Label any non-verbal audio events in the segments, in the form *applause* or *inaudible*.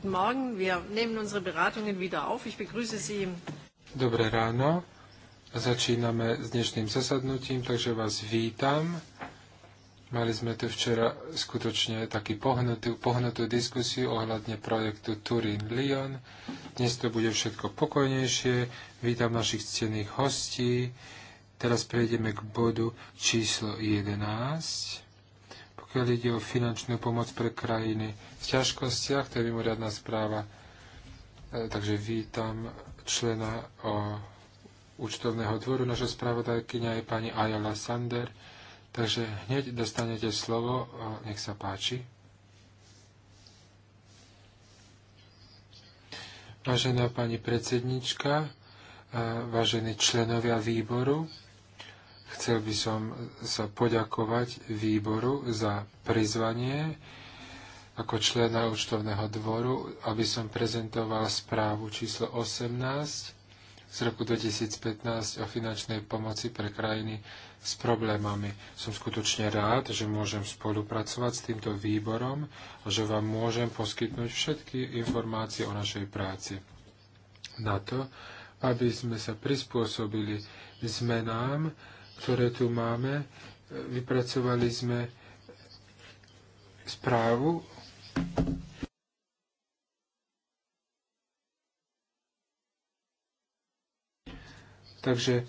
Guten Morgen, wir nehmen unsere Beratungen wieder auf. Ich begrüße Sie. Dobré ráno. Začíname s dnešným zasadnutím, takže vás vítam. Mali sme tu včera skutočne taký pohnutú, pohnutú diskusiu ohľadne projektu Turin lyon Dnes to bude všetko pokojnejšie. Vítam našich ctených hostí. Teraz prejdeme k bodu číslo 11 pokiaľ ide o finančnú pomoc pre krajiny v ťažkostiach, to je mimoriadná správa. E, takže vítam člena o účtovného dvoru. Naša spravodajkynia je pani Ayala Sander. Takže hneď dostanete slovo. Nech sa páči. Vážená pani predsednička, e, vážení členovia výboru, Chcel by som sa poďakovať výboru za prizvanie ako člena účtovného dvoru, aby som prezentoval správu číslo 18 z roku 2015 o finančnej pomoci pre krajiny s problémami. Som skutočne rád, že môžem spolupracovať s týmto výborom a že vám môžem poskytnúť všetky informácie o našej práci. Na to, aby sme sa prispôsobili zmenám, ktoré tu máme. Vypracovali sme správu. Takže eh,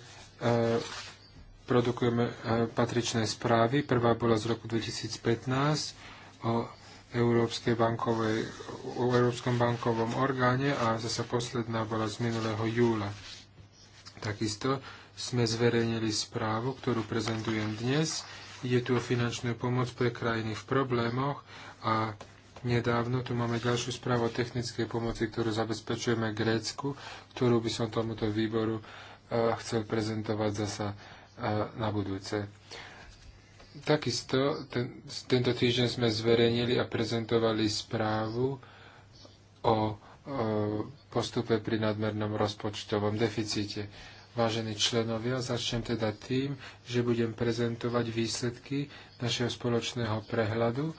produkujeme eh, patričné správy. Prvá bola z roku 2015 o, Európskej bankovej, o Európskom bankovom orgáne a zase posledná bola z minulého júla. Takisto sme zverejnili správu, ktorú prezentujem dnes. Je tu o finančnú pomoc pre krajiny v problémoch a nedávno tu máme ďalšiu správu o technickej pomoci, ktorú zabezpečujeme Grécku, ktorú by som tomuto výboru e, chcel prezentovať zasa e, na budúce. Takisto ten, tento týždeň sme zverejnili a prezentovali správu o, o e, postupe pri nadmernom rozpočtovom deficite vážení členovia. Začnem teda tým, že budem prezentovať výsledky našeho spoločného prehľadu,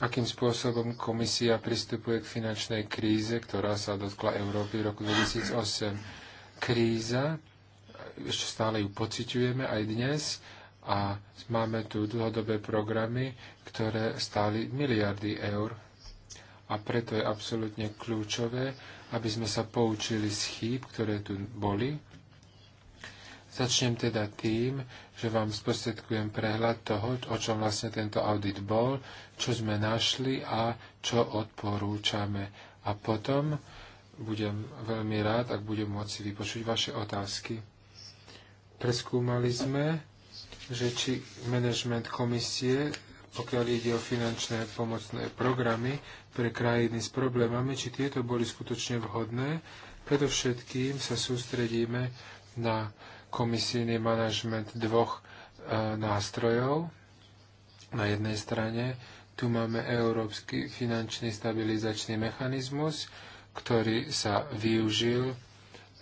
akým spôsobom komisia pristupuje k finančnej kríze, ktorá sa dotkla Európy v roku 2008. Kríza, ešte stále ju pociťujeme aj dnes, a máme tu dlhodobé programy, ktoré stáli miliardy eur. A preto je absolútne kľúčové, aby sme sa poučili z chýb, ktoré tu boli Začnem teda tým, že vám sprostredkujem prehľad toho, o čom vlastne tento audit bol, čo sme našli a čo odporúčame. A potom budem veľmi rád, ak budem môcť vypočuť vaše otázky. Preskúmali sme, že či management komisie pokiaľ ide o finančné pomocné programy pre krajiny s problémami, či tieto boli skutočne vhodné. Predovšetkým sa sústredíme na komisijný manažment dvoch e, nástrojov. Na jednej strane tu máme Európsky finančný stabilizačný mechanizmus, ktorý sa využil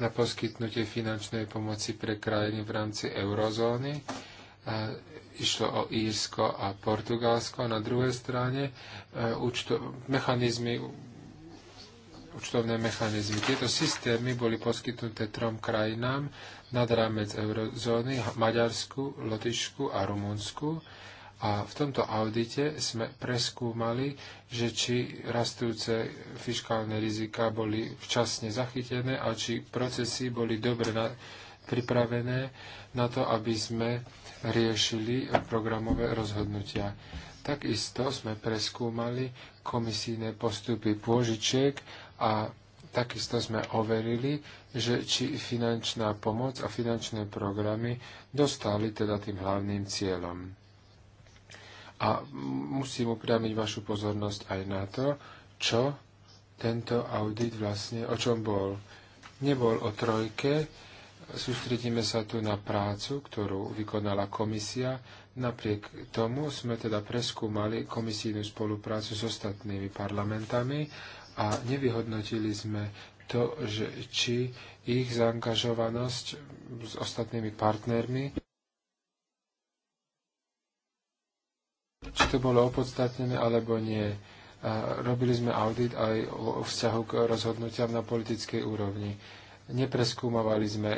na poskytnutie finančnej pomoci pre krajiny v rámci eurozóny. E, išlo o Írsko a Portugalsko. Na druhej strane e, účto, mechanizmy, účtovné mechanizmy. Tieto systémy boli poskytnuté trom krajinám nad rámec eurozóny Maďarsku, Lotyšku a Rumunsku. A v tomto audite sme preskúmali, že či rastúce fiskálne rizika boli včasne zachytené a či procesy boli dobre na, pripravené na to, aby sme riešili programové rozhodnutia. Takisto sme preskúmali komisijné postupy pôžičiek a takisto sme overili, že či finančná pomoc a finančné programy dostali teda tým hlavným cieľom. A musím upriamiť vašu pozornosť aj na to, čo tento audit vlastne, o čom bol. Nebol o trojke, sústredíme sa tu na prácu, ktorú vykonala komisia. Napriek tomu sme teda preskúmali komisijnú spoluprácu s ostatnými parlamentami a nevyhodnotili sme to, že, či ich zaangažovanosť s ostatnými partnermi, či to bolo opodstatnené alebo nie. A robili sme audit aj o vzťahu k rozhodnutiam na politickej úrovni. Nepreskúmovali sme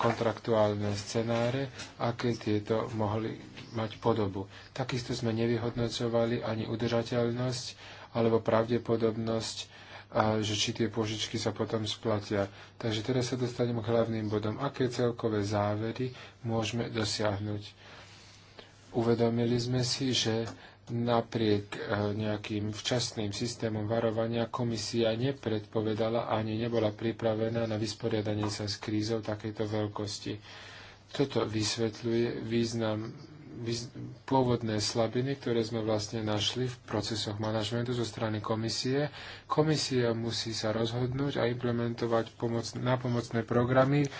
kontraktuálne scenáre, aké tieto mohli mať podobu. Takisto sme nevyhodnocovali ani udržateľnosť alebo pravdepodobnosť a že či tie požičky sa potom splatia. Takže teraz sa dostaneme k hlavným bodom. Aké celkové závery môžeme dosiahnuť? Uvedomili sme si, že napriek e, nejakým včasným systémom varovania komisia nepredpovedala ani nebola pripravená na vysporiadanie sa s krízou takejto veľkosti. Toto vysvetľuje význam pôvodné slabiny, ktoré sme vlastne našli v procesoch manažmentu zo strany komisie. Komisia musí sa rozhodnúť a implementovať pomoc, napomocné programy v,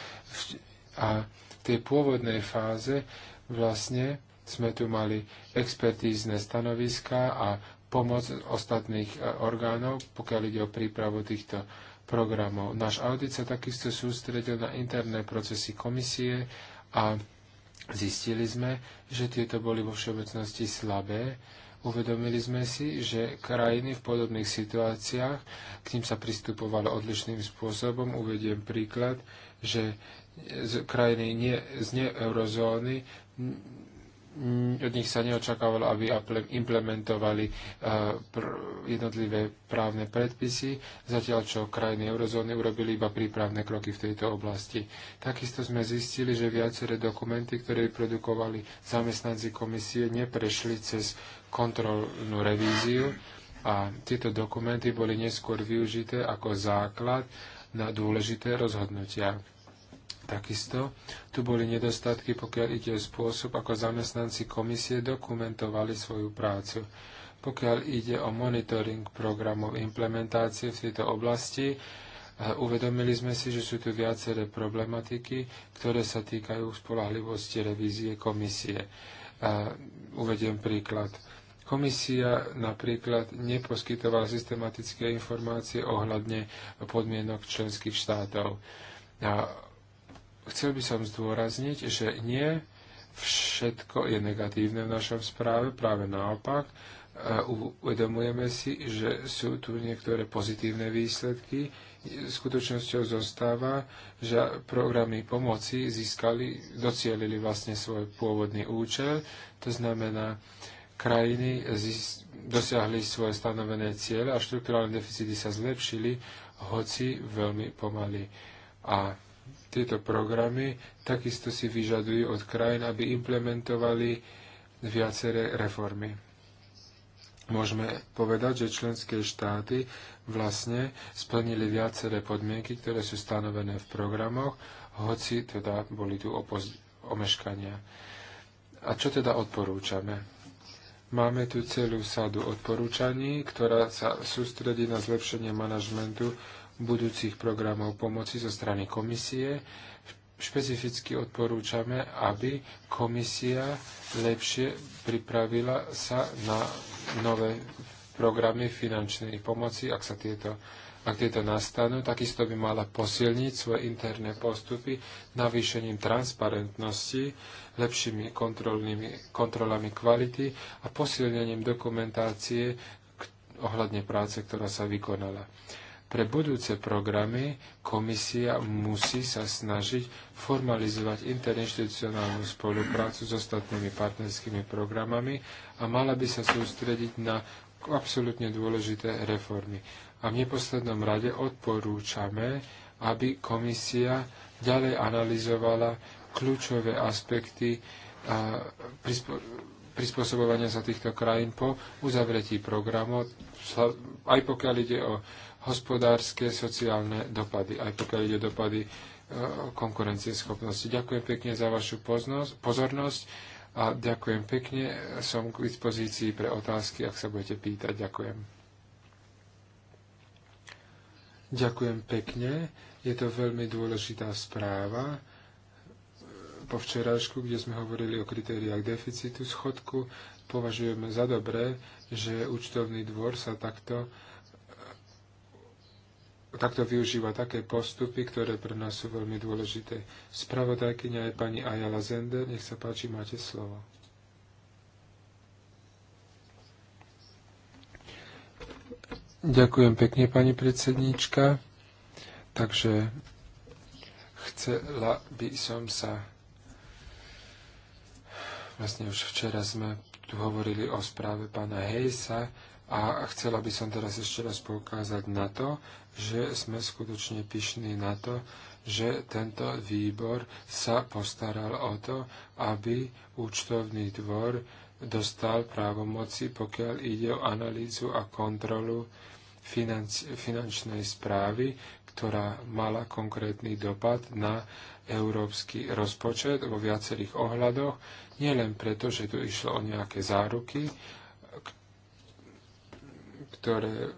a v tej pôvodnej fáze vlastne sme tu mali expertízne stanoviská a pomoc ostatných e, orgánov, pokiaľ ide o prípravu týchto programov. Náš audit sa takisto sústredil na interné procesy komisie a Zistili sme, že tieto boli vo všeobecnosti slabé. Uvedomili sme si, že krajiny v podobných situáciách k ním sa pristupovalo odlišným spôsobom. Uvediem príklad, že krajiny nie, z neurozóny Mm, od nich sa neočakávalo, aby implementovali eh, jednotlivé právne predpisy, zatiaľ čo krajiny eurozóny urobili iba prípravné kroky v tejto oblasti. Takisto sme zistili, že viaceré dokumenty, ktoré produkovali zamestnanci komisie, neprešli cez kontrolnú revíziu a tieto dokumenty boli neskôr využité ako základ na dôležité rozhodnutia. Takisto tu boli nedostatky, pokiaľ ide o spôsob, ako zamestnanci komisie dokumentovali svoju prácu. Pokiaľ ide o monitoring programov implementácie v tejto oblasti, eh, uvedomili sme si, že sú tu viaceré problematiky, ktoré sa týkajú spolahlivosti revízie komisie. Eh, uvediem príklad. Komisia napríklad neposkytovala systematické informácie ohľadne podmienok členských štátov. A Chcel by som zdôrazniť, že nie všetko je negatívne v našom správe, práve naopak. E, uvedomujeme si, že sú tu niektoré pozitívne výsledky. Skutočnosťou zostáva, že programy pomoci získali, docielili vlastne svoj pôvodný účel. To znamená, krajiny dosiahli svoje stanovené ciele a štruktúrálne deficity sa zlepšili, hoci veľmi pomaly. A tieto programy takisto si vyžadujú od krajín, aby implementovali viaceré reformy. Môžeme povedať, že členské štáty vlastne splnili viaceré podmienky, ktoré sú stanovené v programoch, hoci teda boli tu opoz- omeškania. A čo teda odporúčame? Máme tu celú sadu odporúčaní, ktorá sa sústredí na zlepšenie manažmentu budúcich programov pomoci zo strany komisie. Špecificky odporúčame, aby komisia lepšie pripravila sa na nové programy finančnej pomoci, ak sa tieto ak tieto nastanú, takisto by mala posilniť svoje interné postupy navýšením transparentnosti, lepšími kontrolami kvality a posilnením dokumentácie ohľadne práce, ktorá sa vykonala. Pre budúce programy komisia musí sa snažiť formalizovať interinstitucionálnu spoluprácu s ostatnými partnerskými programami a mala by sa sústrediť na absolútne dôležité reformy. A v neposlednom rade odporúčame, aby komisia ďalej analyzovala kľúčové aspekty a prispôsobovania sa týchto krajín po uzavretí programov, aj pokiaľ ide o hospodárske, sociálne dopady, aj pokiaľ ide dopady e, schopnosti. Ďakujem pekne za vašu poznosť, pozornosť a ďakujem pekne. Som k dispozícii pre otázky, ak sa budete pýtať. Ďakujem. Ďakujem pekne. Je to veľmi dôležitá správa po včerajšku, kde sme hovorili o kritériách deficitu schodku, považujeme za dobré, že účtovný dvor sa takto takto využíva také postupy, ktoré pre nás sú veľmi dôležité. Spravodajkynia je pani Ayala Zender. Nech sa páči, máte slovo. Ďakujem pekne, pani predsedníčka. Takže chcela by som sa... Vlastne už včera sme tu hovorili o správe pána Hejsa, a chcela by som teraz ešte raz poukázať na to, že sme skutočne pyšní na to, že tento výbor sa postaral o to, aby účtovný dvor dostal právomoci, pokiaľ ide o analýzu a kontrolu financ- finančnej správy, ktorá mala konkrétny dopad na európsky rozpočet vo viacerých ohľadoch, nielen preto, že tu išlo o nejaké záruky, ktoré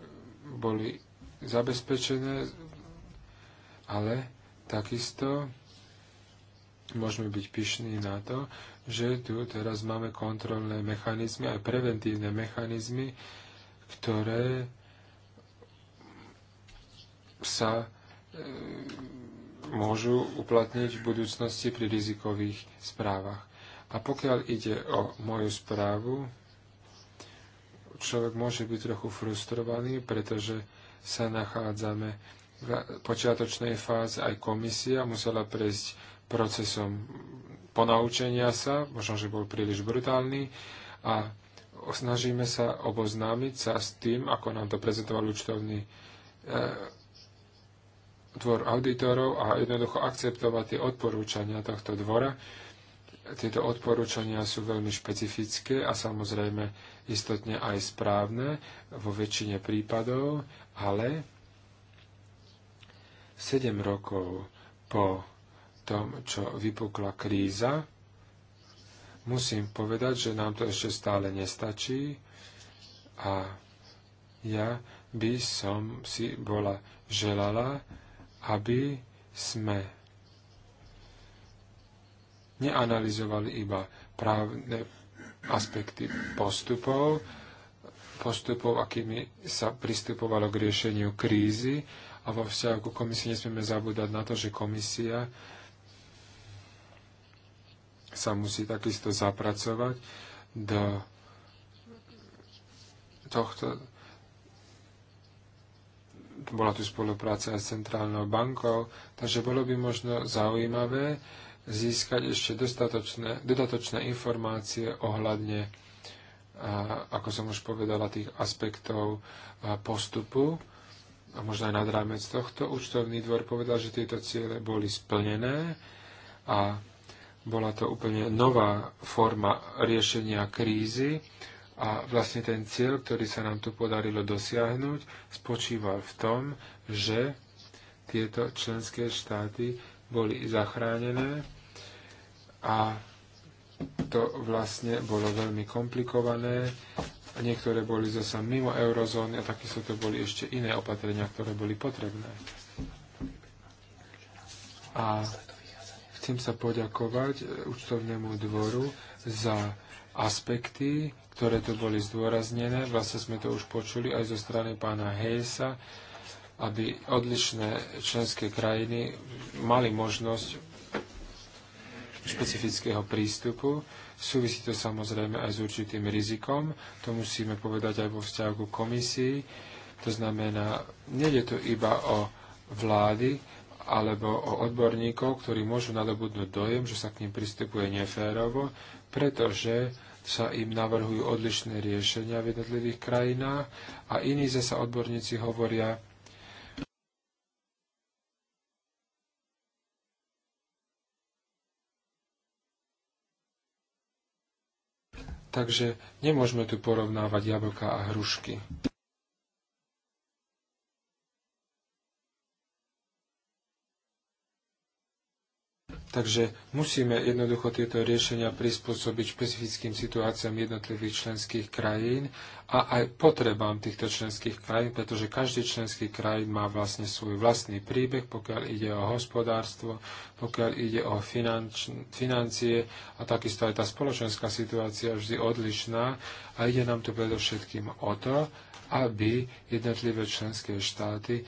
boli zabezpečené, ale takisto môžeme byť pyšní na to, že tu teraz máme kontrolné mechanizmy, aj preventívne mechanizmy, ktoré sa e, môžu uplatniť v budúcnosti pri rizikových správach. A pokiaľ ide o moju správu, človek môže byť trochu frustrovaný, pretože sa nachádzame v počiatočnej fáze. Aj komisia musela prejsť procesom ponaučenia sa, možno, že bol príliš brutálny, a snažíme sa oboznámiť sa s tým, ako nám to prezentoval účtovný e, dvor auditorov a jednoducho akceptovať tie odporúčania tohto dvora. Tieto odporúčania sú veľmi špecifické a samozrejme istotne aj správne vo väčšine prípadov ale 7 rokov po tom, čo vypukla kríza, musím povedať, že nám to ešte stále nestačí a ja by som si bola želala, aby sme neanalizovali iba právne aspekty postupov, postupov, akými sa pristupovalo k riešeniu krízy a vo vzťahu ku komisii nesmieme zabúdať na to, že komisia sa musí takisto zapracovať do tohto bola tu spolupráca aj s centrálnou bankou, takže bolo by možno zaujímavé získať ešte dodatočné informácie ohľadne ako som už povedala, tých aspektov postupu a možno aj nad rámec tohto. Účtovný dvor povedal, že tieto ciele boli splnené a bola to úplne nová forma riešenia krízy a vlastne ten cieľ, ktorý sa nám tu podarilo dosiahnuť, spočíval v tom, že tieto členské štáty boli zachránené a to vlastne bolo veľmi komplikované. Niektoré boli zase mimo eurozóny a takisto to boli ešte iné opatrenia, ktoré boli potrebné. A chcem sa poďakovať e, účtovnému dvoru za aspekty, ktoré tu boli zdôraznené. Vlastne sme to už počuli aj zo strany pána Hejsa, aby odlišné členské krajiny mali možnosť špecifického prístupu. Súvisí to samozrejme aj s určitým rizikom. To musíme povedať aj vo vzťahu ku komisii. To znamená, nejde to iba o vlády alebo o odborníkov, ktorí môžu nadobudnúť dojem, že sa k ním pristupuje neférovo, pretože sa im navrhujú odlišné riešenia v jednotlivých krajinách a iní zasa odborníci hovoria, Takže nemôžeme tu porovnávať jablka a hrušky. Takže musíme jednoducho tieto riešenia prispôsobiť špecifickým situáciám jednotlivých členských krajín a aj potrebám týchto členských krajín, pretože každý členský krajín má vlastne svoj vlastný príbeh, pokiaľ ide o hospodárstvo, pokiaľ ide o finanč, financie a takisto aj tá spoločenská situácia vždy odlišná a ide nám tu predovšetkým o to, aby jednotlivé členské štáty e,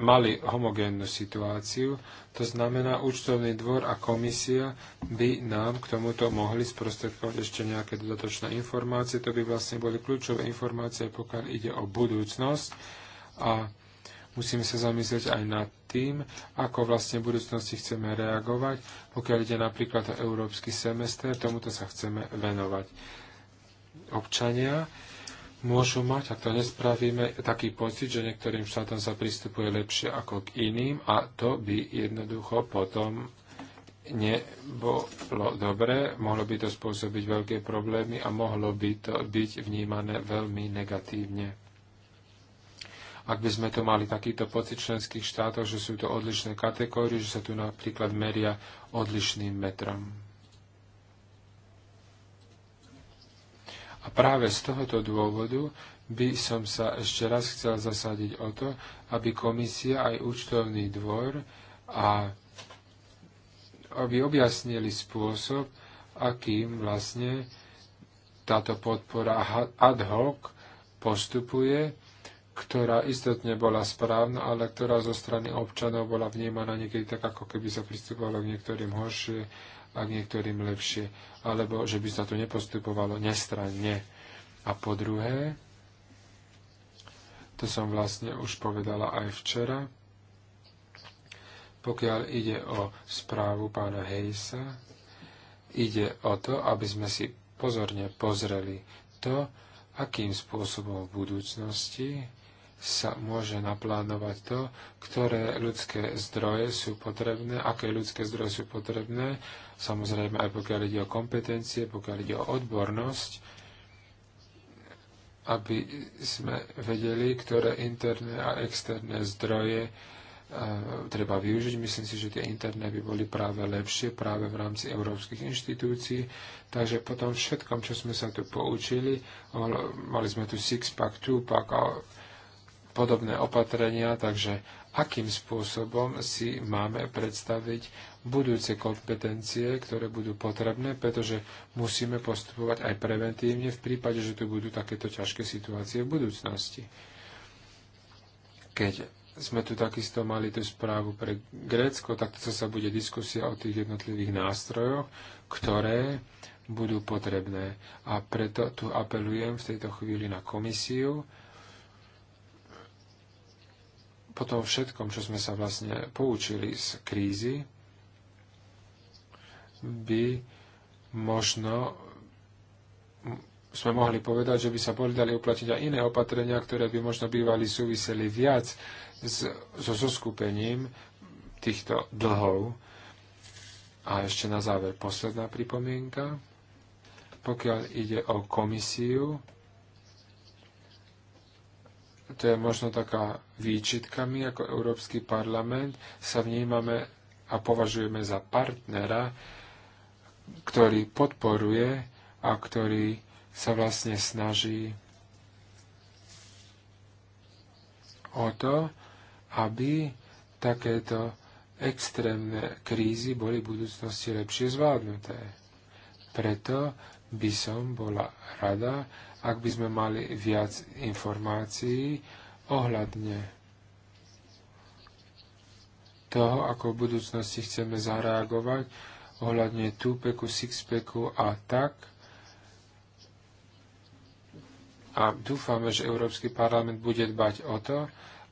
mali homogénnu situáciu. To znamená, účtovný dvor a komisia by nám k tomuto mohli sprostredkovať ešte nejaké dodatočné informácie. To by vlastne boli kľúčové informácie, pokiaľ ide o budúcnosť. A musíme sa zamyslieť aj nad tým, ako vlastne v budúcnosti chceme reagovať, pokiaľ ide napríklad o európsky semester, tomuto sa chceme venovať. Občania môžu mať, ak to nespravíme, taký pocit, že niektorým štátom sa pristupuje lepšie ako k iným a to by jednoducho potom nebolo dobré, mohlo by to spôsobiť veľké problémy a mohlo by to byť vnímané veľmi negatívne. Ak by sme to mali takýto pocit členských štátov, že sú to odlišné kategórie, že sa tu napríklad meria odlišným metrom. A práve z tohoto dôvodu by som sa ešte raz chcel zasadiť o to, aby komisia aj účtovný dvor a aby objasnili spôsob, akým vlastne táto podpora ad hoc postupuje, ktorá istotne bola správna, ale ktorá zo strany občanov bola vnímaná niekedy tak, ako keby sa pristupovalo k niektorým horšie k niektorým lepšie, alebo že by sa to nepostupovalo nestranne. A po druhé, to som vlastne už povedala aj včera, pokiaľ ide o správu pána Hejsa, ide o to, aby sme si pozorne pozreli to, akým spôsobom v budúcnosti sa môže naplánovať to, ktoré ľudské zdroje sú potrebné, aké ľudské zdroje sú potrebné samozrejme aj pokiaľ ide o kompetencie, pokiaľ ide o odbornosť, aby sme vedeli, ktoré interné a externé zdroje e, treba využiť. Myslím si, že tie interné by boli práve lepšie práve v rámci európskych inštitúcií. Takže potom všetkom, čo sme sa tu poučili, mali sme tu six-pack, two-pack a podobné opatrenia, takže akým spôsobom si máme predstaviť budúce kompetencie, ktoré budú potrebné, pretože musíme postupovať aj preventívne v prípade, že tu budú takéto ťažké situácie v budúcnosti. Keď sme tu takisto mali tú správu pre Grécko, tak to sa bude diskusia o tých jednotlivých nástrojoch, ktoré budú potrebné. A preto tu apelujem v tejto chvíli na komisiu, po tom všetkom, čo sme sa vlastne poučili z krízy, by možno sme mohli povedať, že by sa boli dali uplatniť aj iné opatrenia, ktoré by možno bývali súviseli viac s, so zoskupením týchto dlhov. A ešte na záver posledná pripomienka. Pokiaľ ide o komisiu, to je možno taká výčitka, my ako Európsky parlament sa vnímame a považujeme za partnera, ktorý podporuje a ktorý sa vlastne snaží o to, aby takéto extrémne krízy boli v budúcnosti lepšie zvládnuté. Preto by som bola rada, ak by sme mali viac informácií ohľadne toho, ako v budúcnosti chceme zareagovať ohľadne túpeku, sixpeku a tak. A dúfame, že Európsky parlament bude dbať o to,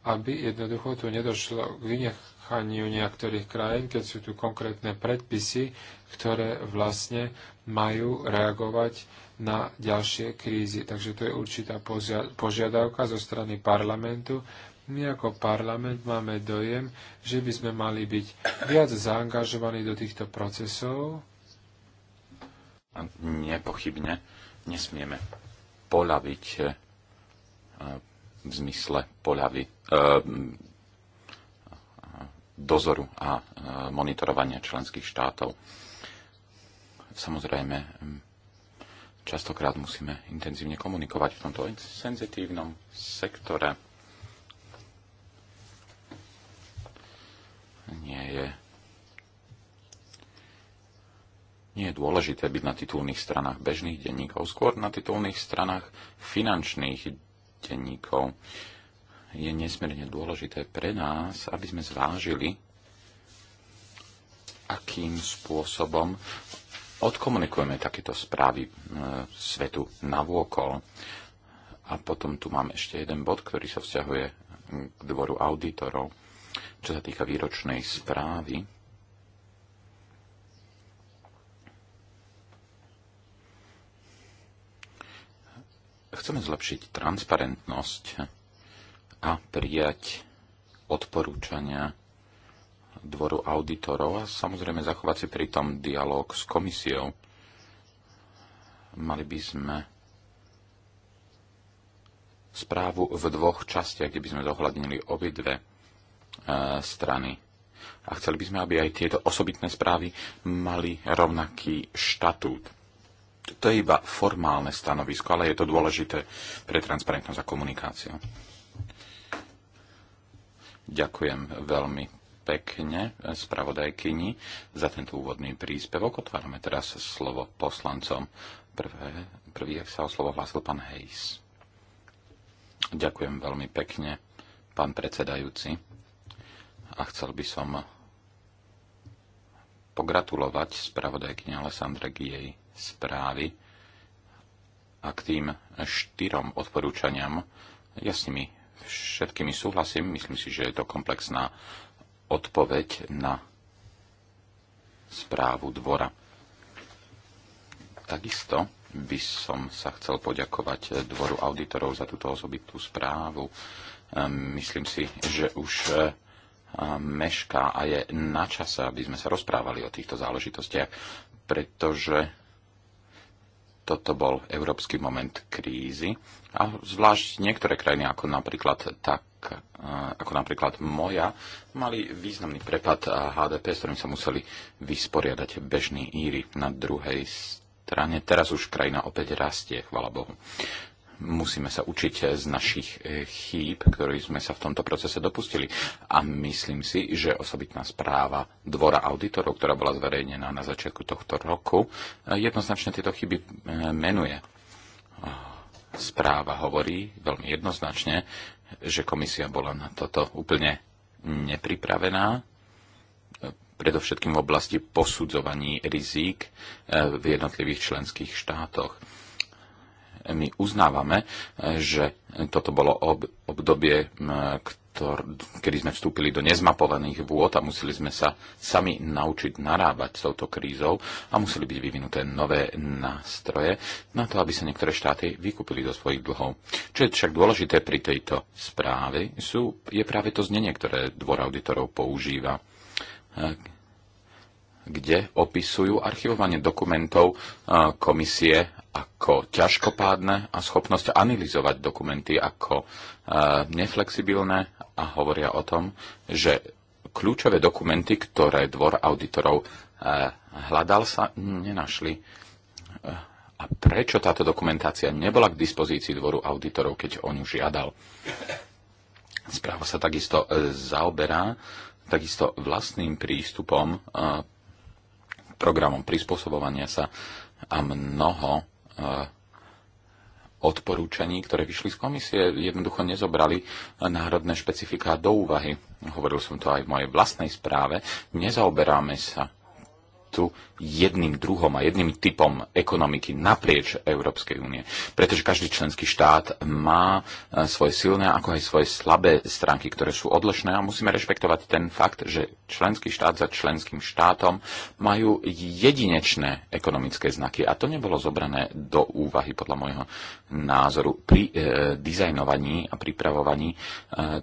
aby jednoducho tu nedošlo k vynechaniu niektorých krajín, keď sú tu konkrétne predpisy, ktoré vlastne majú reagovať na ďalšie krízy. Takže to je určitá požiadavka zo strany parlamentu. My ako parlament máme dojem, že by sme mali byť viac zaangažovaní do týchto procesov. Nepochybne nesmieme polaviť eh, v zmysle poľavy, e, dozoru a e, monitorovania členských štátov. Samozrejme, častokrát musíme intenzívne komunikovať v tomto senzitívnom sektore. Nie je, nie je dôležité byť na titulných stranách bežných denníkov, skôr na titulných stranách finančných denníkov. Je nesmierne dôležité pre nás, aby sme zvážili, akým spôsobom odkomunikujeme takéto správy e, svetu navôkol. A potom tu mám ešte jeden bod, ktorý sa vzťahuje k dvoru auditorov, čo sa týka výročnej správy chceme zlepšiť transparentnosť a prijať odporúčania dvoru auditorov a samozrejme zachovať si pritom dialog s komisiou. Mali by sme správu v dvoch častiach, kde by sme zohľadnili obidve e, strany. A chceli by sme, aby aj tieto osobitné správy mali rovnaký štatút to je iba formálne stanovisko, ale je to dôležité pre transparentnosť a komunikáciu. Ďakujem veľmi pekne spravodajkyni za tento úvodný príspevok. Otvárame teraz slovo poslancom. Prvé, prvý sa o slovo hlásil pán Hejs. Ďakujem veľmi pekne, pán predsedajúci. A chcel by som pogratulovať spravodajkyni Alessandre Giej správy a k tým štyrom odporúčaniam ja s nimi všetkými súhlasím. Myslím si, že je to komplexná odpoveď na správu dvora. Takisto by som sa chcel poďakovať dvoru auditorov za túto osobitú správu. Ehm, myslím si, že už ehm, mešká a je na čase, aby sme sa rozprávali o týchto záležitostiach, pretože toto bol európsky moment krízy a zvlášť niektoré krajiny, ako napríklad tak, eh, ako napríklad moja, mali významný prepad HDP, eh, s ktorým sa museli vysporiadať bežní Íry na druhej strane. Teraz už krajina opäť rastie, chvala Bohu musíme sa učiť z našich e, chýb, ktorých sme sa v tomto procese dopustili. A myslím si, že osobitná správa Dvora auditorov, ktorá bola zverejnená na začiatku tohto roku, e, jednoznačne tieto chyby e, menuje. Správa hovorí veľmi jednoznačne, že komisia bola na toto úplne nepripravená, predovšetkým v oblasti posudzovaní rizík v jednotlivých členských štátoch my uznávame, že toto bolo obdobie, kedy sme vstúpili do nezmapovaných vôd a museli sme sa sami naučiť narábať s touto krízou a museli byť vyvinuté nové nástroje na to, aby sa niektoré štáty vykúpili do svojich dlhov. Čo je však dôležité pri tejto správe, sú, je práve to znenie, ktoré dvor auditorov používa kde opisujú archivovanie dokumentov komisie ako ťažkopádne a schopnosť analyzovať dokumenty ako neflexibilné a hovoria o tom, že kľúčové dokumenty, ktoré dvor auditorov hľadal, sa nenašli. A prečo táto dokumentácia nebola k dispozícii dvoru auditorov, keď on ju žiadal? Správa sa takisto e, zaoberá takisto vlastným prístupom programom prispôsobovania sa a mnoho eh, odporúčaní, ktoré vyšli z komisie, jednoducho nezobrali národné špecifiká do úvahy. Hovoril som to aj v mojej vlastnej správe. Nezaoberáme sa tu jedným druhom a jedným typom ekonomiky naprieč Európskej únie. Pretože každý členský štát má e, svoje silné, ako aj svoje slabé stránky, ktoré sú odlišné a musíme rešpektovať ten fakt, že členský štát za členským štátom majú jedinečné ekonomické znaky a to nebolo zobrané do úvahy podľa môjho názoru pri e, dizajnovaní a pripravovaní e,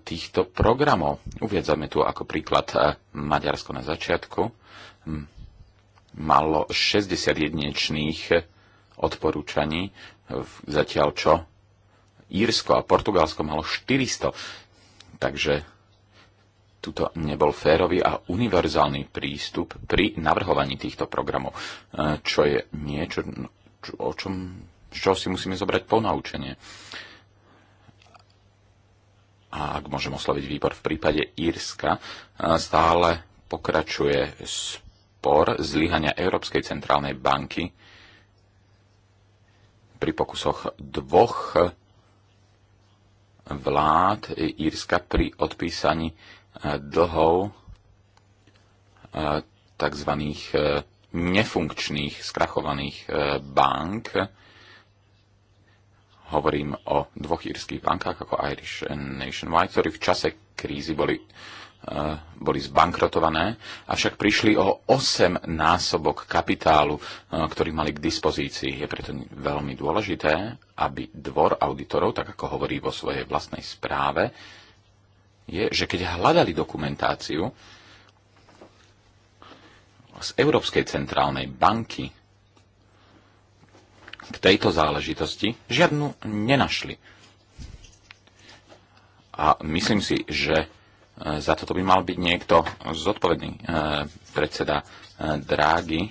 týchto programov. Uviedzame tu ako príklad e, Maďarsko na začiatku hm malo 60 jedinečných odporúčaní, zatiaľ čo Írsko a Portugalsko malo 400. Takže tuto nebol férový a univerzálny prístup pri navrhovaní týchto programov, e, čo je niečo, čo, o čom, čo si musíme zobrať ponaučenie. A ak môžem osloviť výbor v prípade Írska, e, stále pokračuje s skôr zlyhania Európskej centrálnej banky pri pokusoch dvoch vlád Írska pri odpísaní eh, dlhov eh, tzv. Eh, nefunkčných, skrachovaných bank. Hovorím o dvoch írskych bankách ako Irish Nationwide, ktorí v čase krízy boli boli zbankrotované, avšak prišli o 8 násobok kapitálu, e, ktorý mali k dispozícii. Je preto veľmi dôležité, aby dvor auditorov, tak ako hovorí vo svojej vlastnej správe, je, že keď hľadali dokumentáciu z Európskej centrálnej banky k tejto záležitosti, žiadnu nenašli. A myslím si, že E, za toto by mal byť niekto zodpovedný. E, predseda e, drági,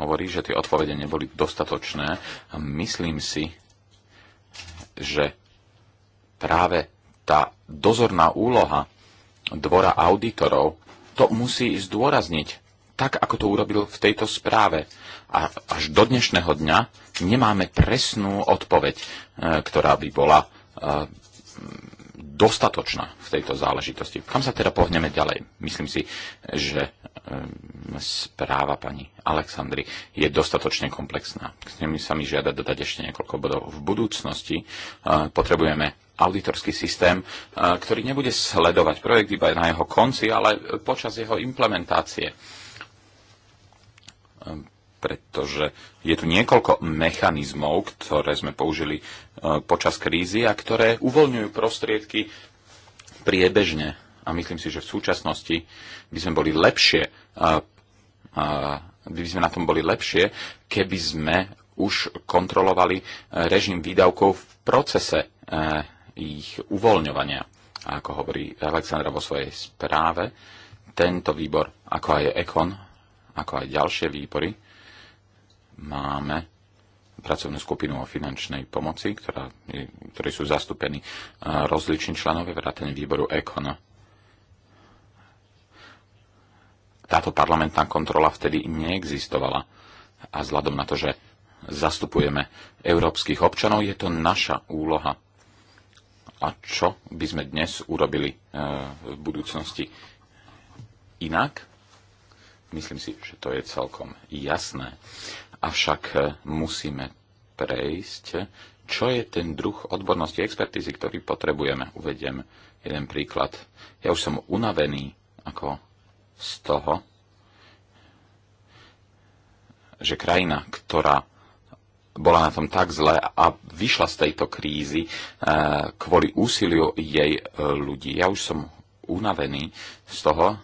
hovorí, že tie odpovede neboli dostatočné a myslím si, že práve tá dozorná úloha dvora auditorov to musí zdôrazniť, tak ako to urobil v tejto správe. A až do dnešného dňa nemáme presnú odpoveď, ktorá by bola dostatočná v tejto záležitosti. Kam sa teda pohneme ďalej? Myslím si, že ehm, správa pani Alexandry je dostatočne komplexná. S nimi sa mi žiada dodať ešte niekoľko bodov. V budúcnosti e, potrebujeme auditorský systém, e, ktorý nebude sledovať projekt iba na jeho konci, ale počas jeho implementácie ehm, pretože je tu niekoľko mechanizmov, ktoré sme použili e, počas krízy a ktoré uvoľňujú prostriedky priebežne. A myslím si, že v súčasnosti by sme boli lepšie, by sme na tom boli lepšie, keby sme už kontrolovali e, režim výdavkov v procese e, ich uvoľňovania. A ako hovorí Alexandra vo svojej správe, tento výbor, ako aj Ekon, ako aj ďalšie výbory, máme pracovnú skupinu o finančnej pomoci, ktorá, ktorí sú zastúpení e, rozliční členovia vrátane výboru EKONA. Táto parlamentná kontrola vtedy neexistovala a vzhľadom na to, že zastupujeme európskych občanov, je to naša úloha. A čo by sme dnes urobili e, v budúcnosti inak? Myslím si, že to je celkom jasné. Avšak eh, musíme prejsť, čo je ten druh odbornosti expertízy, ktorý potrebujeme. Uvediem jeden príklad. Ja už som unavený ako z toho, že krajina, ktorá bola na tom tak zle a vyšla z tejto krízy eh, kvôli úsiliu jej eh, ľudí. Ja už som unavený z toho,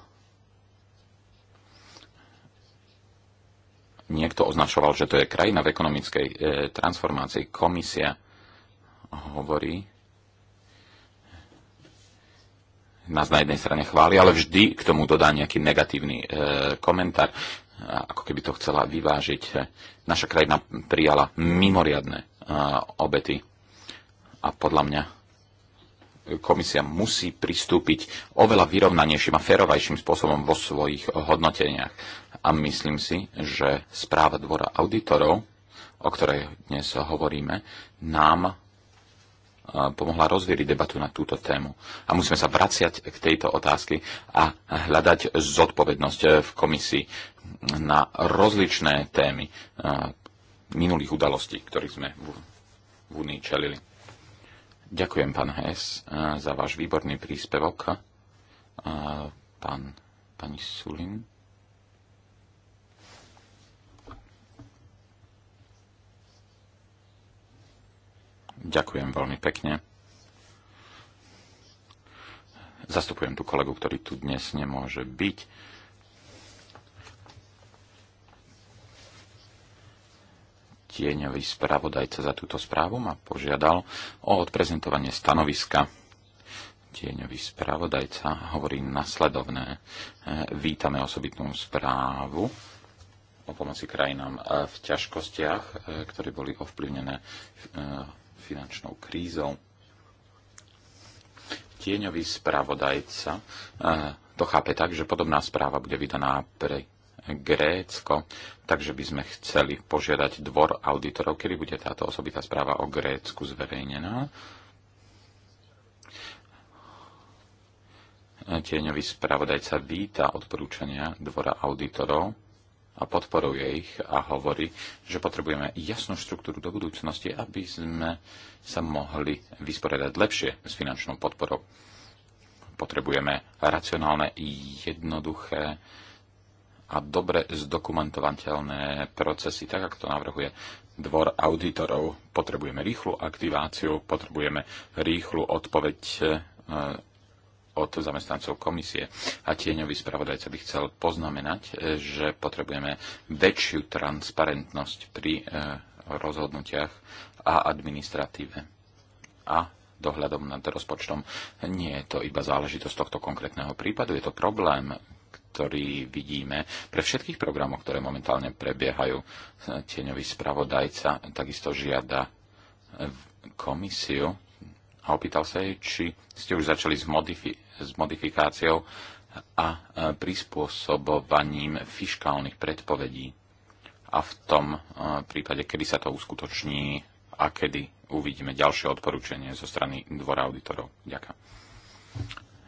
niekto označoval, že to je krajina v ekonomickej e, transformácii. Komisia hovorí, nás na jednej strane chváli, ale vždy k tomu dodá nejaký negatívny e, komentár, ako keby to chcela vyvážiť. E, naša krajina prijala mimoriadne e, obety a podľa mňa komisia musí pristúpiť oveľa vyrovnanejším a férovajším spôsobom vo svojich hodnoteniach a myslím si, že správa dvora auditorov, o ktorej dnes hovoríme, nám e, pomohla rozvieriť debatu na túto tému. A musíme sa vraciať k tejto otázky a hľadať zodpovednosť e, v komisii na rozličné témy e, minulých udalostí, ktorých sme v Unii čelili. Ďakujem, pán Hess, za váš výborný príspevok. Pán, pani Sulin. Ďakujem veľmi pekne. Zastupujem tu kolegu, ktorý tu dnes nemôže byť. Tieňový spravodajca za túto správu ma požiadal o odprezentovanie stanoviska. Tieňový spravodajca hovorí nasledovné. Vítame osobitnú správu o pomoci krajinám v ťažkostiach, eh, ktoré boli ovplyvnené eh, finančnou krízou. Tieňový spravodajca eh, to chápe tak, že podobná správa bude vydaná pre Grécko, takže by sme chceli požiadať dvor auditorov, kedy bude táto osobitá správa o Grécku zverejnená. Tieňový spravodajca víta odporúčania dvora auditorov a podporuje ich a hovorí, že potrebujeme jasnú štruktúru do budúcnosti, aby sme sa mohli vysporiadať lepšie s finančnou podporou. Potrebujeme racionálne, jednoduché a dobre zdokumentovateľné procesy, tak ako to navrhuje dvor auditorov. Potrebujeme rýchlu aktiváciu, potrebujeme rýchlu odpoveď e, od zamestnancov komisie. A tieňový spravodajca by chcel poznamenať, e, že potrebujeme väčšiu transparentnosť pri e, rozhodnutiach a administratíve a dohľadom nad rozpočtom. Nie je to iba záležitosť tohto konkrétneho prípadu, je to problém, ktorý vidíme pre všetkých programov, ktoré momentálne prebiehajú. E, tieňový spravodajca takisto žiada komisiu, a opýtal sa jej, či ste už začali s, modifi- s modifikáciou a e, prispôsobovaním fiškálnych predpovedí. A v tom e, prípade, kedy sa to uskutoční a kedy uvidíme ďalšie odporúčanie zo strany dvora auditorov. Ďakujem.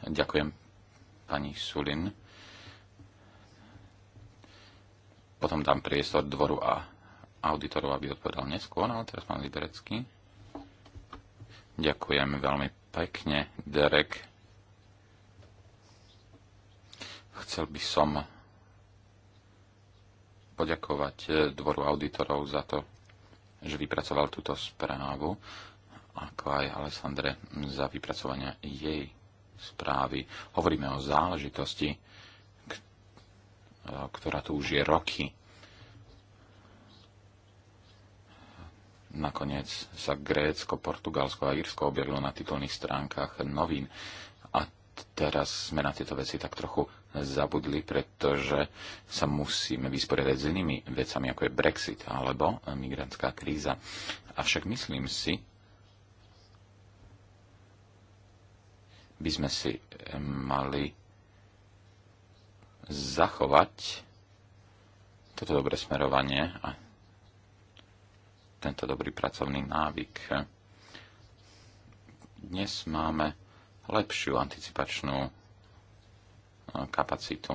Ďakujem, pani Sulin. Potom dám priestor dvoru a auditorov, aby odpovedal neskôr, ale teraz pán Liberecký. Ďakujem veľmi pekne, Derek. Chcel by som poďakovať eh, dvoru auditorov za to, že vypracoval túto správu, ako aj Alessandre za vypracovanie jej správy. Hovoríme o záležitosti, eh, ktorá tu už je roky Nakoniec sa Grécko, Portugalsko a Írsko objavilo na titulných stránkach novín. A teraz sme na tieto veci tak trochu zabudli, pretože sa musíme vysporiadať s inými vecami, ako je Brexit alebo migrantská kríza. Avšak myslím si, by sme si eh, mali zachovať toto dobre smerovanie a tento dobrý pracovný návyk. Dnes máme lepšiu anticipačnú kapacitu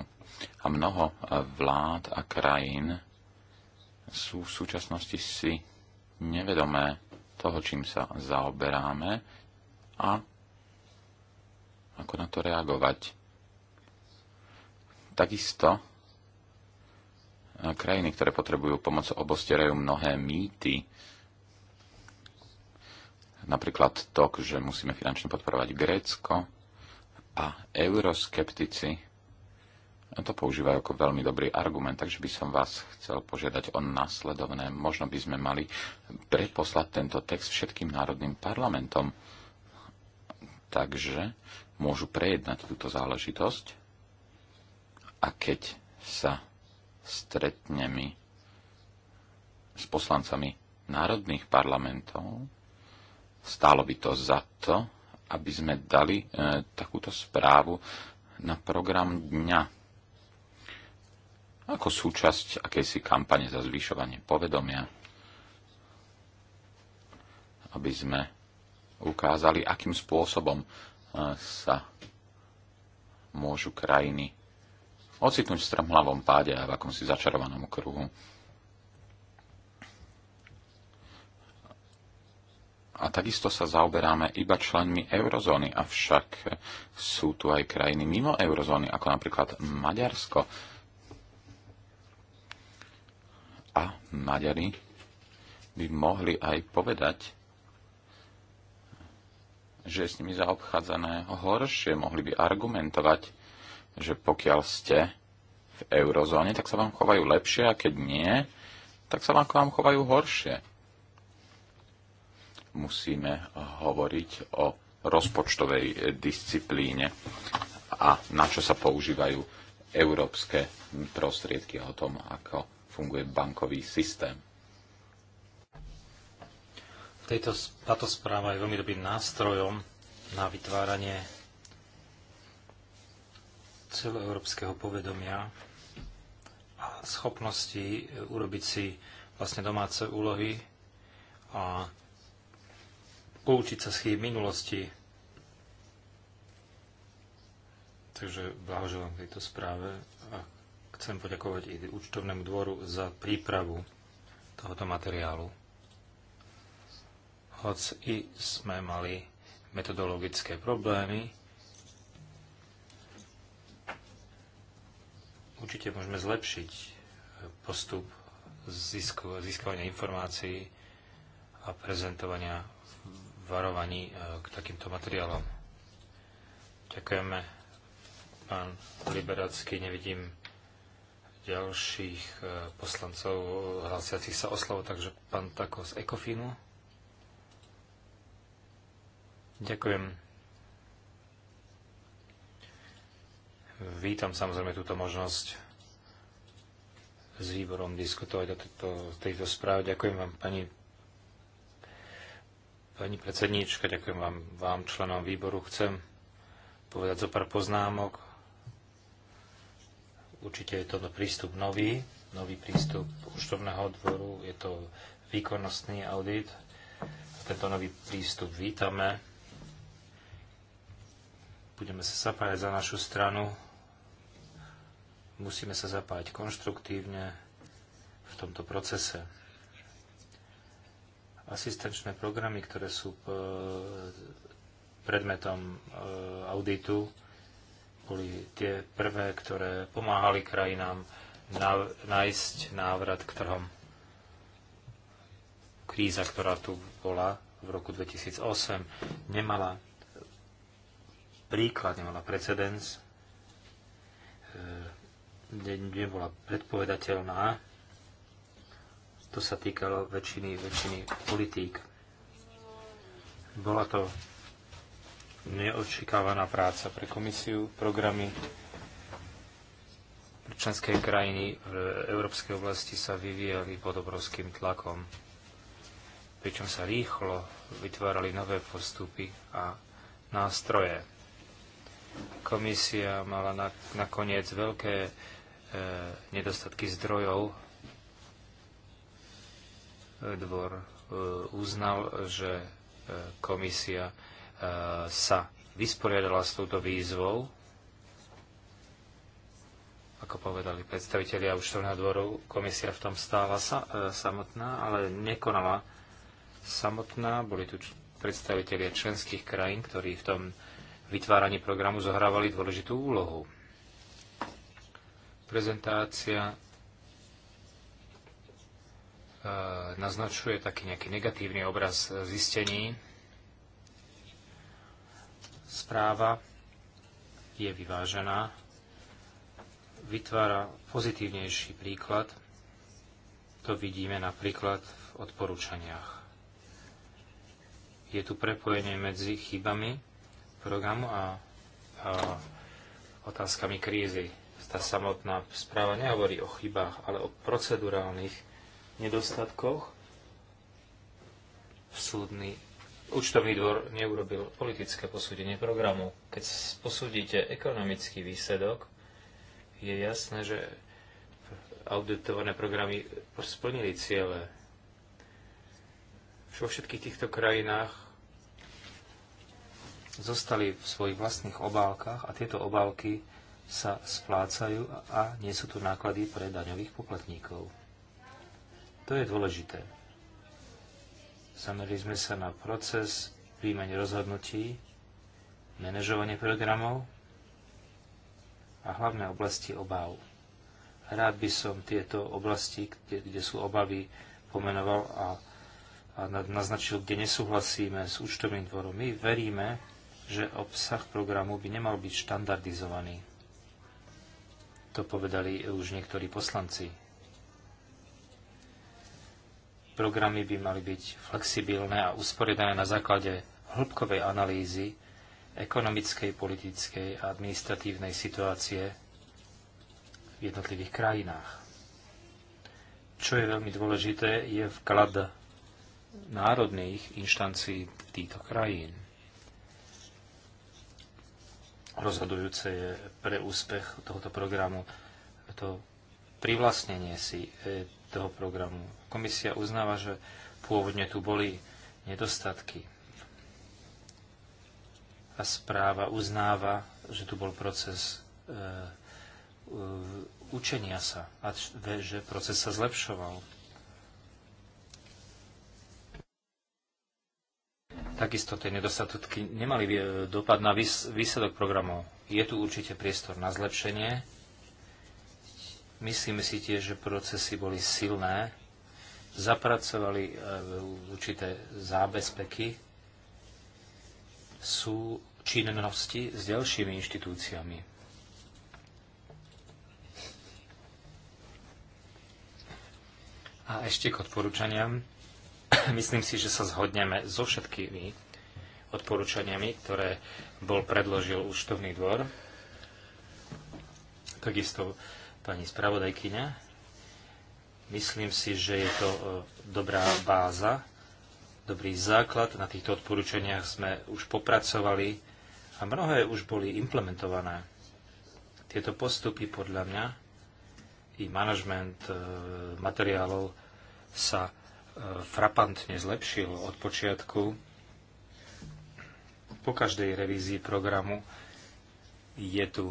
a mnoho vlád a krajín sú v súčasnosti si nevedomé toho, čím sa zaoberáme a ako na to reagovať. Takisto krajiny, ktoré potrebujú pomoc, obostierajú mnohé mýty. Napríklad to, že musíme finančne podporovať Grécko a euroskeptici to používajú ako veľmi dobrý argument, takže by som vás chcel požiadať o následovné. Možno by sme mali preposlať tento text všetkým národným parlamentom, takže môžu prejednať túto záležitosť a keď sa stretnemi s poslancami národných parlamentov. Stálo by to za to, aby sme dali e, takúto správu na program dňa ako súčasť akejsi kampane za zvyšovanie povedomia, aby sme ukázali, akým spôsobom e, sa môžu krajiny ocitnúť v strmhlavom páde a v akomsi začarovanom kruhu. A takisto sa zaoberáme iba členmi eurozóny, avšak sú tu aj krajiny mimo eurozóny, ako napríklad Maďarsko. A Maďari by mohli aj povedať, že je s nimi zaobchádzané horšie. Mohli by argumentovať, že pokiaľ ste v eurozóne, tak sa vám chovajú lepšie a keď nie, tak sa vám k vám chovajú horšie. Musíme hovoriť o rozpočtovej disciplíne a na čo sa používajú európske prostriedky a o tom, ako funguje bankový systém. Tejto, táto správa je veľmi dobrým nástrojom na vytváranie celoeurópskeho povedomia a schopnosti e, urobiť si vlastne domáce úlohy a poučiť sa z chýb minulosti. Takže blahoželám tejto správe a chcem poďakovať i účtovnému dvoru za prípravu tohoto materiálu. Hoci i sme mali metodologické problémy, Určite môžeme zlepšiť e, postup získu, získavania informácií a prezentovania varovaní e, k takýmto materiálom. Ďakujeme, pán Liberacký. Nevidím ďalších e, poslancov hlásiacich sa o slovo, takže pán Tako z Ekofinu. Ďakujem. Vítam samozrejme túto možnosť s výborom diskutovať o tejto, tejto správe. Ďakujem vám, pani, pani predsedníčka, ďakujem vám, vám, členom výboru. Chcem povedať zo pár poznámok. Určite je toto prístup nový, nový prístup účtovného dvoru, je to výkonnostný audit. Tento nový prístup vítame. Budeme sa zapájať za našu stranu Musíme sa zapájať konštruktívne v tomto procese. Asistenčné programy, ktoré sú e, predmetom e, auditu, boli tie prvé, ktoré pomáhali krajinám nájsť návrat k trhom. Kríza, ktorá tu bola v roku 2008, nemala príklad, nemala precedens e, nebola predpovedateľná. To sa týkalo väčšiny, väčšiny politík. Bola to neočakávaná práca pre komisiu, programy pre členské krajiny v európskej oblasti sa vyvíjali pod obrovským tlakom, pričom sa rýchlo vytvárali nové postupy a nástroje. Komisia mala nakoniec veľké E, nedostatky zdrojov. E, dvor e, uznal, že komisia sa vysporiadala s touto výzvou. Ako povedali predstavitelia účtovného dvoru, komisia v tom stála sa, samotná, ale nekonala samotná. Boli tu predstavitelia členských krajín, ktorí v tom vytváraní programu zohrávali dôležitú úlohu. Prezentácia e, naznačuje taký nejaký negatívny obraz zistení. Správa je vyvážená, vytvára pozitívnejší príklad. To vidíme napríklad v odporúčaniach. Je tu prepojenie medzi chybami programu a, a otázkami krízy tá samotná správa nehovorí o chybách, ale o procedurálnych nedostatkoch. Súdny účtovný dvor neurobil politické posúdenie programu. Keď posúdite ekonomický výsledok, je jasné, že auditované programy splnili ciele. Vo všetkých týchto krajinách zostali v svojich vlastných obálkach a tieto obálky sa splácajú a nie sú tu náklady pre daňových poplatníkov. To je dôležité. Zamerili sme sa na proces príjmania rozhodnutí, manažovanie programov a hlavné oblasti obáv. Rád by som tieto oblasti, kde, kde sú obavy, pomenoval a, a naznačil, kde nesúhlasíme s účtovným dvorom. My veríme, že obsah programu by nemal byť štandardizovaný to povedali už niektorí poslanci. Programy by mali byť flexibilné a usporiadané na základe hĺbkovej analýzy ekonomickej, politickej a administratívnej situácie v jednotlivých krajinách. Čo je veľmi dôležité, je vklad národných inštancií týchto krajín. Rozhodujúce je pre úspech tohoto programu to privlastnenie si e, toho programu. Komisia uznáva, že pôvodne tu boli nedostatky. A správa uznáva, že tu bol proces e, e, učenia sa a že proces sa zlepšoval Takisto tie nedostatky nemali e, dopad na výsledok programov. Je tu určite priestor na zlepšenie. Myslíme si tiež, že procesy boli silné, zapracovali e, určité zábezpeky, sú činnosti s ďalšími inštitúciami. A ešte k odporúčaniam. *coughs* Myslím si, že sa zhodneme so všetkými odporúčaniami, ktoré bol predložil účtovný dvor. Takisto pani spravodajkyňa. Myslím si, že je to e, dobrá báza, dobrý základ. Na týchto odporúčaniach sme už popracovali a mnohé už boli implementované. Tieto postupy podľa mňa i manažment e, materiálov sa frapantne zlepšil od počiatku. Po každej revízii programu je tu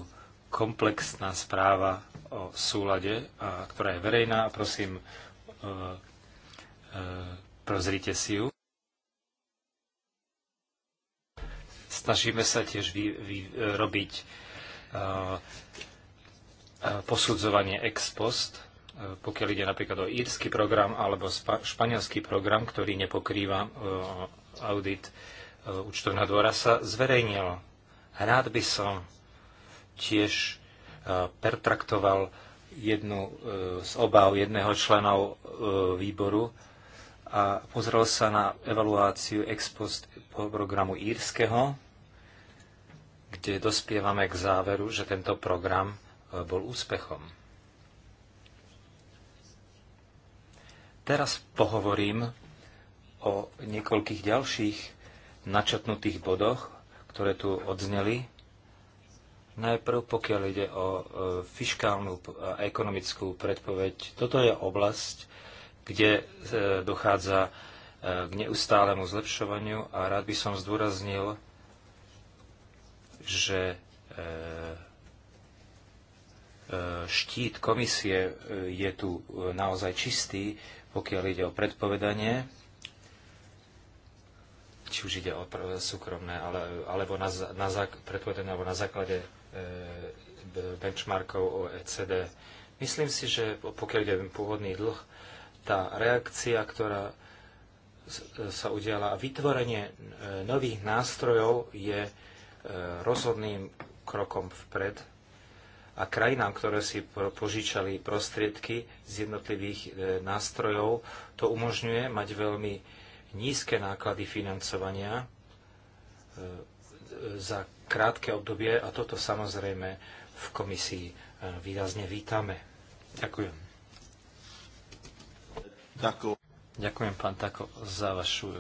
komplexná správa o súlade, ktorá je verejná a prosím, e, e, prozrite si ju. Snažíme sa tiež vy, vy, robiť e, posudzovanie ex post E, pokiaľ ide napríklad o írsky program alebo španielský program, ktorý nepokrýva e, audit e, účtovného dvora, sa zverejnil. Rád by som tiež pertraktoval jednu z obáv jedného členov výboru a pozrel sa na evaluáciu ex post programu írskeho, kde dospievame k záveru, že tento program bol úspechom. Teraz pohovorím o niekoľkých ďalších načatnutých bodoch, ktoré tu odzneli. Najprv, pokiaľ ide o e, fiškálnu a ekonomickú predpoveď, toto je oblasť, kde e, dochádza e, k neustálemu zlepšovaniu a rád by som zdôraznil, že štít komisie je tu naozaj čistý, pokiaľ ide o predpovedanie, či už ide o súkromné, ale, alebo na, na, predpovedanie alebo na základe e, benchmarkov OECD. Myslím si, že pokiaľ ide o pôvodný dlh, tá reakcia, ktorá e, sa udiala a vytvorenie e, nových nástrojov je e, rozhodným krokom vpred a krajinám, ktoré si požičali prostriedky z jednotlivých e, nástrojov, to umožňuje mať veľmi nízke náklady financovania e, e, za krátke obdobie a toto samozrejme v komisii výrazne vítame. Ďakujem. Tako. Ďakujem, pán Tako, za vašu e,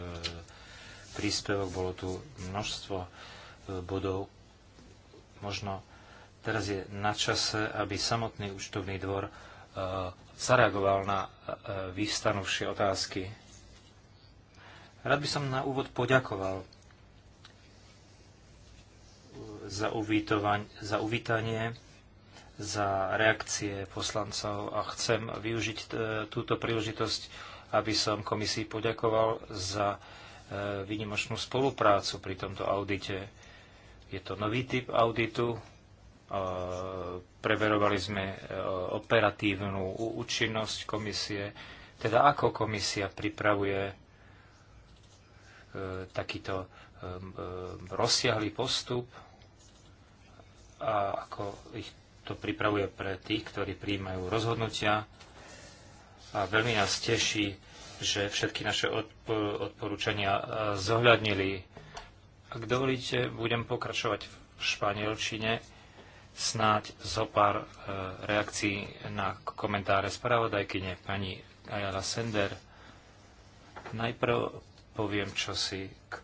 príspevok. Bolo tu množstvo e, bodov. Možno Teraz je na čase, aby samotný účtovný dvor e, zareagoval na e, vyvstanovšie otázky. Rád by som na úvod poďakoval za, za uvítanie, za reakcie poslancov a chcem využiť e, túto príležitosť, aby som komisii poďakoval za vynimočnú spoluprácu pri tomto audite. Je to nový typ auditu, E, preverovali sme e, operatívnu účinnosť komisie, teda ako komisia pripravuje e, takýto rozsiahlý postup a ako ich to pripravuje pre tých, ktorí príjmajú rozhodnutia. A veľmi nás teší, že všetky naše odporúčania zohľadnili. Ak dovolíte, budem pokračovať v španielčine snáď zo pár e, reakcií na komentáre spravodajkyne pani Ayala Sender. Najprv poviem čosi k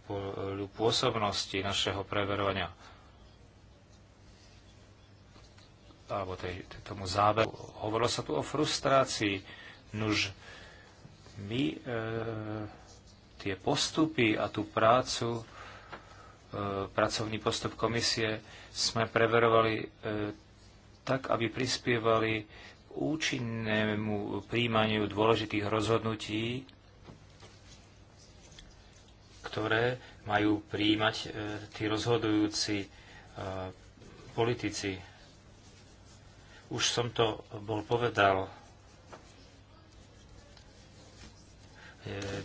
pôsobnosti našeho preverovania alebo tej, tomu záberu. Hovorilo sa tu o frustrácii. Nuž, my e, tie postupy a tú prácu E, pracovný postup komisie sme preverovali e, tak, aby prispievali k účinnému príjmaniu dôležitých rozhodnutí, ktoré majú príjmať e, tí rozhodujúci politici. Už som to bol povedal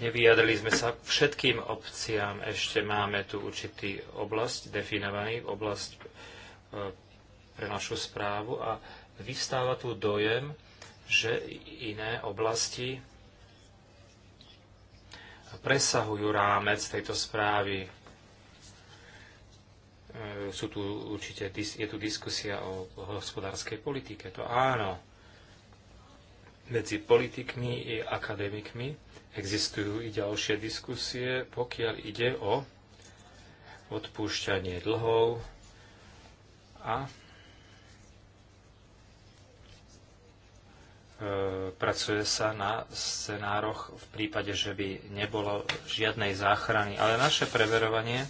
Nevyjadrili sme sa všetkým obciám, ešte máme tu určitý oblasť definovaný, oblasť e, pre našu správu a vyvstáva tu dojem, že iné oblasti presahujú rámec tejto správy. E, sú tu určite, je tu diskusia o hospodárskej politike, to áno, medzi politikmi i akademikmi Existujú i ďalšie diskusie, pokiaľ ide o odpúšťanie dlhov a e, pracuje sa na scenároch v prípade, že by nebolo žiadnej záchrany. Ale naše preverovanie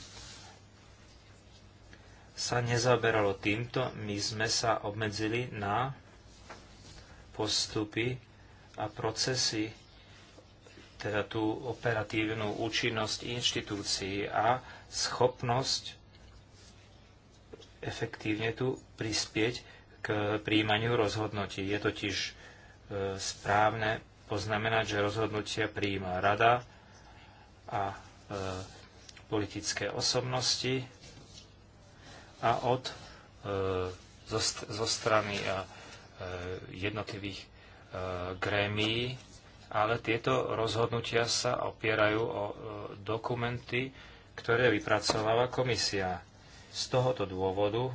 sa nezaberalo týmto. My sme sa obmedzili na postupy a procesy teda tú operatívnu účinnosť inštitúcií a schopnosť efektívne tu prispieť k príjmaniu rozhodnutí. Je totiž e, správne poznamenať, že rozhodnutia príjma rada a e, politické osobnosti a od e, zo, zo strany jednotlivých grémií ale tieto rozhodnutia sa opierajú o e, dokumenty, ktoré vypracováva komisia. Z tohoto dôvodu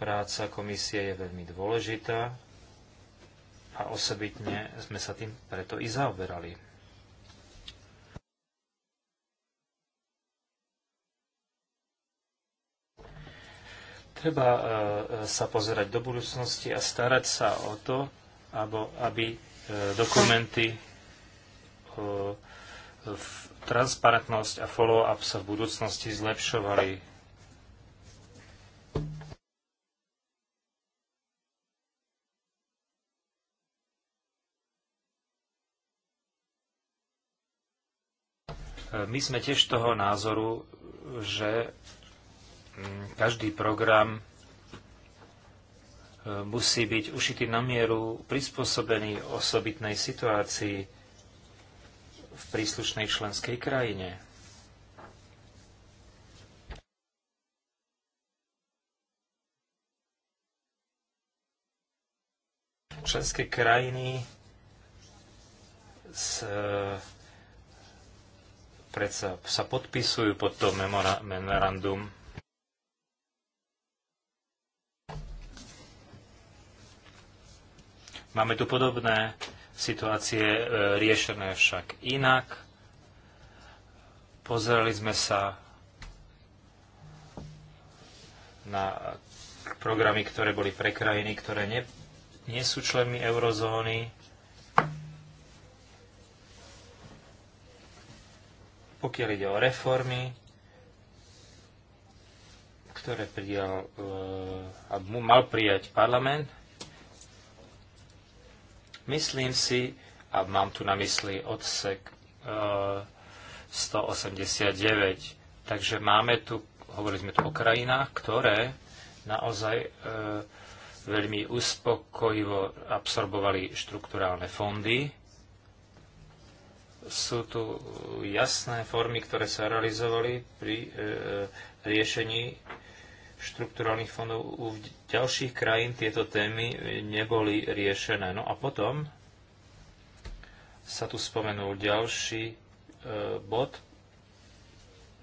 práca komisie je veľmi dôležitá a osobitne sme sa tým preto i zaoberali. Treba e, e, sa pozerať do budúcnosti a starať sa o to, aby E, dokumenty. E, transparentnosť a follow-up sa v budúcnosti zlepšovali. E, my sme tiež toho názoru, že mm, každý program musí byť ušitý na mieru, prispôsobený osobitnej situácii v príslušnej členskej krajine. Členské krajiny s, e, predsa sa podpisujú pod to memorandum Máme tu podobné situácie e, riešené však inak. Pozreli sme sa na programy, ktoré boli pre krajiny, ktoré ne, nie sú členmi eurozóny. Pokiaľ ide o reformy, ktoré prijal e, mal prijať parlament, Myslím si, a mám tu na mysli odsek e, 189, takže máme tu, hovorili sme tu o krajinách, ktoré naozaj e, veľmi uspokojivo absorbovali štrukturálne fondy. Sú tu jasné formy, ktoré sa realizovali pri e, riešení štrukturálnych fondov u ďalších krajín tieto témy neboli riešené. No a potom sa tu spomenul ďalší e, bod.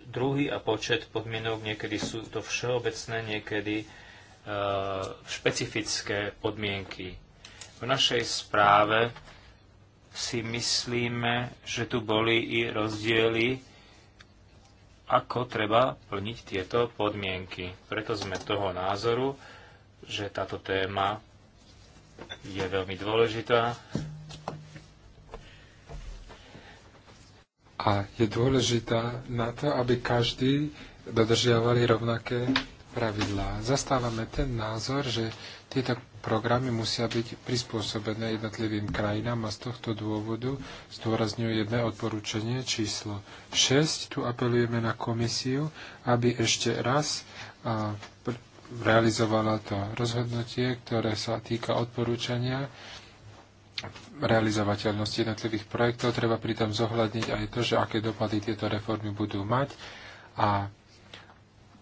Druhý a počet podmienok, niekedy sú to všeobecné, niekedy e, špecifické podmienky. V našej správe si myslíme, že tu boli i rozdiely ako treba plniť tieto podmienky. Preto sme toho názoru, že táto téma je veľmi dôležitá. A je dôležitá na to, aby každý dodržiavali rovnaké pravidlá. Zastávame ten názor, že tieto programy musia byť prispôsobené jednotlivým krajinám a z tohto dôvodu zdôrazňuje jedné odporúčanie číslo 6. Tu apelujeme na komisiu, aby ešte raz realizovala to rozhodnutie, ktoré sa týka odporúčania realizovateľnosti jednotlivých projektov. Treba pritom zohľadniť aj to, že aké dopady tieto reformy budú mať a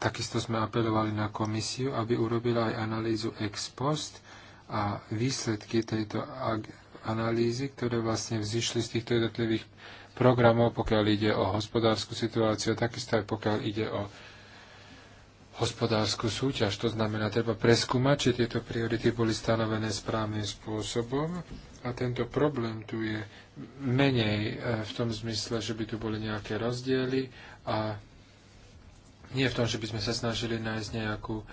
Takisto sme apelovali na komisiu, aby urobila aj analýzu ex post a výsledky tejto analýzy, ktoré vlastne vzýšli z týchto jednotlivých programov, pokiaľ ide o hospodárskú situáciu, takisto aj pokiaľ ide o hospodárskú súťaž. To znamená, treba preskúmať, či tieto priority boli stanovené správnym spôsobom. A tento problém tu je menej e, v tom zmysle, že by tu boli nejaké rozdiely a nie v tom, že by sme sa snažili nájsť nejakú, uh,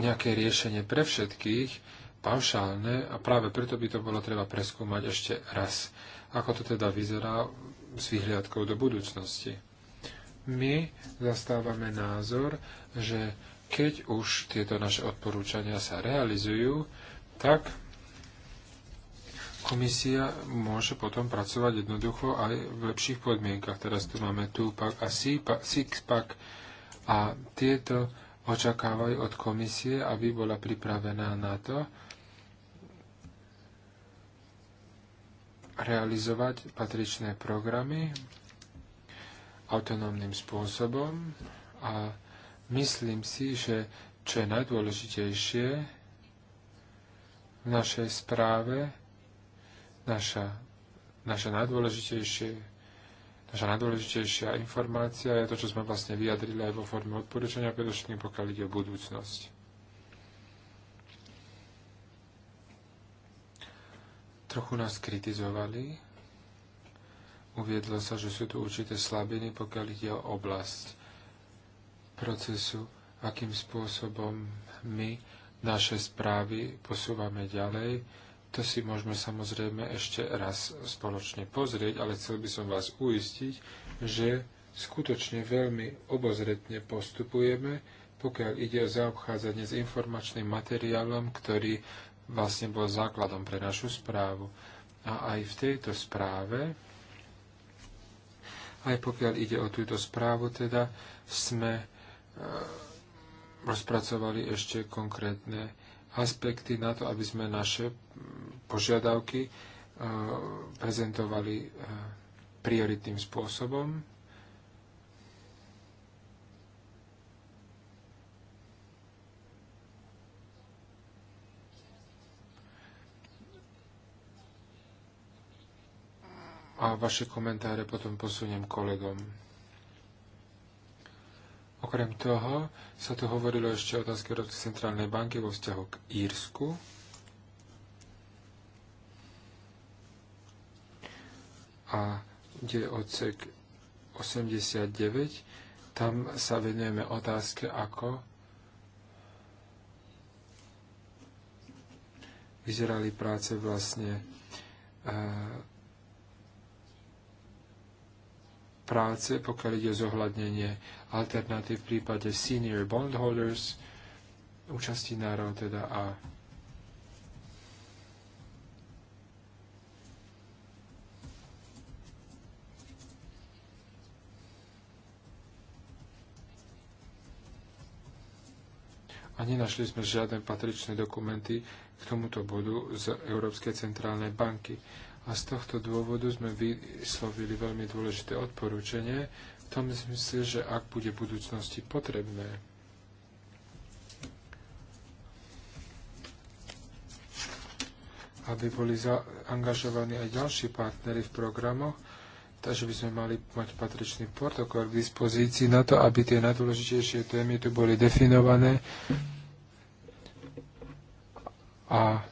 nejaké riešenie pre všetkých, paušálne, a práve preto by to bolo treba preskúmať ešte raz. Ako to teda vyzerá s vyhliadkou do budúcnosti? My zastávame názor, že keď už tieto naše odporúčania sa realizujú, tak komisia môže potom pracovať jednoducho aj v lepších podmienkach. Teraz tu máme tu pak a Six pak a tieto očakávajú od komisie, aby bola pripravená na to, realizovať patričné programy autonómnym spôsobom a myslím si, že čo je najdôležitejšie v našej správe, Naša, naša najdôležitejšie Naša najdôležitejšia informácia je to, čo sme vlastne vyjadrili aj vo forme odporúčania, predovšetkým pokiaľ ide o budúcnosť. Trochu nás kritizovali. Uviedlo sa, že sú tu určité slabiny, pokiaľ ide o oblasť procesu, akým spôsobom my naše správy posúvame ďalej to si môžeme samozrejme ešte raz spoločne pozrieť, ale chcel by som vás uistiť, že skutočne veľmi obozretne postupujeme, pokiaľ ide o zaobchádzanie s informačným materiálom, ktorý vlastne bol základom pre našu správu. A aj v tejto správe, aj pokiaľ ide o túto správu, teda sme e, rozpracovali ešte konkrétne aspekty na to, aby sme naše požiadavky eh, prezentovali eh, prioritným spôsobom. A vaše komentáre potom posuniem kolegom. Okrem toho sa tu hovorilo ešte o otázke Európskej centrálnej banky vo vzťahu k Írsku. A kde je odsek 89, tam sa venujeme otázke, ako vyzerali práce vlastne eh, práce, pokiaľ ide o zohľadnenie alternatív v prípade senior bondholders, účasti národ teda a a nenašli sme žiadne patričné dokumenty k tomuto bodu z Európskej centrálnej banky a z tohto dôvodu sme vyslovili veľmi dôležité odporúčanie v tom zmysle, že ak bude v budúcnosti potrebné aby boli zaangažovaní aj ďalší partnery v programoch, takže by sme mali mať patričný protokol k dispozícii na to, aby tie najdôležitejšie témy tu boli definované a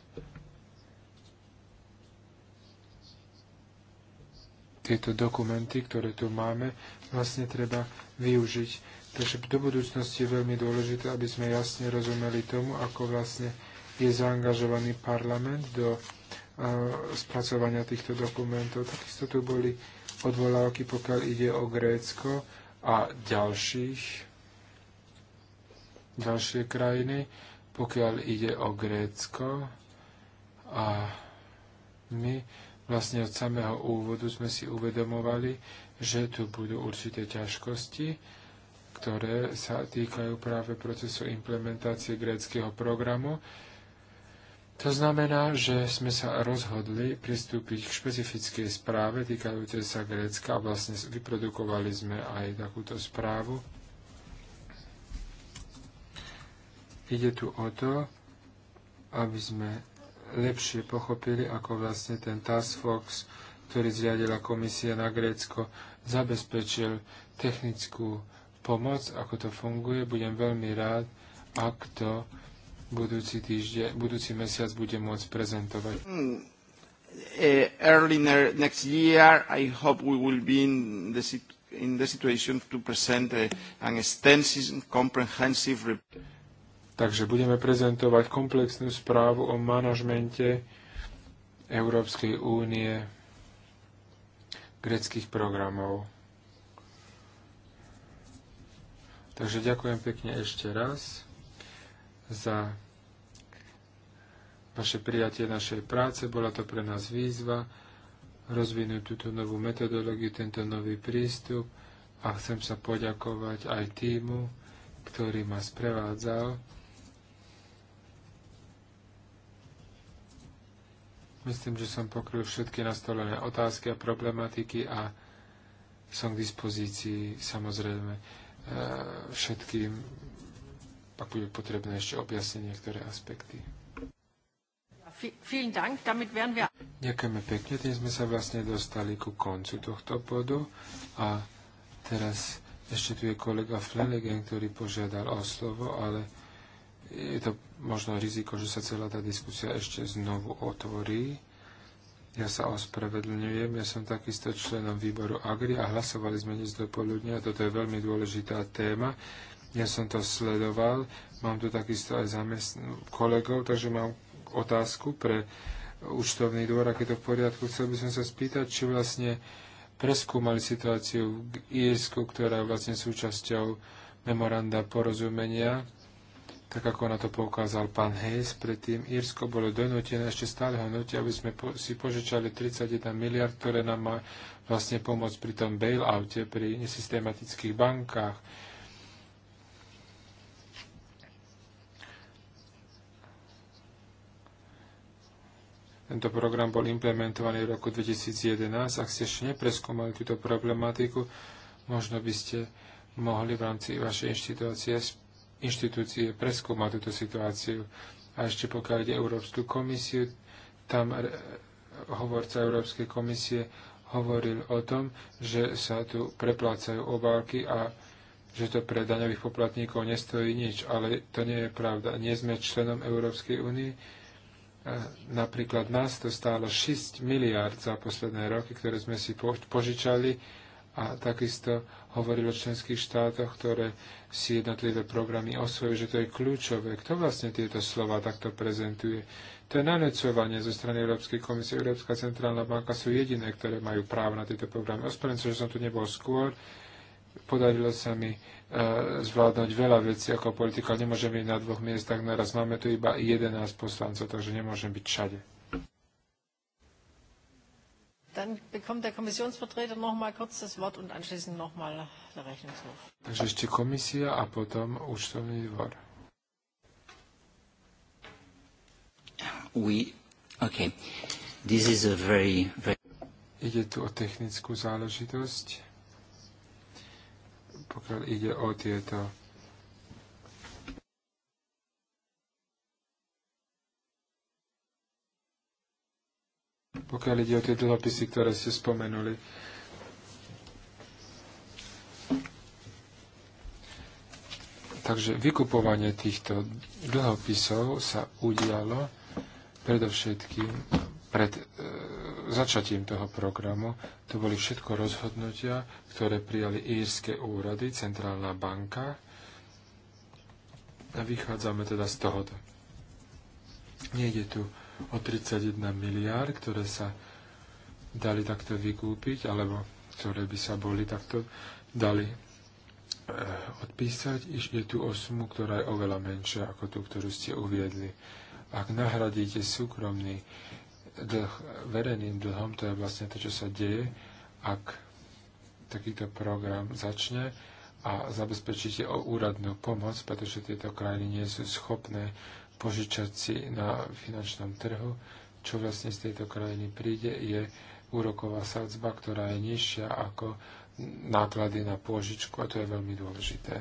tieto dokumenty, ktoré tu máme, vlastne treba využiť. Takže do budúcnosti je veľmi dôležité, aby sme jasne rozumeli tomu, ako vlastne je zaangažovaný parlament do uh, spracovania týchto dokumentov. Takisto tu boli odvolávky, pokiaľ ide o Grécko a ďalších, ďalšie krajiny, pokiaľ ide o Grécko a my vlastne od samého úvodu sme si uvedomovali, že tu budú určité ťažkosti, ktoré sa týkajú práve procesu implementácie gréckého programu. To znamená, že sme sa rozhodli pristúpiť k špecifickej správe týkajúcej sa Grécka a vlastne vyprodukovali sme aj takúto správu. Ide tu o to, aby sme lepšie pochopili, ako vlastne ten Task Fox, ktorý zriadila komisia na Grécko, zabezpečil technickú pomoc, ako to funguje. Budem veľmi rád, ak to budúci, týžde, budúci mesiac bude môcť prezentovať. Mm. Uh, early ne next year, I hope we will be in the, sit in the situation to present uh, an extensive, comprehensive report Takže budeme prezentovať komplexnú správu o manažmente Európskej únie greckých programov. Takže ďakujem pekne ešte raz za vaše prijatie našej práce. Bola to pre nás výzva rozvinúť túto novú metodológiu, tento nový prístup a chcem sa poďakovať aj týmu, ktorý ma sprevádzal Myslím, že som pokryl všetky nastolené otázky a problematiky a som k dispozícii samozrejme e, všetkým, ak bude potrebné ešte objasniť niektoré aspekty. Ďakujeme pekne, tým sme sa vlastne dostali ku koncu tohto bodu a teraz ešte tu je kolega Flanagan, ktorý požiadal o slovo, ale je to možno riziko, že sa celá tá diskusia ešte znovu otvorí. Ja sa ospravedlňujem, ja som takisto členom výboru Agri a hlasovali sme dnes do poludnia, toto je veľmi dôležitá téma. Ja som to sledoval, mám tu takisto aj zamestn- kolegov, takže mám otázku pre účtovný dvor, ak je to v poriadku. Chcel by som sa spýtať, či vlastne preskúmali situáciu v Írsku, ktorá je vlastne súčasťou memoranda porozumenia tak ako na to poukázal pán Hayes, predtým Írsko bolo donútené ešte stále nutia, aby sme po, si požičali 31 miliard, ktoré nám má vlastne pomôcť pri tom bailoute, pri nesystematických bankách. Tento program bol implementovaný v roku 2011. Ak ste ešte nepreskúmali túto problematiku, možno by ste mohli v rámci vašej inštitúcie inštitúcie preskúma túto situáciu. A ešte pokiaľ ide Európsku komisiu, tam hovorca Európskej komisie hovoril o tom, že sa tu preplácajú obálky a že to pre daňových poplatníkov nestojí nič, ale to nie je pravda. Nie sme členom Európskej únie. Napríklad nás to stálo 6 miliard za posledné roky, ktoré sme si požičali a takisto hovoril o členských štátoch, ktoré si jednotlivé programy osvojujú, že to je kľúčové. Kto vlastne tieto slova takto prezentuje? To je nanecovanie zo strany Európskej komisie. Európska centrálna banka sú jediné, ktoré majú právo na tieto programy. Ospravedlňujem sa, že som tu nebol skôr. Podarilo sa mi e, zvládnuť veľa vecí ako politika. Nemôžem byť na dvoch miestach naraz. Máme tu iba 11 poslancov, takže nemôžem byť všade. Dann bekommt der Kommissionsvertreter noch mal kurz das Wort und anschließend noch mal der Rechnungshof. Takže ešte komisia a potom účtovný dvor. We, okay. This is a very, very... Ide tu o technickú záležitosť, pokiaľ ide o tieto pokiaľ ide o tie dlhopisy, ktoré ste spomenuli. Takže vykupovanie týchto dlhopisov sa udialo predovšetkým pred e, začatím toho programu. To boli všetko rozhodnutia, ktoré prijali írske úrady, Centrálna banka. A vychádzame teda z tohoto. Nejde tu o 31 miliárd, ktoré sa dali takto vykúpiť, alebo ktoré by sa boli takto dali e, odpísať. Je tu o sumu, ktorá je oveľa menšia ako tú, ktorú ste uviedli. Ak nahradíte súkromný dlh verejným dlhom, to je vlastne to, čo sa deje, ak takýto program začne a zabezpečíte o úradnú pomoc, pretože tieto krajiny nie sú schopné požičať si na finančnom trhu. Čo vlastne z tejto krajiny príde, je úroková sadzba, ktorá je nižšia ako náklady na pôžičku a to je veľmi dôležité.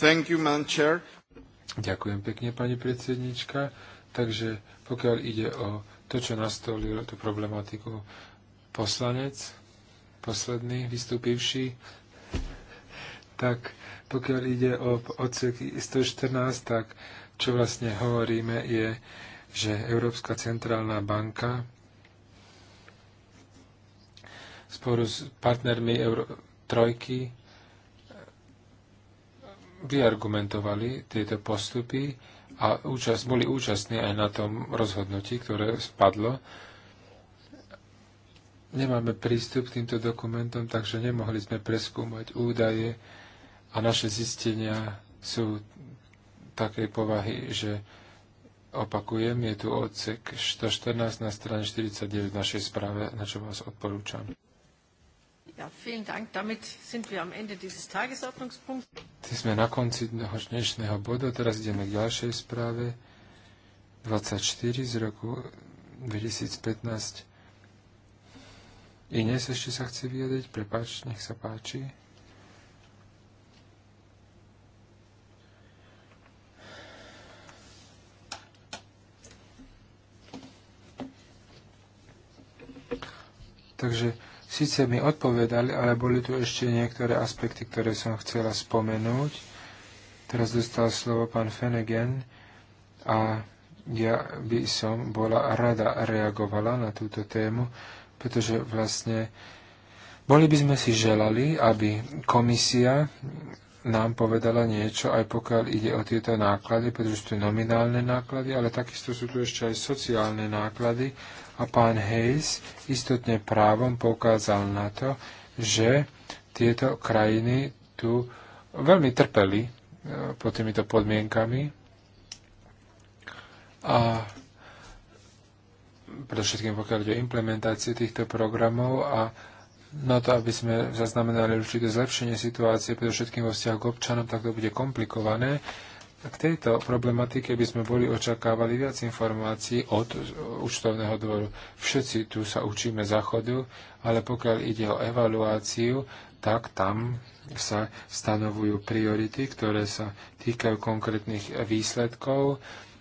Thank you, man chair. Ďakujem pekne, pani predsednička. Takže pokiaľ ide o to, čo nastolil tú problematiku poslanec, posledný vystúpivší, tak pokiaľ ide o odsek 114, tak čo vlastne hovoríme je, že Európska centrálna banka spolu s partnermi Euro- Trojky vyargumentovali tieto postupy a účast, boli účastní aj na tom rozhodnutí, ktoré spadlo nemáme prístup k týmto dokumentom, takže nemohli sme preskúmať údaje a naše zistenia sú takej povahy, že opakujem, je tu odsek 114 na strane 49 v našej správe, na čo vás odporúčam. Ja, vielen Dank. Damit sind wir am Ende dieses Tagesordnungspunkts. Ty sme na konci dnešného bodu, teraz ideme k ďalšej správe 24 z roku 2015 Ines ešte sa chce vyjadriť, prepáč, nech sa páči. Takže síce mi odpovedali, ale boli tu ešte niektoré aspekty, ktoré som chcela spomenúť. Teraz dostal slovo pán Fenegen a ja by som bola rada reagovala na túto tému pretože vlastne boli by sme si želali, aby komisia nám povedala niečo, aj pokiaľ ide o tieto náklady, pretože sú tu nominálne náklady, ale takisto sú tu ešte aj sociálne náklady. A pán Hayes istotne právom poukázal na to, že tieto krajiny tu veľmi trpeli eh, pod týmito podmienkami. A predovšetkým pokiaľ ide o implementáciu týchto programov a na to, aby sme zaznamenali určité zlepšenie situácie, predovšetkým vo vzťahu k občanom, tak to bude komplikované. K tejto problematike by sme boli očakávali viac informácií od účtovného dvoru. Všetci tu sa učíme záchodu, ale pokiaľ ide o evaluáciu, tak tam sa stanovujú priority, ktoré sa týkajú konkrétnych výsledkov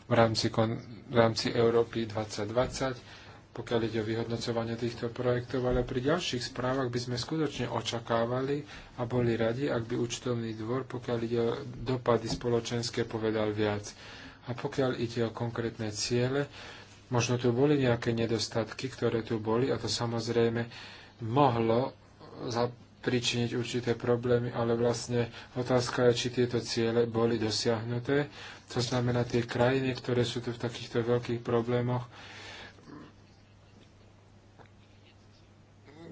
v rámci, kon, v rámci Európy 2020, pokiaľ ide o vyhodnocovanie týchto projektov, ale pri ďalších správach by sme skutočne očakávali a boli radi, ak by účtovný dvor, pokiaľ ide o dopady spoločenské, povedal viac. A pokiaľ ide o konkrétne ciele, možno tu boli nejaké nedostatky, ktoré tu boli a to samozrejme mohlo za pričiniť určité problémy, ale vlastne otázka je, či tieto ciele boli dosiahnuté. To znamená, tie krajiny, ktoré sú tu v takýchto veľkých problémoch,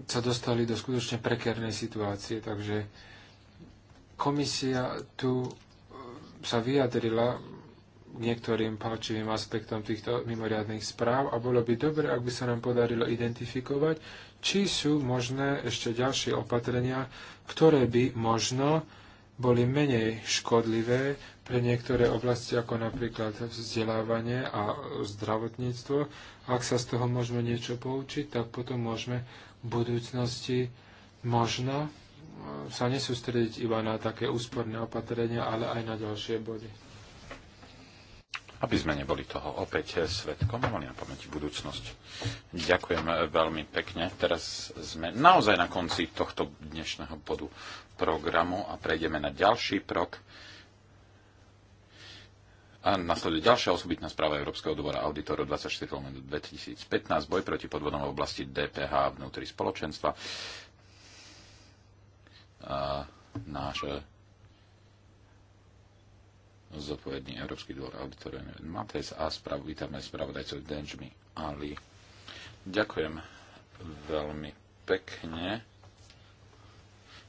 sa dostali do skutočne prekernej situácie. Takže komisia tu sa vyjadrila niektorým palčivým aspektom týchto mimoriadných správ a bolo by dobre, ak by sa nám podarilo identifikovať, či sú možné ešte ďalšie opatrenia, ktoré by možno boli menej škodlivé pre niektoré oblasti, ako napríklad vzdelávanie a zdravotníctvo. Ak sa z toho môžeme niečo poučiť, tak potom môžeme v budúcnosti možno e, sa nesústrediť iba na také úsporné opatrenia, ale aj na ďalšie body aby sme neboli toho opäť svetkom a mali na pamäti budúcnosť. Ďakujem veľmi pekne. Teraz sme naozaj na konci tohto dnešného bodu programu a prejdeme na ďalší prok. A nasleduje ďalšia osobitná správa Európskeho dvora auditoru 24 2015, boj proti podvodom v oblasti DPH vnútri spoločenstva. A náš zodpovedný Európsky dvor auditorium Mates a sprav, vítame spravodajcov Denžmi Ali. Ďakujem veľmi pekne.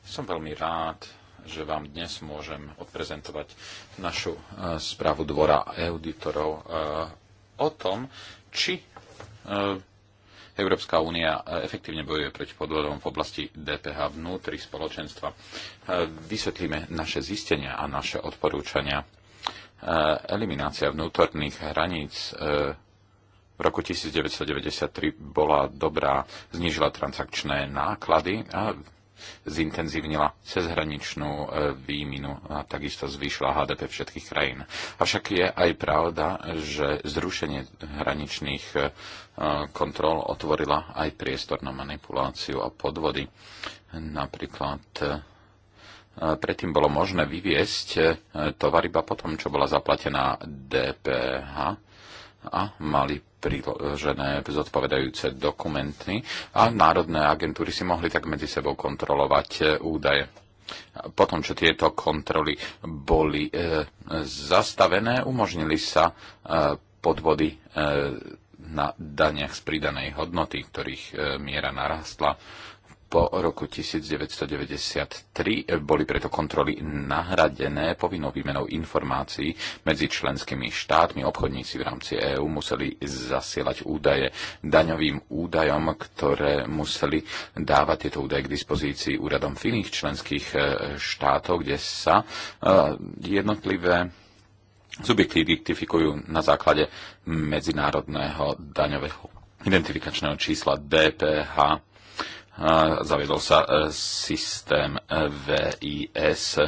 Som veľmi rád, že vám dnes môžem odprezentovať našu e, správu dvora auditorov e, o tom, či e, Európska únia efektívne bojuje proti podvodom v oblasti DPH vnútri spoločenstva. Vysvetlíme naše zistenia a naše odporúčania eliminácia vnútorných hraníc e, v roku 1993 bola dobrá, znižila transakčné náklady a zintenzívnila cezhraničnú e, výminu a takisto zvýšila HDP všetkých krajín. Avšak je aj pravda, že zrušenie hraničných e, kontrol otvorila aj priestor na manipuláciu a podvody. Napríklad predtým bolo možné vyviesť e, tovar iba potom, čo bola zaplatená DPH a mali priložené zodpovedajúce dokumenty a národné agentúry si mohli tak medzi sebou kontrolovať e, údaje. Potom, čo tieto kontroly boli e, zastavené, umožnili sa e, podvody e, na daniach z pridanej hodnoty, ktorých e, miera narastla. E, po roku 1993 boli preto kontroly nahradené povinnou výmenou informácií medzi členskými štátmi. Obchodníci v rámci EÚ museli zasielať údaje daňovým údajom, ktoré museli dávať tieto údaje k dispozícii úradom v iných členských e, štátov, kde sa e, jednotlivé subjekty identifikujú na základe medzinárodného daňového identifikačného čísla DPH zaviedol sa e, systém e, VIS.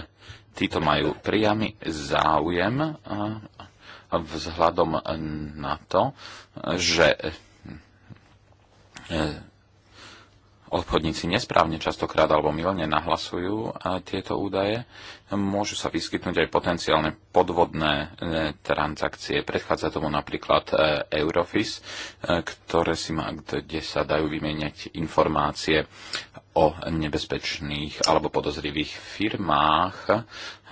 Títo majú priamy záujem e, vzhľadom na to, že obchodníci nesprávne častokrát alebo milne nahlasujú tieto údaje, môžu sa vyskytnúť aj potenciálne podvodné e, transakcie. Predchádza tomu napríklad e, Eurofis, e, ktoré si má, kde sa dajú vymeniať informácie o nebezpečných alebo podozrivých firmách.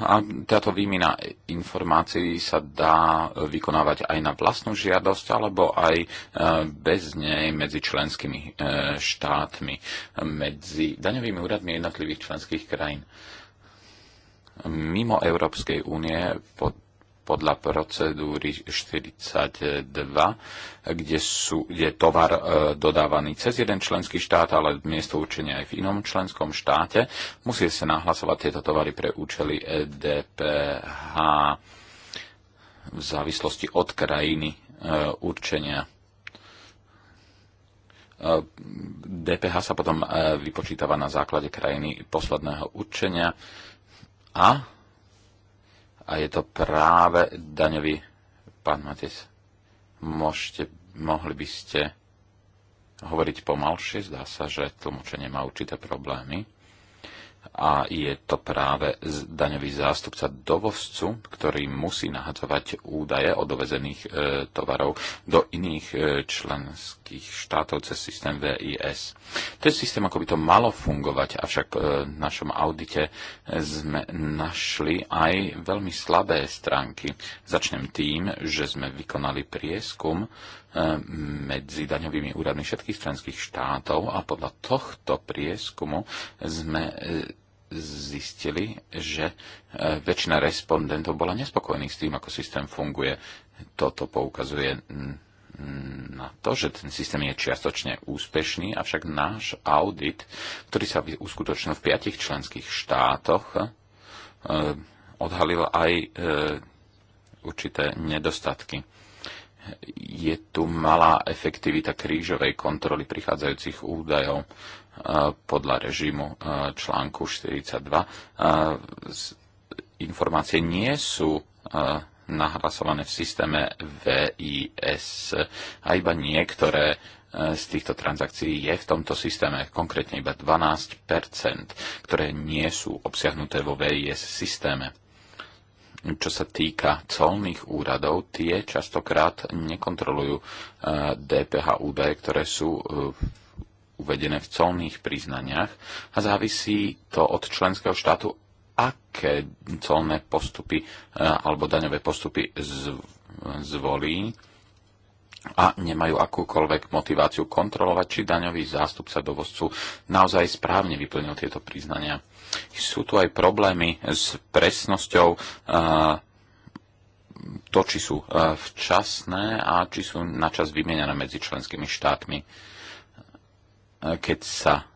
A táto výmena informácií sa dá vykonávať aj na vlastnú žiadosť alebo aj e, bez nej medzi členskými e, štátmi, medzi daňovými úradmi jednotlivých členských krajín. Mimo Európskej únie pod podľa procedúry 42, kde, sú, je tovar e, dodávaný cez jeden členský štát, ale miesto určenia aj v inom členskom štáte. Musí sa nahlasovať tieto tovary pre účely e DPH v závislosti od krajiny e, určenia. DPH sa potom vypočítava na základe krajiny posledného určenia a a je to práve daňový pán Matis. Môžete, mohli by ste hovoriť pomalšie, zdá sa, že tlmočenie má určité problémy. A je to práve daňový zástupca dovozcu, ktorý musí nahadzovať údaje o dovezených e, tovarov do iných e, členských tých štátov cez systém VIS. To je systém, ako by to malo fungovať, avšak e, v našom audite e, sme našli aj veľmi slabé stránky. Začnem tým, že sme vykonali prieskum e, medzi daňovými úradmi všetkých členských štátov a podľa tohto prieskumu sme zistili, že väčšina respondentov bola nespokojných s tým, ako systém funguje. Toto poukazuje na to, že ten systém je čiastočne úspešný, avšak náš audit, ktorý sa uskutočnil v piatich členských štátoch, e, odhalil aj e, určité nedostatky. Je tu malá efektivita krížovej kontroly prichádzajúcich údajov e, podľa režimu článku 42. Informácie nie sú nahlasované v systéme VIS a iba niektoré e, z týchto transakcií je v tomto systéme, konkrétne iba 12 ktoré nie sú obsiahnuté vo VIS systéme. Čo sa týka colných úradov, tie častokrát nekontrolujú e, DPH údaje, ktoré sú e, uvedené v colných priznaniach a závisí to od členského štátu, aké colné postupy e, alebo daňové postupy zvolí a nemajú akúkoľvek motiváciu kontrolovať, či daňový zástupca dovozcu naozaj správne vyplnil tieto priznania. Sú tu aj problémy s presnosťou e, to, či sú e, včasné a či sú načas vymienené medzi členskými štátmi. Keď sa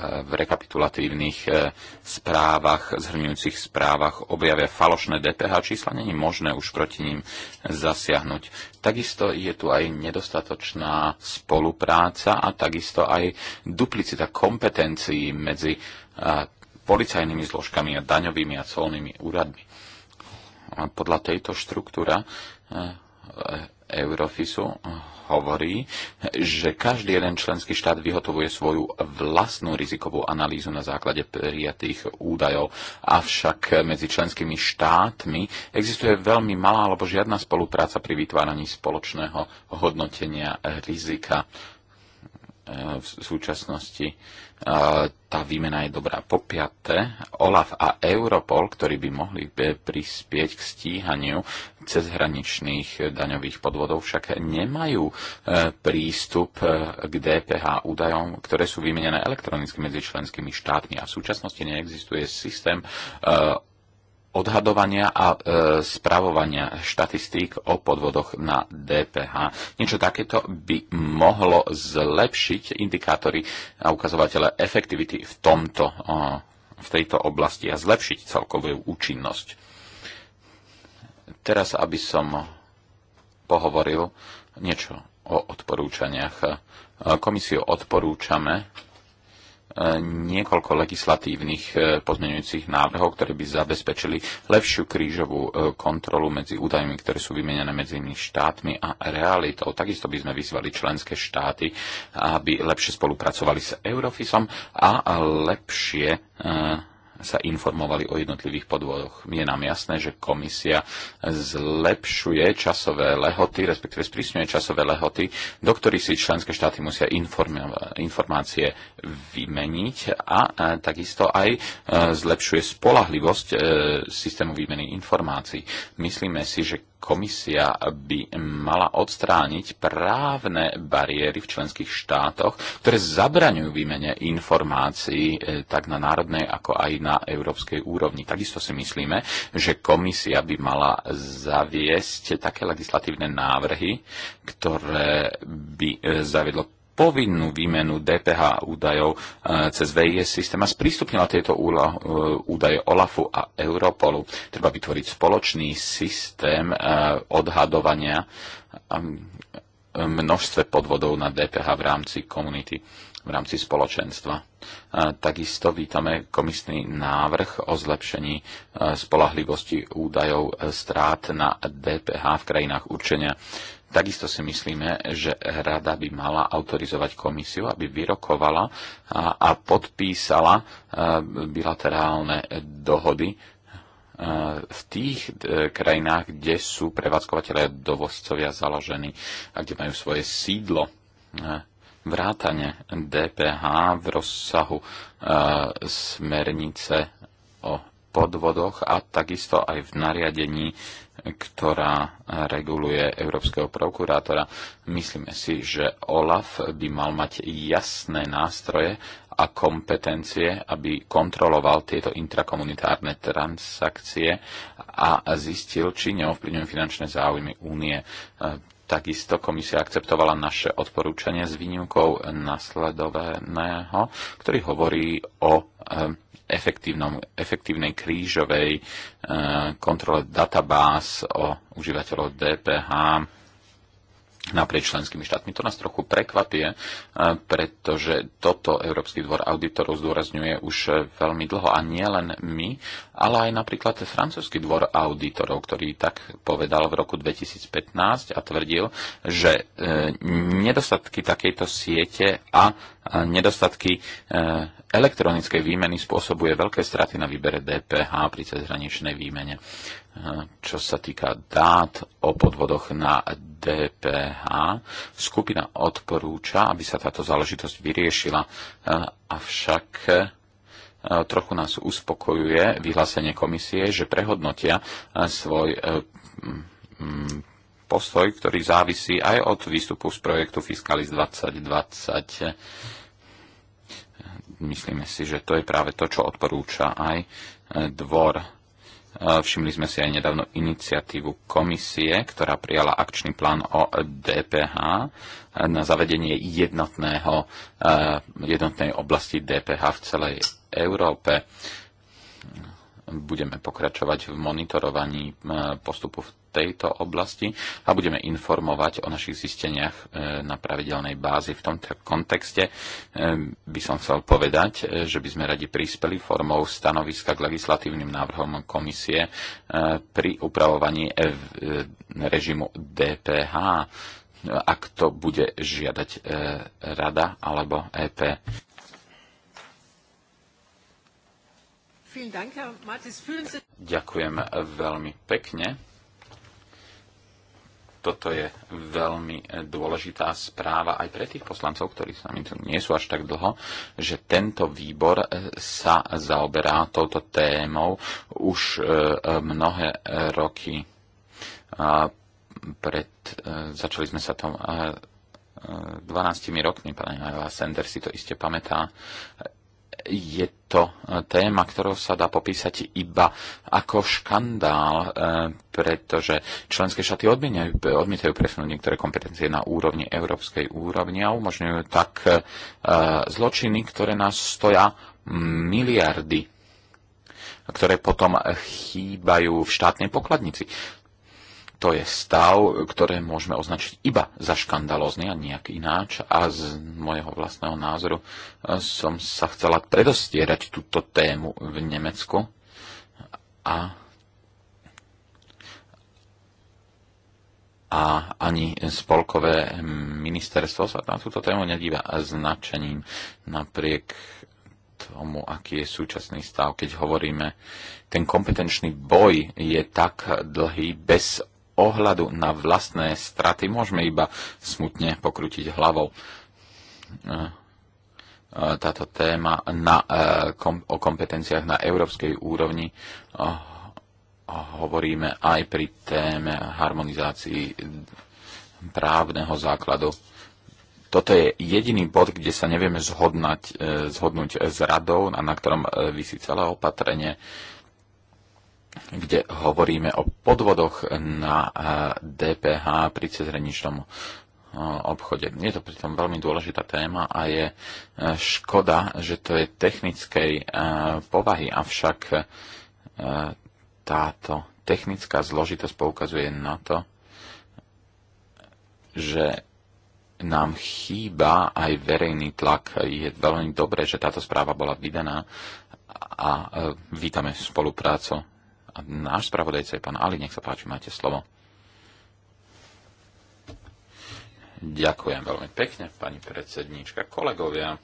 v rekapitulatívnych e, správach, zhrňujúcich správach objavia falošné DPH čísla, není možné už proti ním zasiahnuť. Takisto je tu aj nedostatočná spolupráca a takisto aj duplicita kompetencií medzi e, policajnými zložkami a daňovými a colnými úradmi. Podľa tejto štruktúra e, Eurofisu hovorí, že každý jeden členský štát vyhotovuje svoju vlastnú rizikovú analýzu na základe prijatých údajov, avšak medzi členskými štátmi existuje veľmi malá alebo žiadna spolupráca pri vytváraní spoločného hodnotenia rizika eh, v súčasnosti tá výmena je dobrá. Po piaté, OLAF a Europol, ktorí by mohli eh, prispieť k stíhaniu cezhraničných eh, daňových podvodov, však nemajú eh, prístup k DPH údajom, ktoré sú vymenené elektronicky medzi členskými štátmi a v súčasnosti neexistuje systém odhadovania a e, spravovania štatistík o podvodoch na DPH. Niečo takéto by mohlo zlepšiť indikátory a ukazovatele efektivity v, tomto, e, v tejto oblasti a zlepšiť celkovú účinnosť. Teraz, aby som pohovoril niečo o odporúčaniach. E, komisiu odporúčame niekoľko legislatívnych e, pozmeňujúcich návrhov, ktoré by zabezpečili lepšiu krížovú e, kontrolu medzi údajmi, ktoré sú vymenené medzi inými štátmi a realitou. Takisto by sme vyzvali členské štáty, aby lepšie spolupracovali s Eurofisom a lepšie e, sa informovali o jednotlivých podvodoch. Je nám jasné, že komisia zlepšuje časové lehoty, respektíve sprísňuje časové lehoty, do ktorých si členské štáty musia informácie vymeniť a e, takisto aj e, zlepšuje spolahlivosť e, systému výmeny informácií. Myslíme si, že komisia by mala odstrániť právne bariéry v členských štátoch, ktoré zabraňujú výmene informácií e, tak na národnej, ako aj na európskej úrovni. Takisto si myslíme, že komisia by mala zaviesť také legislatívne návrhy, ktoré by e, zaviedlo povinnú výmenu DPH údajov e, cez VIS systém a sprístupnila tieto e, údaje OLAFu a Europolu. Treba vytvoriť spoločný systém e, odhadovania množstve podvodov na DPH v rámci komunity v rámci spoločenstva. Takisto vítame komisný návrh o zlepšení spolahlivosti údajov strát na DPH v krajinách určenia Takisto si myslíme, že rada by mala autorizovať komisiu, aby vyrokovala a, a podpísala e, bilaterálne dohody e, v tých e, krajinách, kde sú prevádzkovateľe dovozcovia založení a kde majú svoje sídlo vrátane DPH v rozsahu smernice o podvodoch a takisto aj v nariadení ktorá reguluje Európskeho prokurátora. Myslíme si, že OLAF by mal mať jasné nástroje a kompetencie, aby kontroloval tieto intrakomunitárne transakcie a zistil, či neovplyvňujú finančné záujmy únie. Takisto komisia akceptovala naše odporúčanie s výnimkou nasledovaného, ktorý hovorí o efektívnej krížovej e, kontrole databáz o užívateľov DPH naprieč členskými štátmi. To nás trochu prekvapie, e, pretože toto Európsky dvor auditorov zdôrazňuje už veľmi dlho a nie len my, ale aj napríklad Francúzsky dvor auditorov, ktorý tak povedal v roku 2015 a tvrdil, že e, nedostatky takejto siete a nedostatky elektronickej výmeny spôsobuje veľké straty na výbere DPH pri cezhraničnej výmene. Eh, čo sa týka dát o podvodoch na DPH, skupina odporúča, aby sa táto záležitosť vyriešila, eh, avšak eh, trochu nás uspokojuje vyhlásenie komisie, že prehodnotia svoj mm, postoj, ktorý závisí aj od výstupu z projektu Fiscalis 2020 myslíme si, že to je práve to, čo odporúča aj e, dvor. E, všimli sme si aj nedávno iniciatívu komisie, ktorá prijala akčný plán o DPH na zavedenie jednotného, e, jednotnej oblasti DPH v celej Európe budeme pokračovať v monitorovaní postupu v tejto oblasti a budeme informovať o našich zisteniach e, na pravidelnej bázi. V tomto kontexte e, by som chcel povedať, e, že by sme radi prispeli formou stanoviska k legislatívnym návrhom komisie pri upravovaní režimu DPH no, ak to bude žiadať rada alebo EP. Ďakujem veľmi pekne toto je veľmi e, dôležitá správa aj pre tých poslancov, ktorí sami tu nie sú až tak dlho, že tento výbor e, sa zaoberá touto témou už e, mnohé roky. Pred, začali sme sa tom 12 rokmi, pani Sender si to iste pamätá, je to e, téma, ktorou sa dá popísať iba ako škandál, e, pretože členské štáty odmietajú, odmietajú presunúť niektoré kompetencie na úrovni európskej úrovni a umožňujú tak e, zločiny, ktoré nás stoja miliardy ktoré potom chýbajú v štátnej pokladnici to je stav, ktoré môžeme označiť iba za škandalozný a nejak ináč. A z môjho vlastného názoru e, som sa chcela predostierať túto tému v Nemecku. A a ani spolkové ministerstvo sa na túto tému nedíva značením napriek tomu, aký je súčasný stav, keď hovoríme, ten kompetenčný boj je tak dlhý bez ohľadu na vlastné straty môžeme iba smutne pokrútiť hlavou. E, e, táto téma na, e, kom, o kompetenciách na európskej úrovni hovoríme aj pri téme harmonizácii právneho základu. Toto je jediný bod, kde sa nevieme zhodnať, zhodnúť s radou, na ktorom vysí celé opatrenie kde hovoríme o podvodoch na DPH eh, pri cezhraničnom eh, obchode. Je to pritom veľmi dôležitá téma a je eh, škoda, že to je technickej povahy, avšak táto technická zložitosť poukazuje na to, že nám chýba aj verejný tlak. Je veľmi dobré, že táto správa bola vydaná a vítame spoluprácu a náš spravodajca je pán Ali, nech sa páči, máte slovo. Ďakujem veľmi pekne, pani predsedníčka, kolegovia,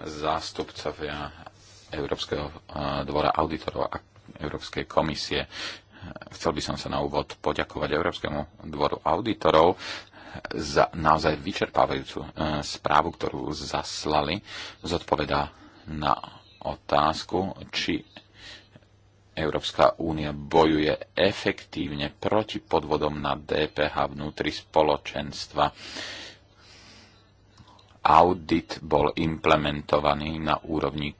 zástupcovia Európskeho eh, dvora auditorov a Európskej komisie. Chcel by som sa na úvod poďakovať Európskemu dvoru auditorov za naozaj vyčerpávajúcu eh, správu, ktorú zaslali, zodpovedá na otázku, či Európska únia bojuje efektívne proti podvodom na DPH vnútri spoločenstva. Audit bol implementovaný na úrovni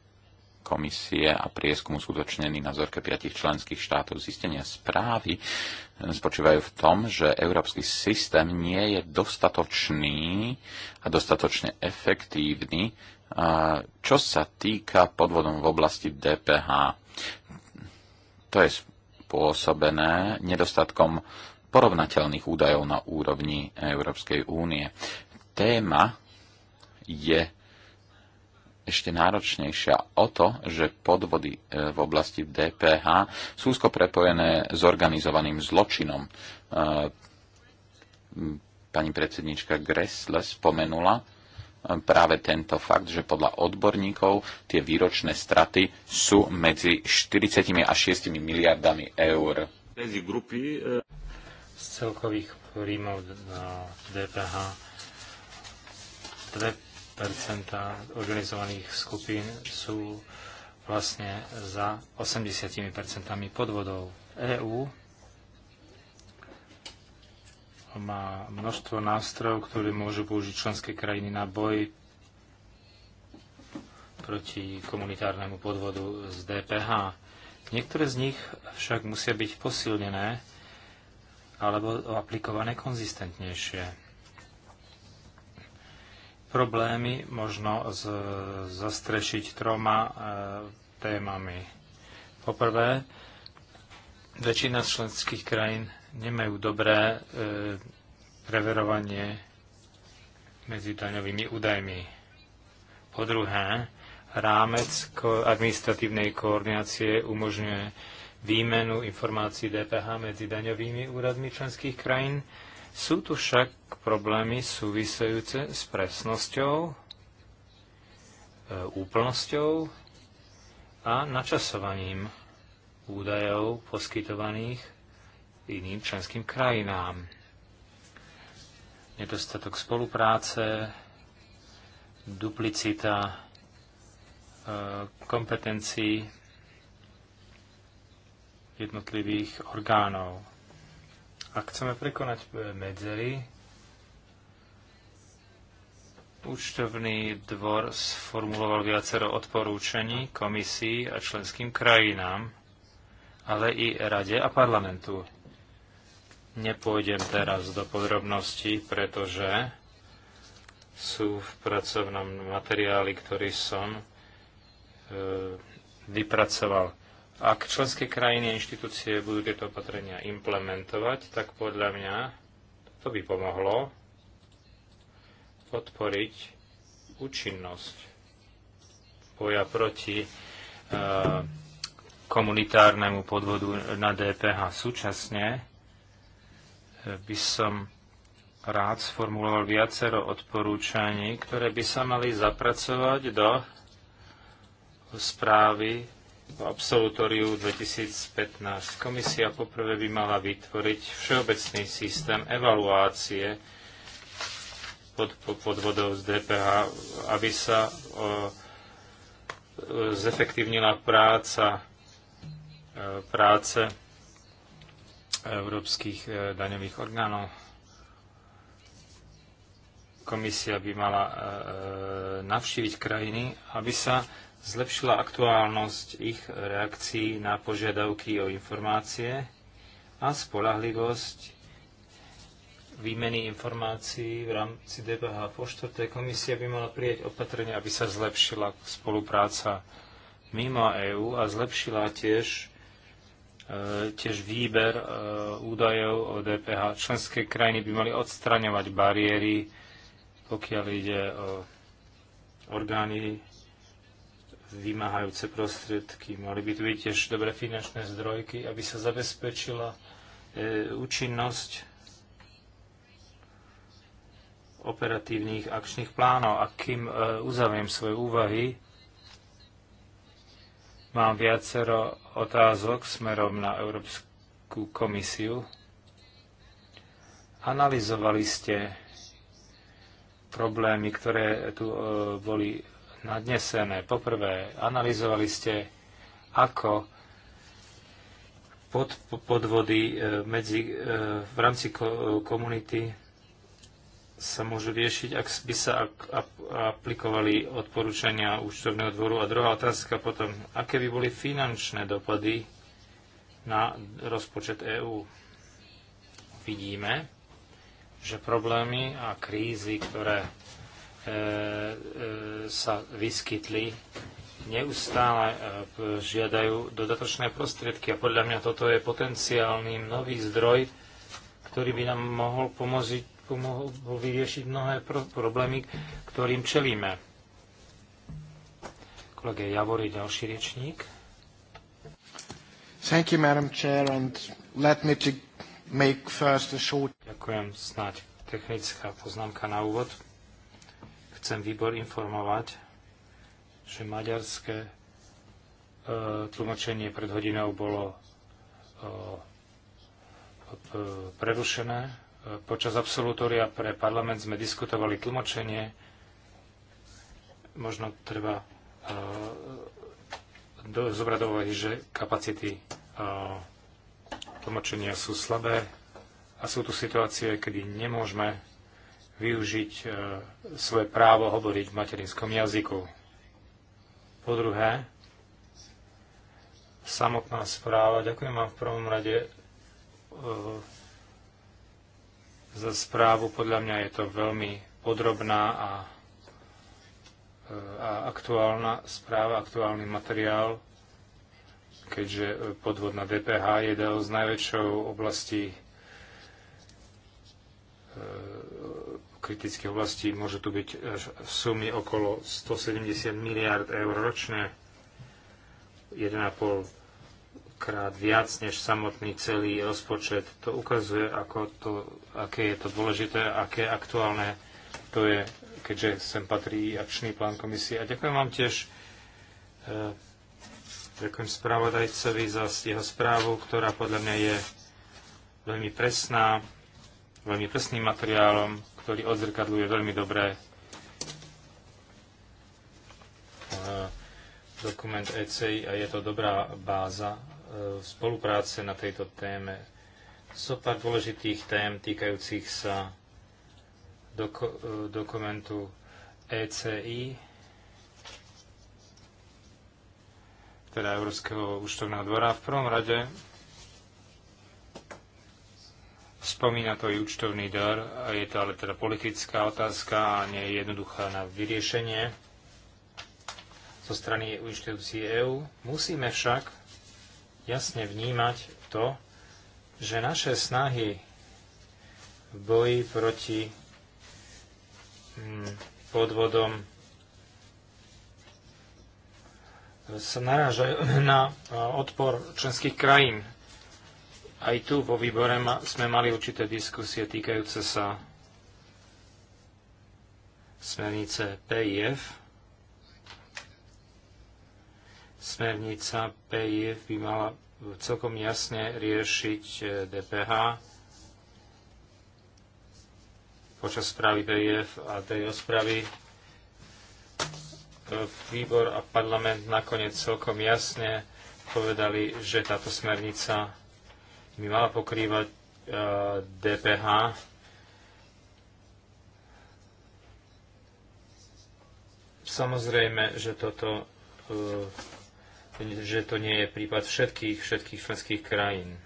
komisie a prieskum uskutočnený na vzorke piatich členských štátov. Zistenia správy spočívajú v tom, že európsky systém nie je dostatočný a dostatočne efektívny, čo sa týka podvodom v oblasti DPH to je spôsobené nedostatkom porovnateľných údajov na úrovni Európskej únie. Téma je ešte náročnejšia o to, že podvody e, v oblasti DPH sú úzko prepojené s organizovaným zločinom. E, pani predsednička Gressle spomenula práve tento fakt, že podľa odborníkov tie výročné straty sú medzi 40 a 6 miliardami eur. Z celkových príjmov na DPH 2% organizovaných skupín sú vlastne za 80% podvodov. EÚ má množstvo nástrojov, ktoré môžu použiť členské krajiny na boj proti komunitárnemu podvodu z DPH. Niektoré z nich však musia byť posilnené alebo aplikované konzistentnejšie problémy možno z, zastrešiť troma e, témami. Poprvé, väčšina z členských krajín nemajú dobré e, preverovanie medzi daňovými údajmi. Po druhé, rámec ko- administratívnej koordinácie umožňuje výmenu informácií DPH medzi daňovými úradmi členských krajín. Sú tu však problémy súvisejúce s presnosťou, e, úplnosťou a načasovaním údajov poskytovaných iným členským krajinám. Nedostatok spolupráce, duplicita e, kompetencií jednotlivých orgánov. Ak chceme prekonať medzery, účtovný dvor sformuloval viacero odporúčení komisii a členským krajinám, ale i rade a parlamentu. Nepôjdem teraz do podrobností, pretože sú v pracovnom materiáli, ktorý som e, vypracoval. Ak členské krajiny a inštitúcie budú tieto opatrenia implementovať, tak podľa mňa to by pomohlo podporiť účinnosť boja proti e, komunitárnemu podvodu na DPH. Súčasne by som rád sformuloval viacero odporúčaní, ktoré by sa mali zapracovať do správy v absolutóriu 2015. Komisia poprvé by mala vytvoriť všeobecný systém evaluácie pod, podvodov z DPH, aby sa o, zefektívnila práca e, práce európskych e, daňových orgánov. Komisia by mala e, e, navštíviť krajiny, aby sa zlepšila aktuálnosť ich reakcií na požiadavky o informácie a spolahlivosť výmeny informácií v rámci DPH. Po štvrté, komisia by mala prijať opatrenia, aby sa zlepšila spolupráca mimo EÚ a zlepšila tiež E, tiež výber e, údajov o DPH. Členské krajiny by mali odstraňovať bariéry, pokiaľ ide o orgány vymáhajúce prostriedky. Mali by tu byť tiež dobré finančné zdrojky, aby sa zabezpečila e, účinnosť operatívnych akčných plánov. A kým uzaviem svoje úvahy, Mám viacero otázok smerom na Európsku komisiu. Analizovali ste problémy, ktoré tu e, boli nadnesené. Poprvé, analyzovali ste, ako pod, podvody e, medzi, e, v rámci komunity sa môžu riešiť, ak by sa aplikovali odporúčania účtovného dvoru. A druhá otázka potom, aké by boli finančné dopady na rozpočet EÚ? Vidíme, že problémy a krízy, ktoré e, e, sa vyskytli, neustále e, žiadajú dodatočné prostriedky a podľa mňa toto je potenciálny nový zdroj, ktorý by nám mohol pomôcť pomohol vyriešiť mnohé pro- problémy, ktorým čelíme. Kolega Javor je ďalší riečník. Thank you, Madam Chair, and let me to make first a short... Ďakujem, snáď technická poznámka na úvod. Chcem výbor informovať, že maďarské e, tlumočenie pred hodinou bolo e, e prerušené Počas absolutória pre parlament sme diskutovali tlmočenie. Možno treba e, zobrať do úvahy, že kapacity e, tlmočenia sú slabé a sú tu situácie, kedy nemôžeme využiť e, svoje právo hovoriť v materinskom jazyku. Po druhé, samotná správa. Ďakujem vám v prvom rade za správu. Podľa mňa je to veľmi podrobná a, e, a aktuálna správa, aktuálny materiál, keďže e, podvod na DPH je jednou z najväčšou oblastí e, kritických oblastí. Môže tu byť v sumy okolo 170 miliard eur ročne, 1,5 krát viac než samotný celý rozpočet. To ukazuje, ako to, aké je to dôležité, aké aktuálne to je, keďže sem patrí akčný plán komisie. A ďakujem vám tiež, eh, ďakujem spravodajcovi za jeho správu, ktorá podľa mňa je veľmi presná, veľmi presným materiálom, ktorý odzrkadluje veľmi dobré eh, dokument ECI a je to dobrá báza E, spolupráce na tejto téme. So pár dôležitých tém týkajúcich sa doko- e, dokumentu ECI, teda Európskeho účtovného dvora. V prvom rade spomína to i účtovný dar, a je to ale teda politická otázka a nie je jednoduchá na vyriešenie zo strany inštitúcií EÚ. Musíme však jasne vnímať to, že naše snahy v boji proti mm, podvodom sa narážajú *laughs* na odpor členských krajín. Aj tu vo výbore sme mali určité diskusie týkajúce sa smernice PIF, Smernica PIF by mala celkom jasne riešiť e, DPH počas správy PIF a tej ospravy e, výbor a parlament nakoniec celkom jasne povedali, že táto smernica by mala pokrývať e, DPH. Samozrejme, že toto že to nie je prípad všetkých, všetkých členských krajín.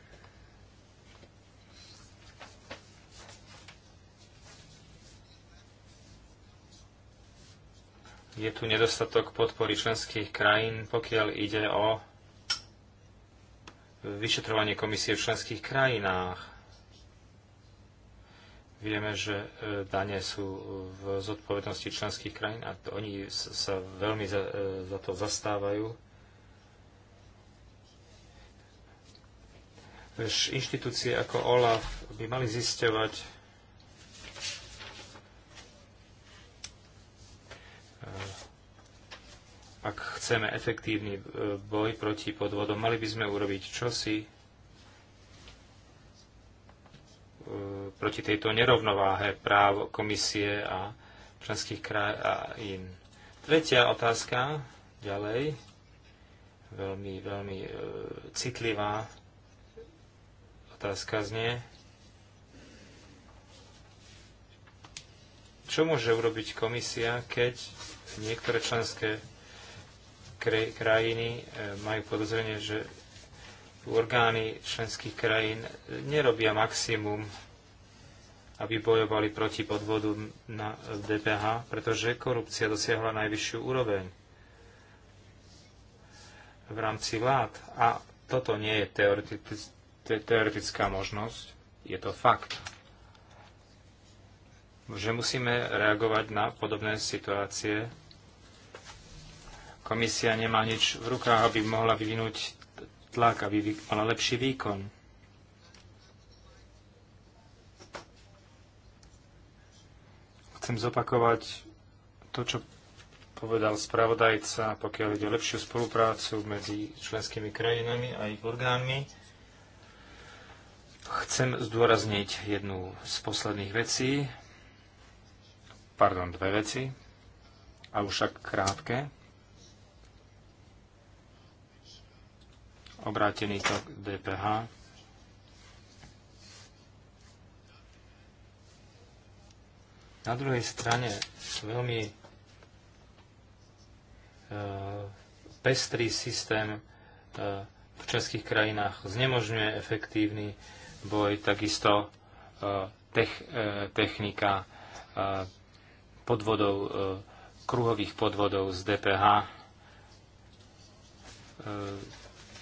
Je tu nedostatok podpory členských krajín, pokiaľ ide o vyšetrovanie komisie v členských krajinách. Vieme, že e, dane sú v zodpovednosti členských krajín a oni sa veľmi za, e, za to zastávajú. inštitúcie ako OLAF by mali zisťovať eh, ak chceme efektívny eh, boj proti podvodom, mali by sme urobiť čosi eh, proti tejto nerovnováhe práv komisie a členských krajín. Tretia otázka, ďalej, veľmi, veľmi citlivá Otázka znie, čo môže urobiť komisia, keď niektoré členské krajiny e, majú podozrenie, že orgány členských krajín e, nerobia maximum, aby bojovali proti podvodu na DPH, pretože korupcia dosiahla najvyššiu úroveň v rámci vlád. A toto nie je to je teoretická možnosť, je to fakt, že musíme reagovať na podobné situácie. Komisia nemá nič v rukách, aby mohla vyvinúť tlak, aby mala lepší výkon. Chcem zopakovať to, čo povedal spravodajca, pokiaľ ide o lepšiu spoluprácu medzi členskými krajinami a ich orgánmi Chcem zdôrazniť jednu z posledných vecí, pardon, dve veci, a však krátke. Obrátený tok DPH. Na druhej strane veľmi e, pestrý systém e, v českých krajinách znemožňuje efektívny boj, takisto e, tech, e, technika e, podvodov, kruhových podvodov z DPH.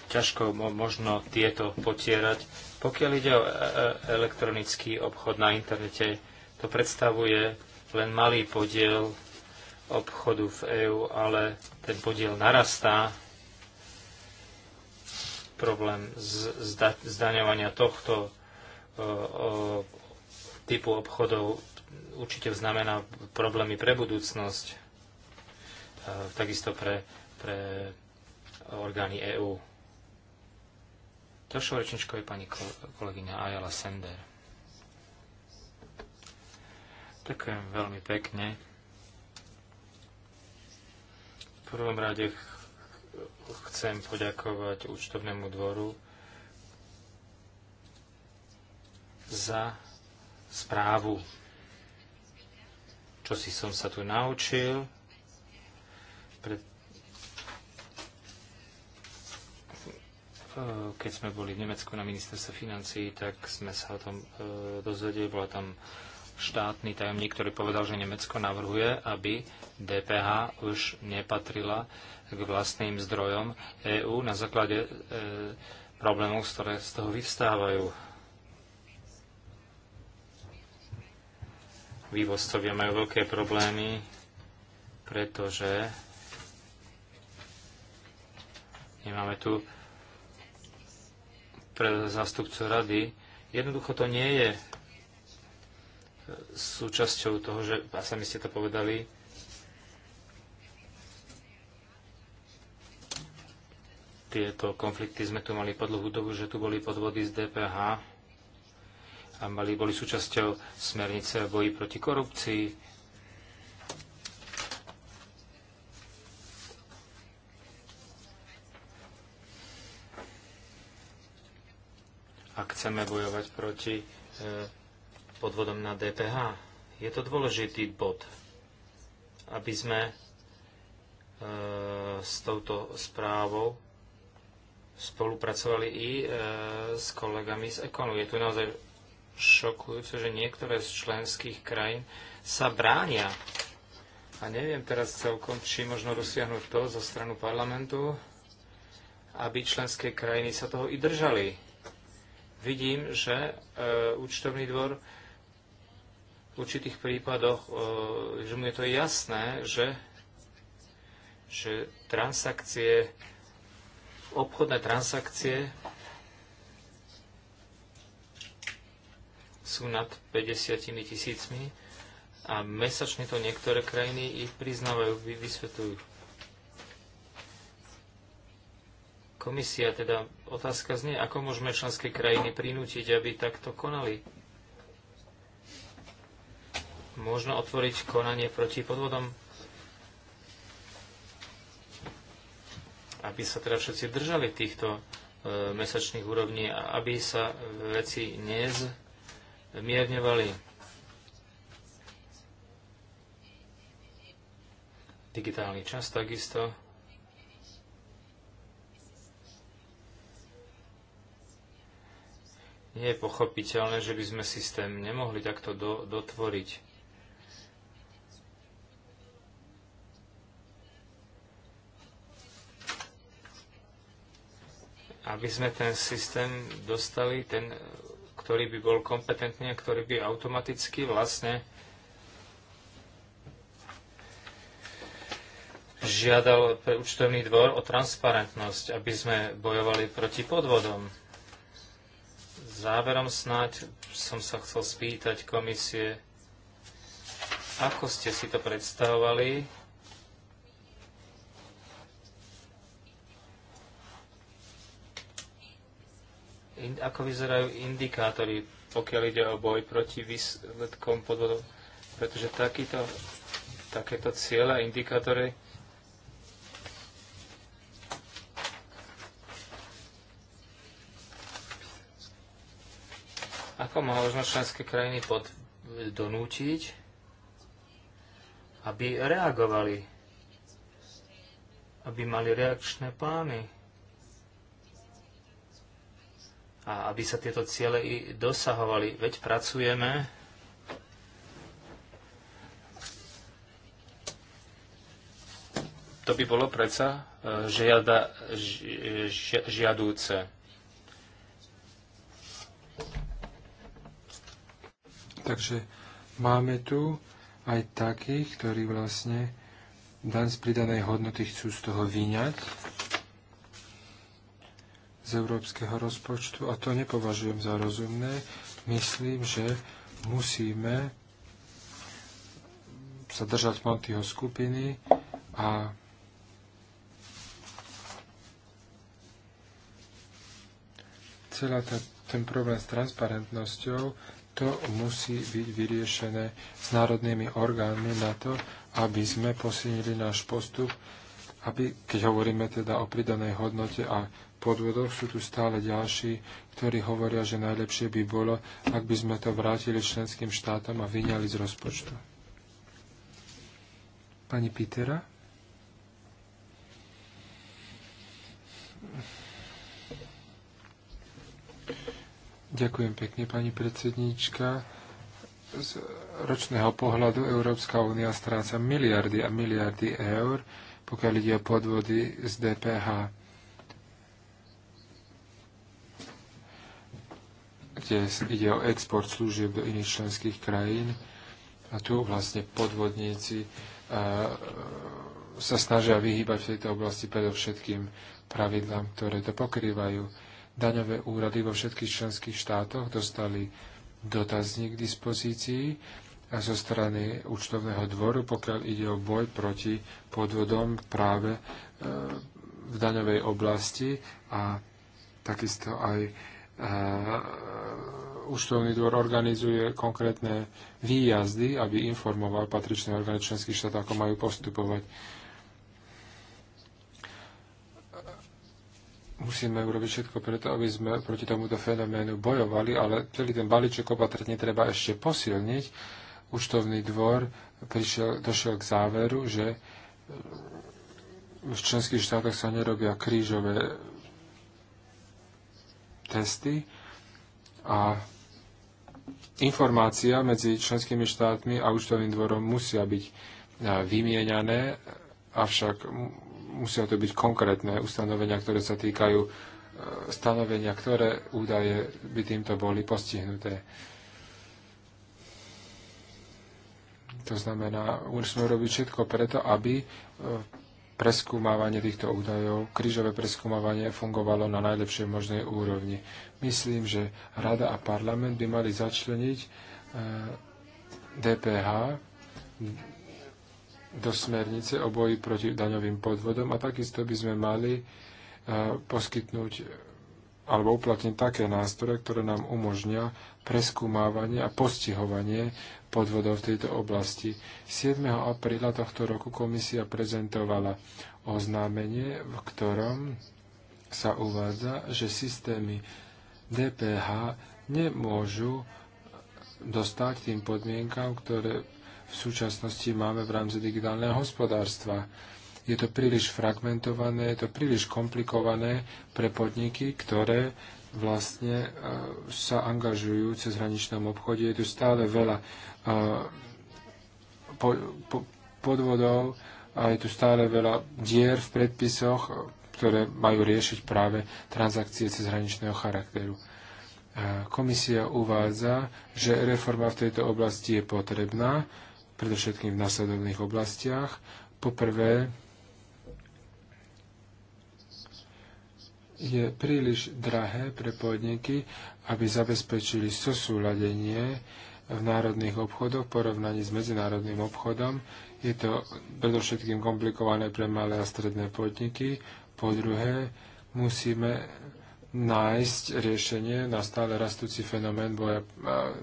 Ťažko možno tieto potierať. Pokiaľ ide o elektronický obchod na internete, to predstavuje len malý podiel obchodu v EÚ, ale ten podiel narastá problém zdaňovania tohto e, e, typu obchodov určite znamená problémy pre budúcnosť, e, takisto pre, pre orgány EÚ. Ďalšou rečničkou je pani kolegyňa Ayala Sender. Ďakujem veľmi pekne. V prvom rade chcem poďakovať účtovnému dvoru za správu. Čo si som sa tu naučil, pred... E, keď sme boli v Nemecku na ministerstve financí, tak sme sa o tom e, dozvedeli. Bola tam štátny tajomník, ktorý povedal, že Nemecko navrhuje, aby DPH už nepatrila k vlastným zdrojom EÚ na základe e, problémov, ktoré z toho vyvstávajú. Vývozcovia majú veľké problémy, pretože nemáme tu pre zástupcu rady. Jednoducho to nie je súčasťou toho, že, a sami ste to povedali, tieto konflikty sme tu mali po dlhú dobu, že tu boli podvody z DPH a mali, boli súčasťou smernice o boji proti korupcii. Ak chceme bojovať proti e, podvodom na DPH. Je to dôležitý bod, aby sme e, s touto správou spolupracovali i e, s kolegami z Ekonu. Je tu naozaj šokujúce, že niektoré z členských krajín sa bránia. A neviem teraz celkom, či možno dosiahnuť to zo stranu parlamentu, aby členské krajiny sa toho i držali. Vidím, že e, účtovný dvor v určitých prípadoch, e, že mu je to jasné, že, že transakcie, obchodné transakcie sú nad 50 tisícmi a mesačne to niektoré krajiny ich priznávajú, vysvetľujú. Komisia, teda otázka znie, ako môžeme členské krajiny prinútiť, aby takto konali. Možno otvoriť konanie proti podvodom? Aby sa teda všetci držali týchto e, mesačných úrovní a aby sa veci nezmierňovali. Digitálny čas takisto. Nie je pochopiteľné, že by sme systém nemohli takto do, dotvoriť. aby sme ten systém dostali, ten, ktorý by bol kompetentný a ktorý by automaticky vlastne žiadal pre účtovný dvor o transparentnosť, aby sme bojovali proti podvodom. Záverom snáď som sa chcel spýtať komisie, ako ste si to predstavovali, in, ako vyzerajú indikátory, pokiaľ ide o boj proti výsledkom podvodov, pretože takýto, takéto cieľa, indikátory Ako možno členské krajiny pod, donútiť, aby reagovali, aby mali reakčné plány? a aby sa tieto ciele i dosahovali. Veď pracujeme to by bolo predsa e, žiada, ži, e, žiadúce. Takže máme tu aj takých, ktorí vlastne dan z pridanej hodnoty chcú z toho vyňať z európskeho rozpočtu a to nepovažujem za rozumné. Myslím, že musíme sa držať Montyho skupiny a celá tá, ten problém s transparentnosťou, to musí byť vyriešené s národnými orgánmi na to, aby sme posilnili náš postup, aby, keď hovoríme teda o pridanej hodnote a podvodoch. Sú tu stále ďalší, ktorí hovoria, že najlepšie by bolo, ak by sme to vrátili členským štátom a vyňali z rozpočtu. Pani Pitera? Ďakujem pekne, pani predsednička. Z ročného pohľadu Európska únia stráca miliardy a miliardy eur, pokiaľ ide o podvody z DPH. kde ide o export služieb do iných členských krajín. A tu vlastne podvodníci e, sa snažia vyhýbať v tejto oblasti predovšetkým pravidlám, ktoré to pokrývajú. Daňové úrady vo všetkých členských štátoch dostali dotazník k dispozícii a zo strany účtovného dvoru, pokiaľ ide o boj proti podvodom práve e, v daňovej oblasti a takisto aj Úštovný dvor organizuje konkrétne výjazdy, aby informoval patričné orgány členských štát, ako majú postupovať. Musíme urobiť všetko preto, aby sme proti tomuto fenoménu bojovali, ale celý ten balíček opatrne treba ešte posilniť. Účtovný dvor prišiel, došiel k záveru, že v členských štátoch sa nerobia krížové testy a informácia medzi členskými štátmi a účtovným dvorom musia byť e, vymieňané, avšak musia to byť konkrétne ustanovenia, ktoré sa týkajú e, stanovenia, ktoré údaje by týmto boli postihnuté. To znamená, musíme robiť všetko preto, aby e, preskúmávanie týchto údajov, krížové preskúmávanie fungovalo na najlepšej možnej úrovni. Myslím, že Rada a parlament by mali začleniť DPH eh, do smernice o boji proti daňovým podvodom a takisto by sme mali eh, poskytnúť alebo uplatniť také nástroje, ktoré nám umožnia preskúmávanie a postihovanie podvodov v tejto oblasti. 7. apríla tohto roku komisia prezentovala oznámenie, v ktorom sa uvádza, že systémy DPH nemôžu dostať tým podmienkám, ktoré v súčasnosti máme v rámci digitálneho hospodárstva. Je to príliš fragmentované, je to príliš komplikované pre podniky, ktoré vlastne e, sa angažujú cez hraničnom obchode. Je tu stále veľa e, podvodov a je tu stále veľa dier v predpisoch, e, ktoré majú riešiť práve transakcie cez hraničného charakteru. Komisia uvádza, že reforma v tejto oblasti je potrebná, predovšetkým v nasledovných oblastiach. Poprvé, je príliš drahé pre podniky, aby zabezpečili sosúladenie v národných obchodoch v porovnaní s medzinárodným obchodom. Je to predovšetkým komplikované pre malé a stredné podniky. Po druhé, musíme nájsť riešenie na stále rastúci fenomén, boja,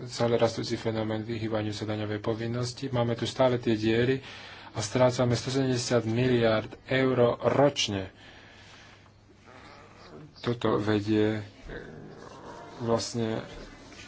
stále rastúci fenomén vyhýbaniu sa daňovej povinnosti. Máme tu stále tie diery a strácame 170 miliard eur ročne toto vedie e, vlastne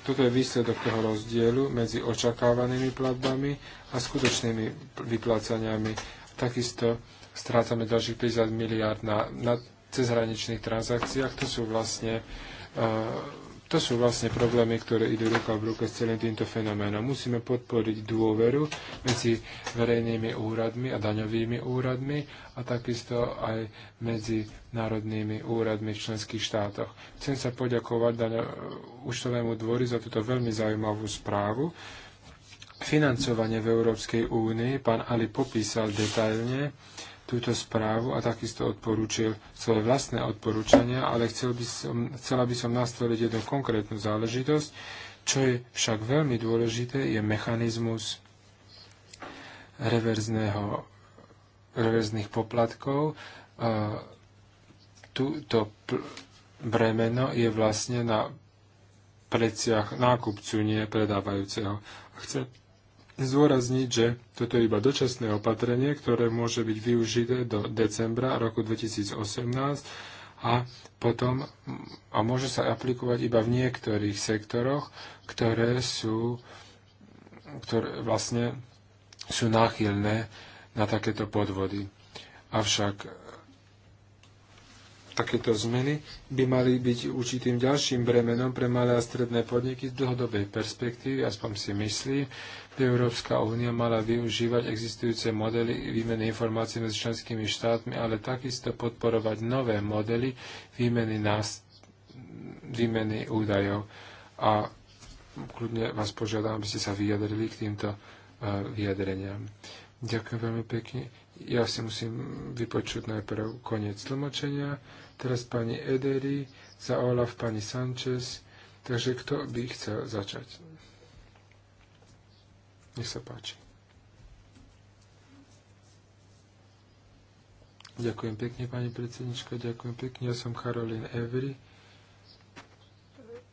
toto je výsledok toho rozdielu medzi očakávanými platbami a skutočnými vyplácaniami. Takisto strácame ďalších 50 miliard na, na cezhraničných transakciách. To sú vlastne uh, to sú vlastne problémy, ktoré idú ruka v ruke s celým týmto fenoménom. Musíme podporiť dôveru medzi verejnými úradmi a daňovými úradmi a takisto aj medzi národnými úradmi v členských štátoch. Chcem sa poďakovať daňo- účtovému dvoru za túto veľmi zaujímavú správu. Financovanie v Európskej únii pán Ali popísal detailne túto správu a takisto odporúčil svoje vlastné odporúčania, ale chcel by som, chcela by som nastaviť jednu konkrétnu záležitosť. Čo je však veľmi dôležité, je mechanizmus reverzného, reverzných poplatkov. Tuto túto bremeno je vlastne na pleciach nákupcu, nie predávajúceho. Chcem zdôrazniť, že toto je iba dočasné opatrenie, ktoré môže byť využité do decembra roku 2018 a potom a môže sa aplikovať iba v niektorých sektoroch, ktoré sú ktoré vlastne sú náchylné na takéto podvody. Avšak takéto zmeny by mali byť určitým ďalším bremenom pre malé a stredné podniky z dlhodobej perspektívy, aspoň si myslí, že Európska únia mala využívať existujúce modely výmeny informácií medzi členskými štátmi, ale takisto podporovať nové modely výmeny, nás, výmeny údajov. A kľudne vás požiadam, aby ste sa vyjadrili k týmto eh, vyjadreniam. Ďakujem veľmi pekne. Ja si musím vypočuť najprv koniec tlmočenia. Teraz pani Edery, za Olaf pani Sanchez. Takže kto by chcel začať? Nech sa páči. Ďakujem pekne, pani predsednička, ďakujem pekne. Ja som Karolín Evry.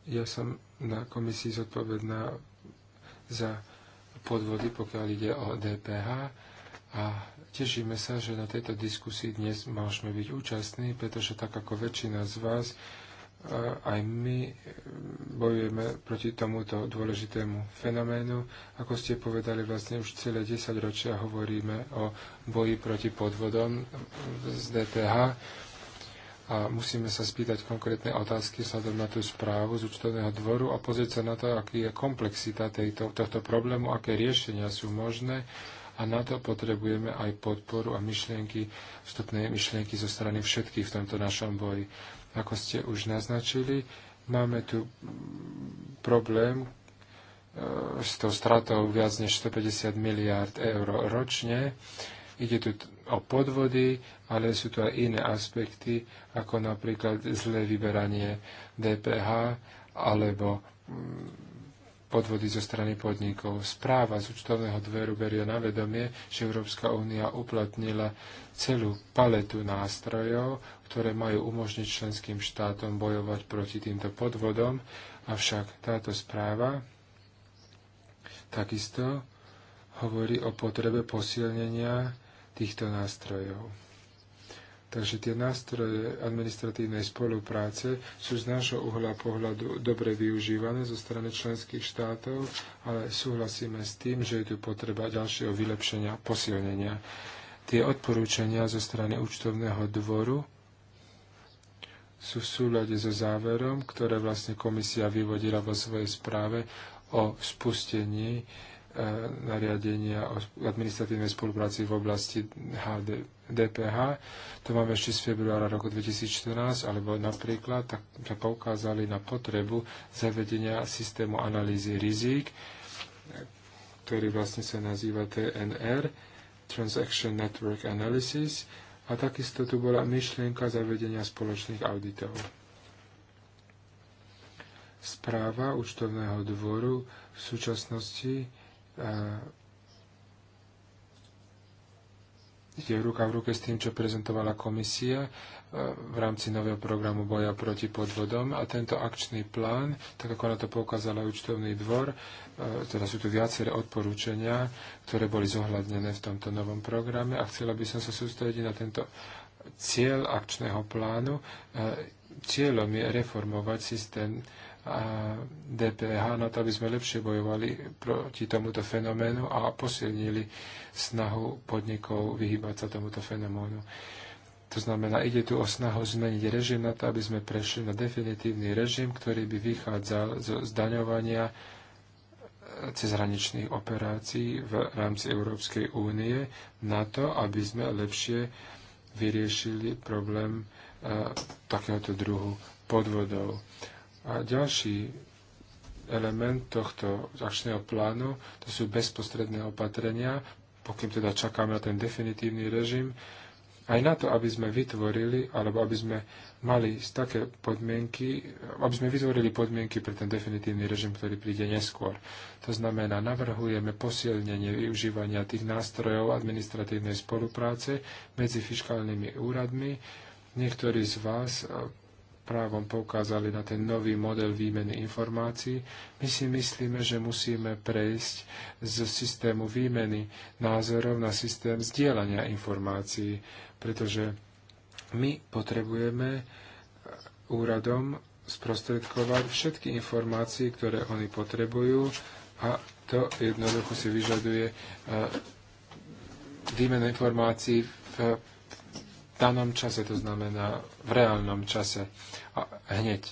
Ja som na komisii zodpovedná za podvody, pokiaľ ide o DPH a Tešíme sa, že na tejto diskusii dnes môžeme byť účastní, pretože tak ako väčšina z vás, aj my e, bojujeme proti tomuto dôležitému fenoménu. Ako ste povedali, vlastne už celé 10 ročia hovoríme o boji proti podvodom z DPH a musíme sa spýtať konkrétne otázky vzhľadom na tú správu z účtovného dvoru a pozrieť sa na to, aký je komplexita tejto, tohto problému, aké riešenia sú možné a na to potrebujeme aj podporu a myšlienky, vstupné myšlienky zo strany všetkých v tomto našom boji. Ako ste už naznačili, máme tu problém e, s tou stratou viac než 150 miliárd eur ročne. Ide tu o podvody, ale sú tu aj iné aspekty, ako napríklad zlé vyberanie DPH alebo podvody zo strany podnikov. Správa z účtovného dveru berie na vedomie, že Európska únia uplatnila celú paletu nástrojov, ktoré majú umožniť členským štátom bojovať proti týmto podvodom, avšak táto správa takisto hovorí o potrebe posilnenia týchto nástrojov. Takže tie nástroje administratívnej spolupráce sú z nášho uhla pohľadu dobre využívané zo strany členských štátov, ale súhlasíme s tým, že je tu potreba ďalšieho vylepšenia, posilnenia. Tie odporúčania zo strany účtovného dvoru sú v súľade so záverom, ktoré vlastne komisia vyvodila vo svojej správe o spustení e, nariadenia o administratívnej spolupráci v oblasti HD DPH, to máme ešte z februára roku 2014, alebo napríklad tak sa poukázali na potrebu zavedenia systému analýzy rizík, ktorý vlastne sa nazýva TNR, Transaction Network Analysis, a takisto tu bola myšlienka zavedenia spoločných auditov. Správa účtovného dvoru v súčasnosti ide ruka v ruke s tým, čo prezentovala komisia e, v rámci nového programu boja proti podvodom a tento akčný plán, tak ako na to poukázala aj účtovný dvor, e, teda sú tu viaceré odporúčania, ktoré boli zohľadnené v tomto novom programe a chcela by som sa sústrediť na tento cieľ akčného plánu. E, cieľom je reformovať systém DPH na to, aby sme lepšie bojovali proti tomuto fenoménu a posilnili snahu podnikov vyhybať sa tomuto fenoménu. To znamená, ide tu o snahu zmeniť režim na to, aby sme prešli na definitívny režim, ktorý by vychádzal zo zdaňovania cezhraničných operácií v rámci Európskej únie na to, aby sme lepšie vyriešili problém e, takéhoto druhu podvodov. A ďalší element tohto akčného plánu, to sú bezprostredné opatrenia, pokým teda čakáme na ten definitívny režim, aj na to, aby sme vytvorili, alebo aby sme mali také podmienky, aby sme vytvorili podmienky pre ten definitívny režim, ktorý príde neskôr. To znamená, navrhujeme posilnenie využívania tých nástrojov administratívnej spolupráce medzi fiskálnymi úradmi. Niektorí z vás právom poukázali na ten nový model výmeny informácií, my si myslíme, že musíme prejsť z systému výmeny názorov na systém zdieľania informácií, pretože my potrebujeme eh, úradom sprostredkovať všetky informácie, ktoré oni potrebujú a to jednoducho si vyžaduje eh, výmenu informácií v danom čase, to znamená v reálnom čase a hneď.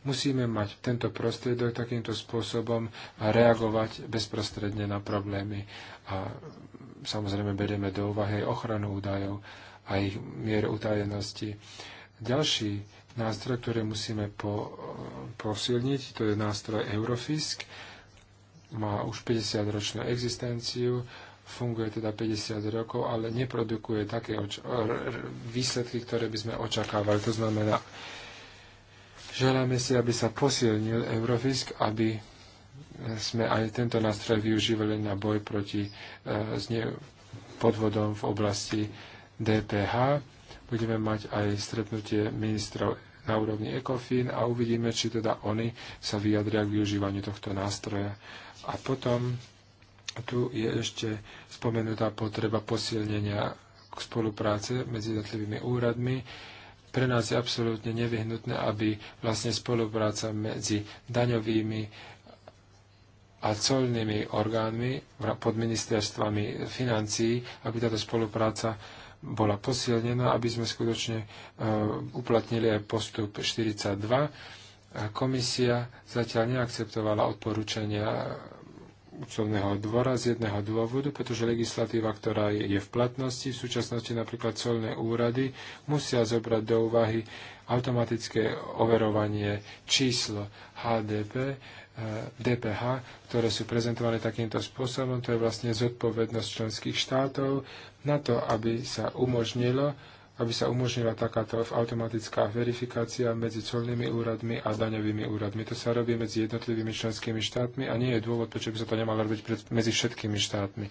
Musíme mať tento prostriedok takýmto spôsobom a reagovať bezprostredne na problémy. A samozrejme berieme do úvahy aj ochranu údajov a ich mier utajenosti. Ďalší nástroj, ktorý musíme po, posilniť, to je nástroj Eurofisk. Má už 50-ročnú existenciu funguje teda 50 rokov, ale neprodukuje také výsledky, ktoré by sme očakávali. To znamená, želáme si, aby sa posilnil Eurofisk, aby sme aj tento nástroj využívali na boj proti e, podvodom v oblasti DPH. Budeme mať aj stretnutie ministrov na úrovni ECOFIN a uvidíme, či teda oni sa vyjadria k využívaniu tohto nástroja. A potom tu je ešte spomenutá potreba posilnenia spolupráce medzi jednotlivými úradmi. Pre nás je absolútne nevyhnutné, aby vlastne spolupráca medzi daňovými a colnými orgánmi pod ministerstvami financií, aby táto spolupráca bola posilnená, aby sme skutočne e, uplatnili aj postup 42. Komisia zatiaľ neakceptovala odporúčania colného dvora z jedného dôvodu, pretože legislatíva, ktorá je v platnosti, v súčasnosti napríklad colné úrady, musia zobrať do úvahy automatické overovanie číslo HDP, DPH, eh, ktoré sú prezentované takýmto spôsobom. To je vlastne zodpovednosť členských štátov na to, aby sa umožnilo aby sa umožnila takáto automatická verifikácia medzi colnými úradmi a daňovými úradmi. To sa robí medzi jednotlivými členskými štátmi a nie je dôvod, prečo by sa to nemalo robiť medzi všetkými štátmi.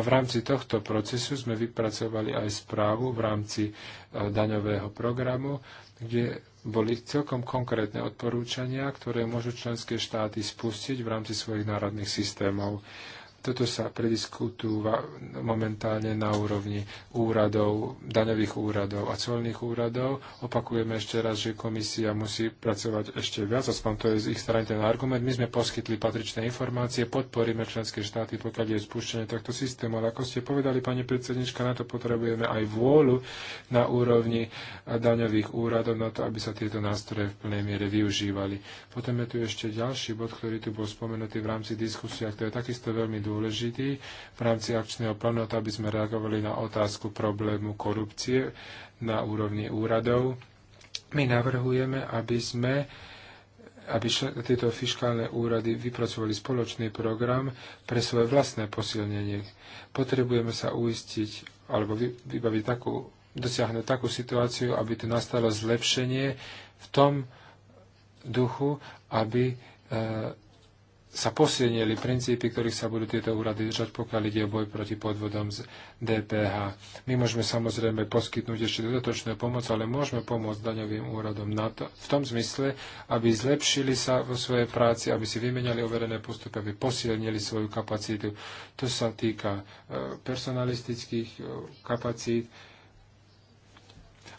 A v rámci tohto procesu sme vypracovali aj správu v rámci e, daňového programu, kde boli celkom konkrétne odporúčania, ktoré môžu členské štáty spustiť v rámci svojich národných systémov. Toto sa prediskutúva momentálne na úrovni úradov, daňových úradov a colných úradov. Opakujeme ešte raz, že komisia musí pracovať ešte viac, aspoň to je z ich strany ten argument. My sme poskytli patričné informácie, podporíme členské štáty, pokiaľ je spúšťanie tohto systému. Ale ako ste povedali, pani predsednička, na to potrebujeme aj vôľu na úrovni daňových úradov, na to, aby sa tieto nástroje v plnej miere využívali. Potom je tu ešte ďalší bod, ktorý tu bol spomenutý v rámci diskusie, a to je takisto veľmi dôležité dôležitý v rámci akčného plánu, to aby sme reagovali na otázku problému korupcie na úrovni úradov. My navrhujeme, aby sme aby tieto fiskálne úrady vypracovali spoločný program pre svoje vlastné posilnenie. Potrebujeme sa uistiť alebo vybaviť takú, dosiahnuť takú situáciu, aby tu nastalo zlepšenie v tom duchu, aby e, sa posilnili princípy, ktorých sa budú tieto úrady držať, pokiaľ ide o boj proti podvodom z DPH. My môžeme samozrejme poskytnúť ešte dodatočnú pomoc, ale môžeme pomôcť daňovým úradom na to, v tom zmysle, aby zlepšili sa vo svojej práci, aby si vymenali overené postupy, aby posilnili svoju kapacitu. To sa týka e, personalistických e, kapacít,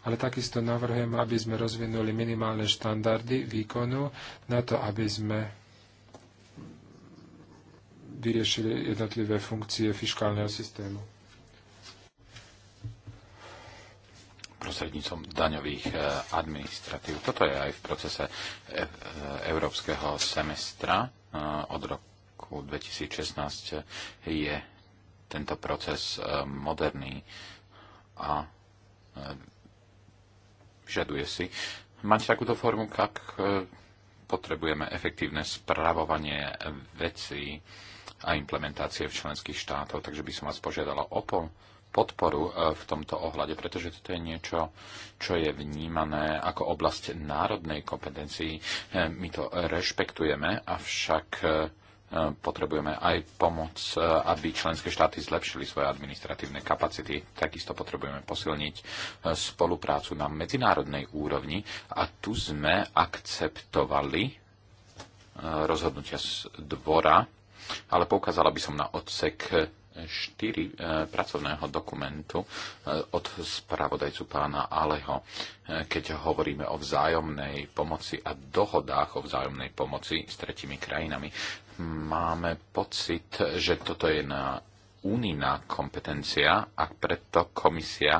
ale takisto navrhujem, aby sme rozvinuli minimálne štandardy výkonu na to, aby sme vyriešili jednotlivé funkcie fiskálneho systému. prostrednícom daňových e, administratív. Toto je aj v procese e, e, európskeho semestra. Od roku 2016 je tento proces moderný a vyžaduje si mať takúto formu, ak potrebujeme efektívne spravovanie vecí a implementácie v členských štátoch. Takže by som vás požiadala o podporu e, v tomto ohľade, pretože toto je niečo, čo je vnímané ako oblasť národnej kompetencii. E, my to rešpektujeme, avšak e, potrebujeme aj pomoc, aby členské štáty zlepšili svoje administratívne kapacity. Takisto potrebujeme posilniť spoluprácu na medzinárodnej úrovni a tu sme akceptovali rozhodnutia z dvora ale poukázala by som na odsek 4 eh, eh, pracovného dokumentu eh, od spravodajcu pána Aleho, keď hovoríme o vzájomnej pomoci a dohodách o vzájomnej pomoci s tretimi krajinami. Máme pocit, že toto je na únijná kompetencia a preto komisia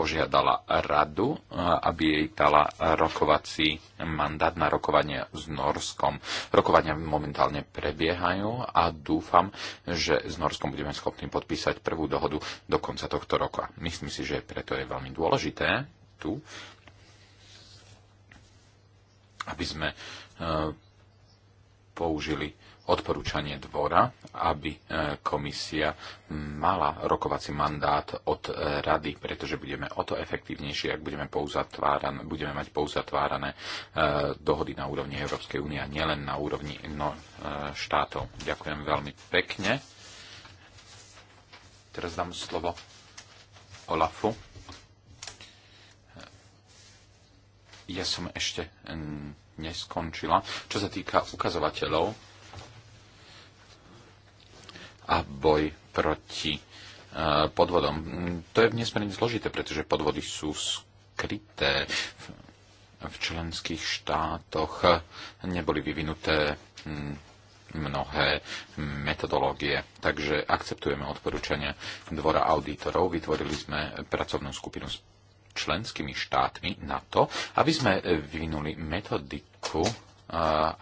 požiadala radu, eh, aby jej dala rokovací mandát na rokovanie s Norskom. Rokovania momentálne prebiehajú a dúfam, že s Norskom budeme schopní podpísať prvú dohodu do konca tohto roka. Myslím si, že preto je veľmi dôležité tu, aby sme eh, použili odporúčanie dvora, aby e, komisia mala rokovací mandát od e, rady, pretože budeme o to efektívnejšie, ak budeme, budeme mať pouzatvárané e, dohody na úrovni Európskej únie a nielen na úrovni no, štátov. Ďakujem veľmi pekne. Teraz dám slovo Olafu. Ja som ešte neskončila. Čo sa týka ukazovateľov, a boj proti e, podvodom. Mm, to je nesmierne zložité, pretože podvody sú skryté. V členských štátoch neboli vyvinuté mm, mnohé metodológie. Takže akceptujeme odporúčania Dvora auditorov. Vytvorili sme pracovnú skupinu s členskými štátmi na to, aby sme vyvinuli metodiku,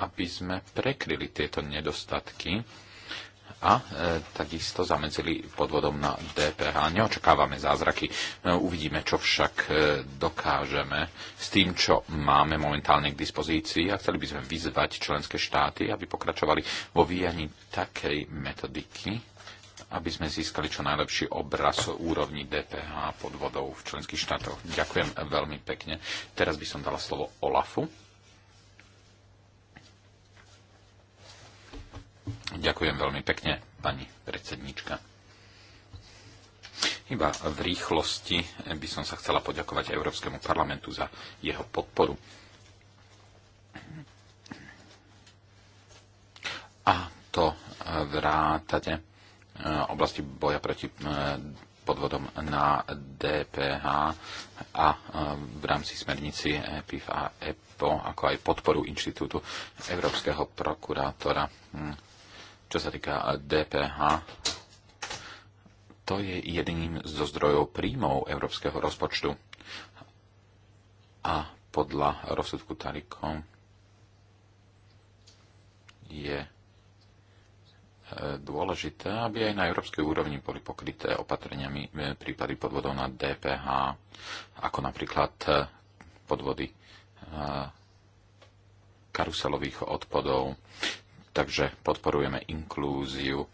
aby sme prekryli tieto nedostatky a e, takisto zamedzili podvodom na DPH. Neočakávame zázraky, e, uvidíme, čo však e, dokážeme s tým, čo máme momentálne k dispozícii a chceli by sme vyzvať členské štáty, aby pokračovali vo výjaní takej metodiky, aby sme získali čo najlepší obraz úrovni DPH podvodov v členských štátoch. Ďakujem veľmi pekne. Teraz by som dala slovo Olafu. Ďakujem veľmi pekne, pani predsednička. Iba v rýchlosti by som sa chcela poďakovať Európskemu parlamentu za jeho podporu. A to vrátate eh, oblasti boja proti eh, podvodom na DPH a eh, v rámci smernici EPIF a EPO, ako aj podporu Inštitútu Európskeho prokurátora hm čo sa týka DPH, to je jedným zo zdrojov príjmov európskeho rozpočtu. A podľa rozsudku Tarikom je e, dôležité, aby aj na európskej úrovni boli pokryté opatreniami e, prípady podvodov na DPH, ako napríklad e, podvody karuselových odpadov takže podporujeme inklúziu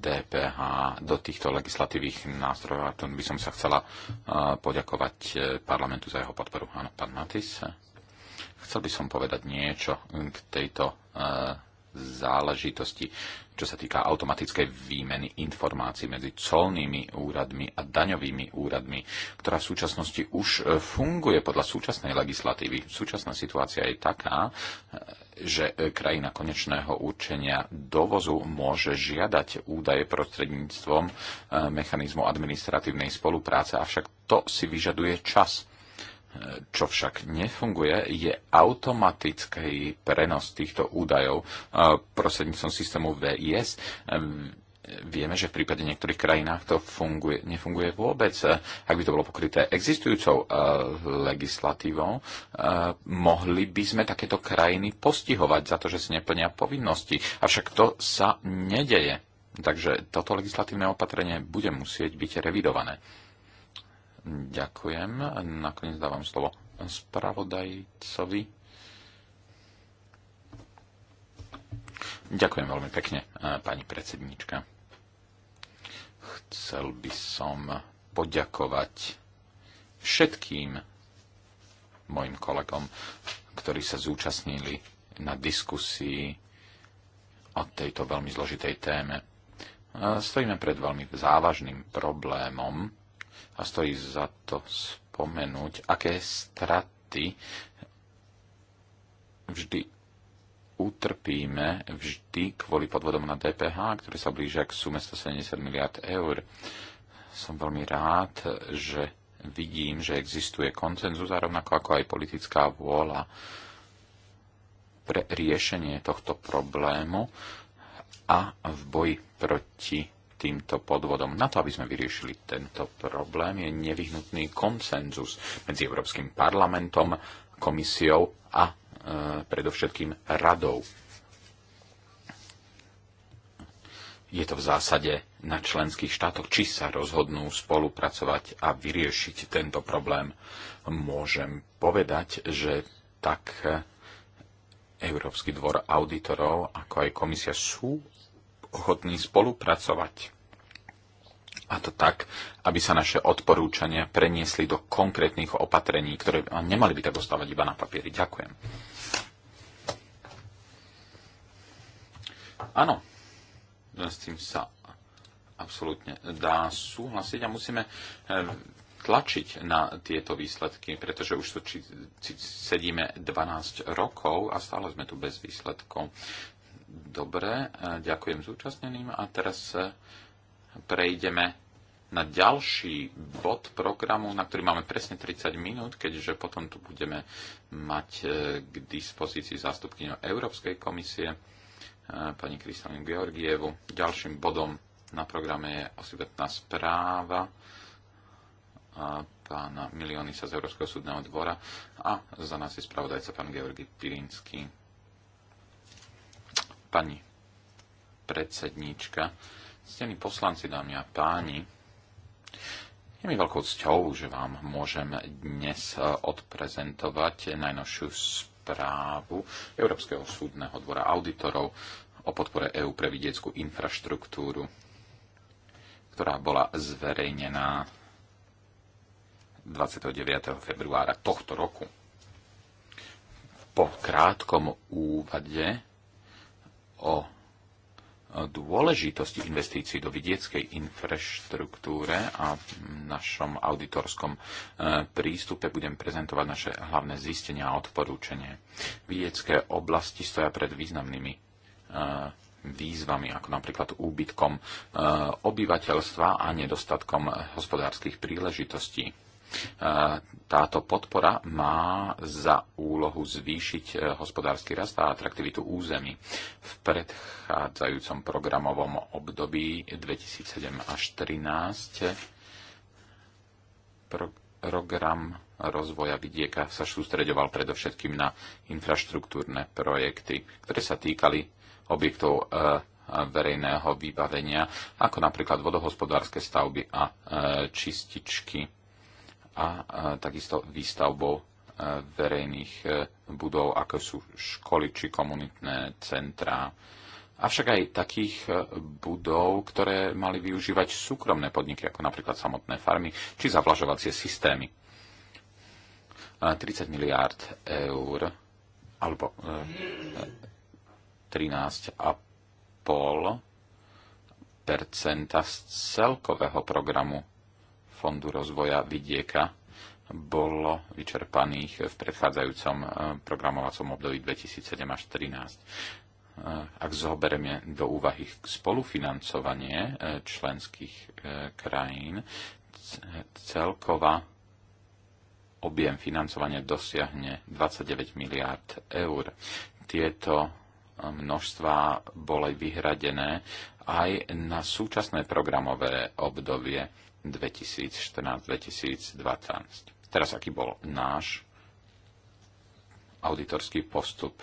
DPH eh, do týchto legislatívnych nástrojov a tu by som sa chcela eh, poďakovať eh, parlamentu za jeho podporu. Áno, pán Matis, chcel by som povedať niečo k tejto záležitosti, čo sa týka automatickej výmeny informácií medzi colnými úradmi a daňovými úradmi, ktorá v súčasnosti už e, funguje podľa súčasnej legislatívy. Súčasná situácia je taká, e, že e, krajina konečného určenia dovozu môže žiadať údaje prostredníctvom mechanizmu administratívnej spolupráce, avšak to si vyžaduje čas čo však nefunguje, je automatický prenos týchto údajov eh, prostredníctvom systému VIS. Vieme, že v prípade niektorých krajinách to funguje, nefunguje vôbec. Ak by to bolo pokryté existujúcou eh, legislatívou, eh, mohli by sme takéto krajiny postihovať za to, že si neplnia povinnosti. Avšak to sa nedeje. Takže toto legislatívne opatrenie bude musieť byť revidované. Ďakujem. Nakoniec dávam slovo spravodajcovi. Ďakujem veľmi pekne, pani predsednička. Chcel by som poďakovať všetkým mojim kolegom, ktorí sa zúčastnili na diskusii o tejto veľmi zložitej téme. Stojíme pred veľmi závažným problémom, a stojí za to spomenúť, aké straty vždy utrpíme vždy kvôli podvodom na DPH, ktoré sa blížia k sume 170 miliard eur. Som veľmi rád, že vidím, že existuje koncenzus a rovnako ako aj politická vôľa pre riešenie tohto problému a v boji proti týmto podvodom. Na to, aby sme vyriešili tento problém, je nevyhnutný konsenzus medzi Európskym parlamentom, komisiou a e, predovšetkým radou. Je to v zásade na členských štátoch, či sa rozhodnú spolupracovať a vyriešiť tento problém. Môžem povedať, že tak e, Európsky dvor auditorov, ako aj komisia sú ochotní spolupracovať. A to tak, aby sa naše odporúčania preniesli do konkrétnych opatrení, ktoré nemali by tak ostávať iba na papieri. Ďakujem. Áno, s tým sa absolútne dá súhlasiť a musíme eh, tlačiť na tieto výsledky, pretože už tu sedíme 12 rokov a stále sme tu bez výsledkov. Dobre, ďakujem zúčastneným a teraz e, prejdeme na ďalší bod programu, na ktorý máme presne 30 minút, keďže potom tu budeme mať e, k dispozícii zástupkyňu Európskej komisie, e, pani Kristalinu Georgievu. Ďalším bodom na programe je osobitná správa pána Miliónisa z Európskeho súdneho dvora a za nás je spravodajca pán Georgi Pirinsky pani predsedníčka, stení poslanci, dámy a páni, je mi veľkou cťou, že vám môžem dnes e, odprezentovať najnovšiu správu Európskeho súdneho dvora auditorov o podpore EÚ pre vidieckú infraštruktúru, ktorá bola zverejnená 29. februára tohto roku. Po krátkom úvade o dôležitosti investícií do vidieckej infraštruktúre a v našom auditorskom e, prístupe budem prezentovať naše hlavné zistenia a odporúčanie. Vidiecké oblasti stoja pred významnými e, výzvami, ako napríklad úbytkom e, obyvateľstva a nedostatkom hospodárskych príležitostí táto podpora má za úlohu zvýšiť e, hospodársky rast a atraktivitu území. V predchádzajúcom programovom období 2007 až 2013 e, program rozvoja vidieka sa sústreďoval predovšetkým na infraštruktúrne projekty, ktoré sa týkali objektov e, verejného vybavenia, ako napríklad vodohospodárske stavby a čističky a takisto výstavbou e, verejných e, budov, ako sú školy či komunitné centrá. Avšak aj takých e, budov, ktoré mali využívať súkromné podniky, ako napríklad samotné farmy či zavlažovacie systémy. 30 miliárd eur, alebo 13,5 percenta z celkového programu Fondu rozvoja vidieka bolo vyčerpaných v predchádzajúcom e, programovacom období 2007 až 2013 e, ak zoberieme do úvahy spolufinancovanie e, členských krajín, celková objem financovania dosiahne 29 miliárd eur. Tieto množstva boli vyhradené aj na súčasné programové obdobie 2014-2020. Teraz aký bol náš auditorský postup?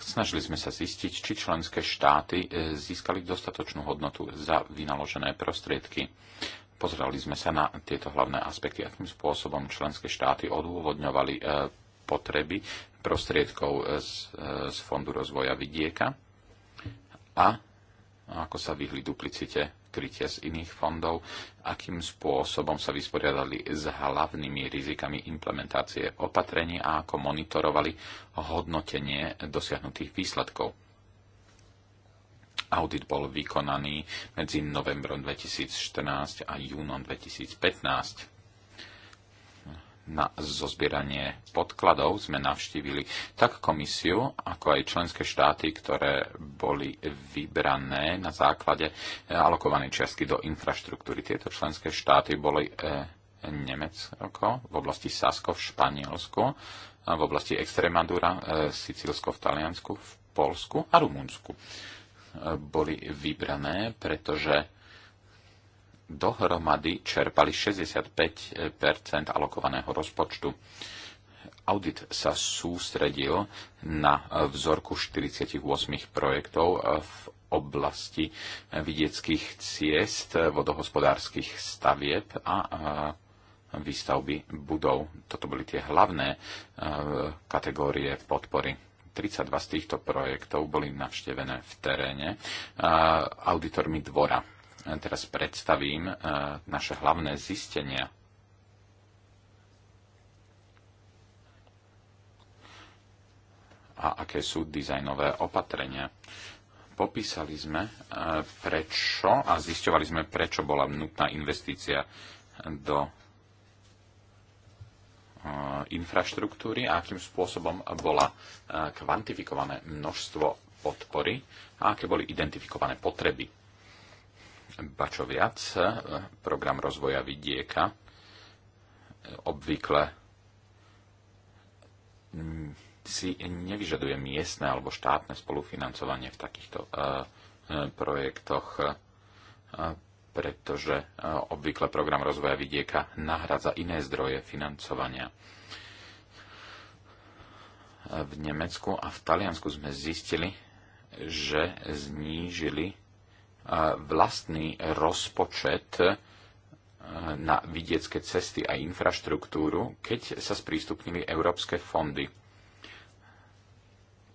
Snažili sme sa zistiť, či členské štáty e, získali dostatočnú hodnotu za vynaložené prostriedky. Pozerali sme sa na tieto hlavné aspekty, akým spôsobom členské štáty odôvodňovali e, potreby prostriedkov e, z, z Fondu rozvoja vidieka a ako sa vyhli duplicite krytia z iných fondov, akým spôsobom sa vysporiadali s hlavnými rizikami implementácie opatrení a ako monitorovali hodnotenie dosiahnutých výsledkov. Audit bol vykonaný medzi novembrom 2014 a júnom 2015 na zozbieranie podkladov sme navštívili tak komisiu, ako aj členské štáty, ktoré boli vybrané na základe eh, alokovanej čiastky do infraštruktúry. Tieto členské štáty boli eh, Nemecko v oblasti Sasko v Španielsku, v oblasti Extremadura, eh, Sicilsko v Taliansku, v Polsku a Rumunsku. Boli vybrané, pretože dohromady čerpali 65 alokovaného rozpočtu. Audit sa sústredil na vzorku 48 projektov v oblasti vidieckých ciest, vodohospodárskych stavieb a výstavby budov. Toto boli tie hlavné e, kategórie podpory. 32 z týchto projektov boli navštevené v teréne auditormi dvora teraz predstavím eh, naše hlavné zistenia. A aké sú dizajnové opatrenia. Popísali sme, eh, prečo a zisťovali sme, prečo bola nutná investícia do eh, infraštruktúry a akým spôsobom bola kvantifikované množstvo podpory a aké boli identifikované potreby viac, e, program rozvoja vidieka, e, obvykle si nevyžaduje miestne alebo štátne spolufinancovanie v takýchto e, projektoch, pretože obvykle program rozvoja vidieka nahradza iné zdroje financovania. V Nemecku a v Taliansku sme zistili, že znížili vlastný rozpočet eh, na vidiecké cesty a infraštruktúru, keď sa sprístupnili európske fondy.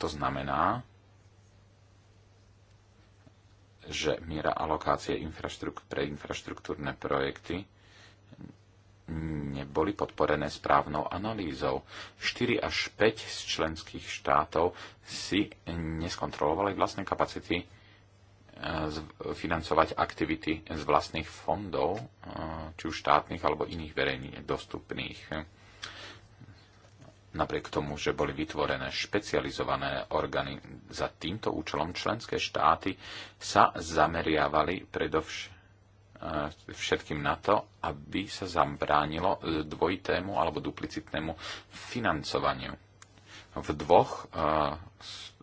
To znamená, že miera alokácie pre infraštruktúrne projekty neboli podporené správnou analýzou. 4 až 5 z členských štátov si neskontrolovali vlastné kapacity financovať aktivity z vlastných fondov, eh, či už štátnych alebo iných verejne dostupných. Napriek tomu, že boli vytvorené špecializované orgány za týmto účelom, členské štáty sa zameriavali predovšetkým eh, na to, aby sa zabránilo dvojitému alebo duplicitnému financovaniu. V dvoch uh,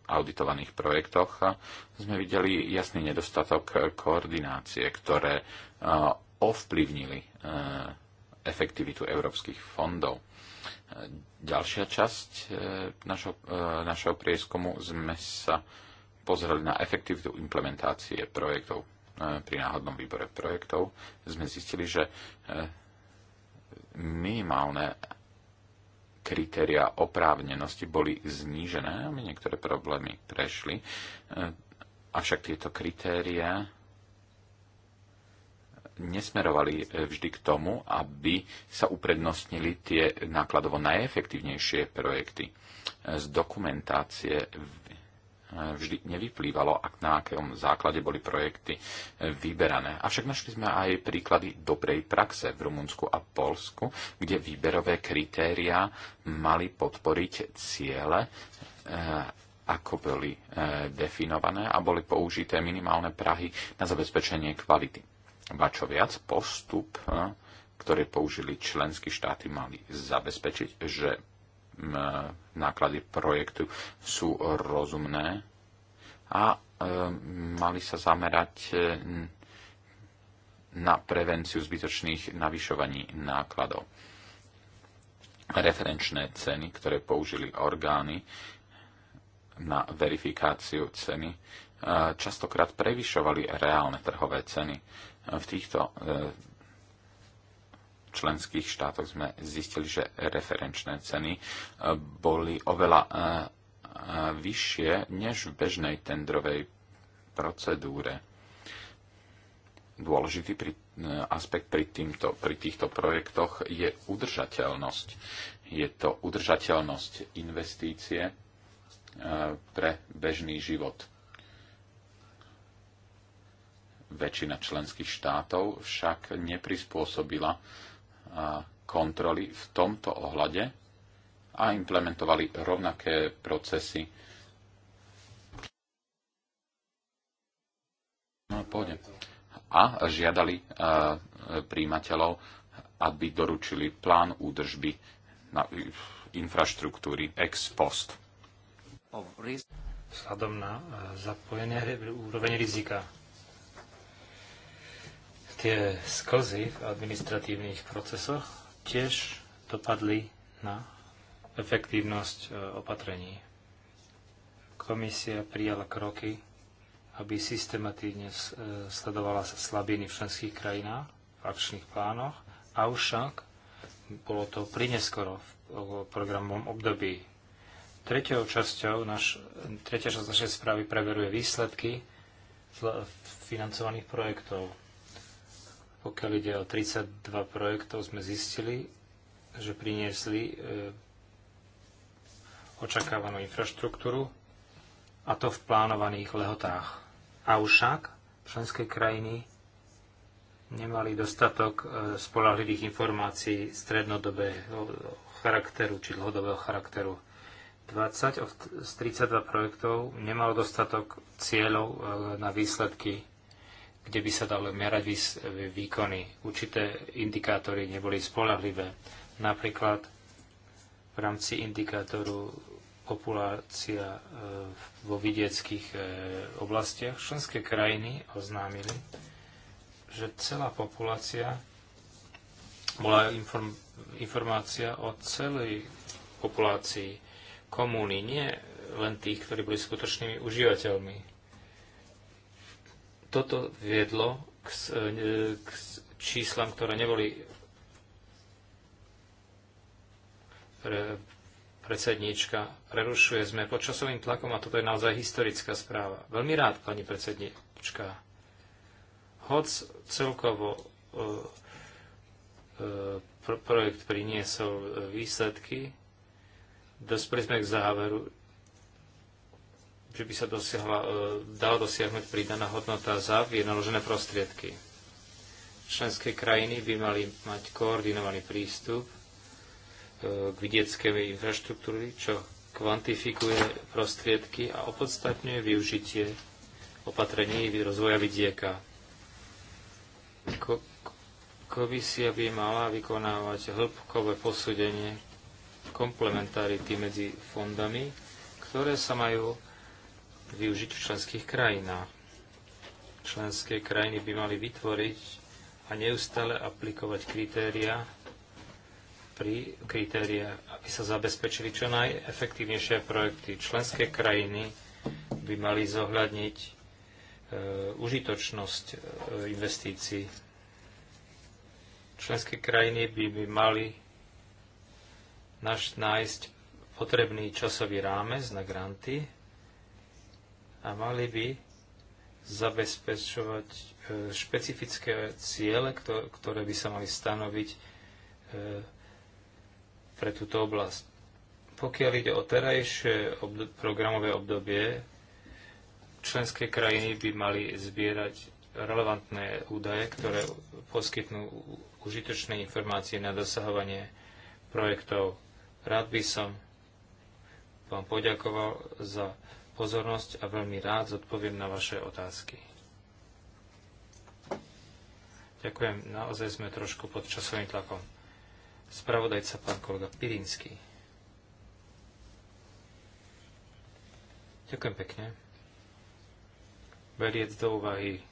auditovaných projektoch sme videli jasný nedostatok koordinácie, ktoré e, ovplyvnili e, efektivitu európskych fondov. E, ďalšia časť našho, našho prieskumu sme sa pozreli na efektivitu implementácie projektov. Pri náhodnom výbore projektov sme zistili, že minimálne kritéria oprávnenosti boli znížené, aby niektoré problémy prešli. E, avšak tieto kritéria nesmerovali e, vždy k tomu, aby sa uprednostnili tie nákladovo najefektívnejšie projekty. E, z dokumentácie vždy nevyplývalo, ak na akom základe boli projekty eh, vyberané. Avšak našli sme aj príklady dobrej praxe v Rumunsku a Polsku, kde výberové kritéria mali podporiť ciele, eh, ako boli eh, definované a boli použité minimálne prahy na zabezpečenie kvality. Bačo čo viac, postup ktoré použili členské štáty, mali zabezpečiť, že náklady projektu sú rozumné a e, mali sa zamerať e, na prevenciu zbytočných navyšovaní nákladov. Referenčné ceny, ktoré použili orgány na verifikáciu ceny, e, častokrát prevyšovali reálne trhové ceny. V týchto členských štátoch sme zistili, že referenčné ceny e, boli oveľa e, e, vyššie než v bežnej tendrovej procedúre. Dôležitý pri, aspekt pri, týmto, pri týchto projektoch je udržateľnosť. Je to udržateľnosť investície pre bežný život. Väčšina členských štátov však neprispôsobila kontroly v tomto ohľade a implementovali rovnaké procesy. No, pôjde. A žiadali e, príjimateľov, aby doručili plán údržby na e, infraštruktúry ex post. Vzhľadom na e, zapojenie úroveň rizika tie sklzy v administratívnych procesoch tiež dopadli na efektívnosť e, opatrení. Komisia prijala kroky, aby systematívne e, sledovala slabiny v členských krajinách v akčných plánoch, avšak bolo to prineskoro v programovom období. Tretou časťou naš, tretia časť našej správy preveruje výsledky financovaných projektov pokiaľ ide o 32 projektov, sme zistili, že priniesli e, očakávanú infraštruktúru a to v plánovaných lehotách. Avšak členské krajiny nemali dostatok e, spolahlivých informácií strednodobého charakteru či dlhodobého charakteru. 20 z 32 projektov nemalo dostatok cieľov e, na výsledky kde by sa dali merať výkony. Určité indikátory neboli spolahlivé. Napríklad v rámci indikátoru populácia e, vo vidieckých e, oblastiach členské krajiny oznámili, že celá populácia bola inform, informácia o celej populácii komúny, nie len tých, ktorí boli skutočnými užívateľmi toto viedlo k, e, k číslam, ktoré neboli pre predsednička, prerušuje. Sme pod časovým tlakom a toto je naozaj historická správa. Veľmi rád, pani predsednička. Hoc celkovo e, e, projekt priniesol výsledky, dospeli sme k záveru, že by sa dosiahla, e, dala dosiahnuť pridaná hodnota za vynaložené prostriedky. Členské krajiny by mali mať koordinovaný prístup e, k vidieckej infraštruktúry, čo kvantifikuje prostriedky a opodstatňuje využitie opatrení rozvoja vidieka. Ko- komisia by mala vykonávať hĺbkové posúdenie komplementarity medzi fondami, ktoré sa majú využiť v členských krajinách. Členské krajiny by mali vytvoriť a neustále aplikovať kritéria pri kritéria, aby sa zabezpečili čo najefektívnejšie projekty. Členské krajiny by mali zohľadniť e, užitočnosť e, investícií. Členské krajiny by, by mali naš, nájsť potrebný časový rámec na granty, a mali by zabezpečovať e, špecifické ciele, ktoré by sa mali stanoviť e, pre túto oblasť. Pokiaľ ide o terajšie obd programové obdobie, členské krajiny by mali zbierať relevantné údaje, ktoré poskytnú užitočné informácie na dosahovanie projektov. Rád by som vám poďakoval za pozornosť a veľmi rád zodpoviem na vaše otázky. Ďakujem, naozaj sme trošku pod časovým tlakom. Spravodajca pán kolega Pirinský. Ďakujem pekne. Beriec do úvahy e,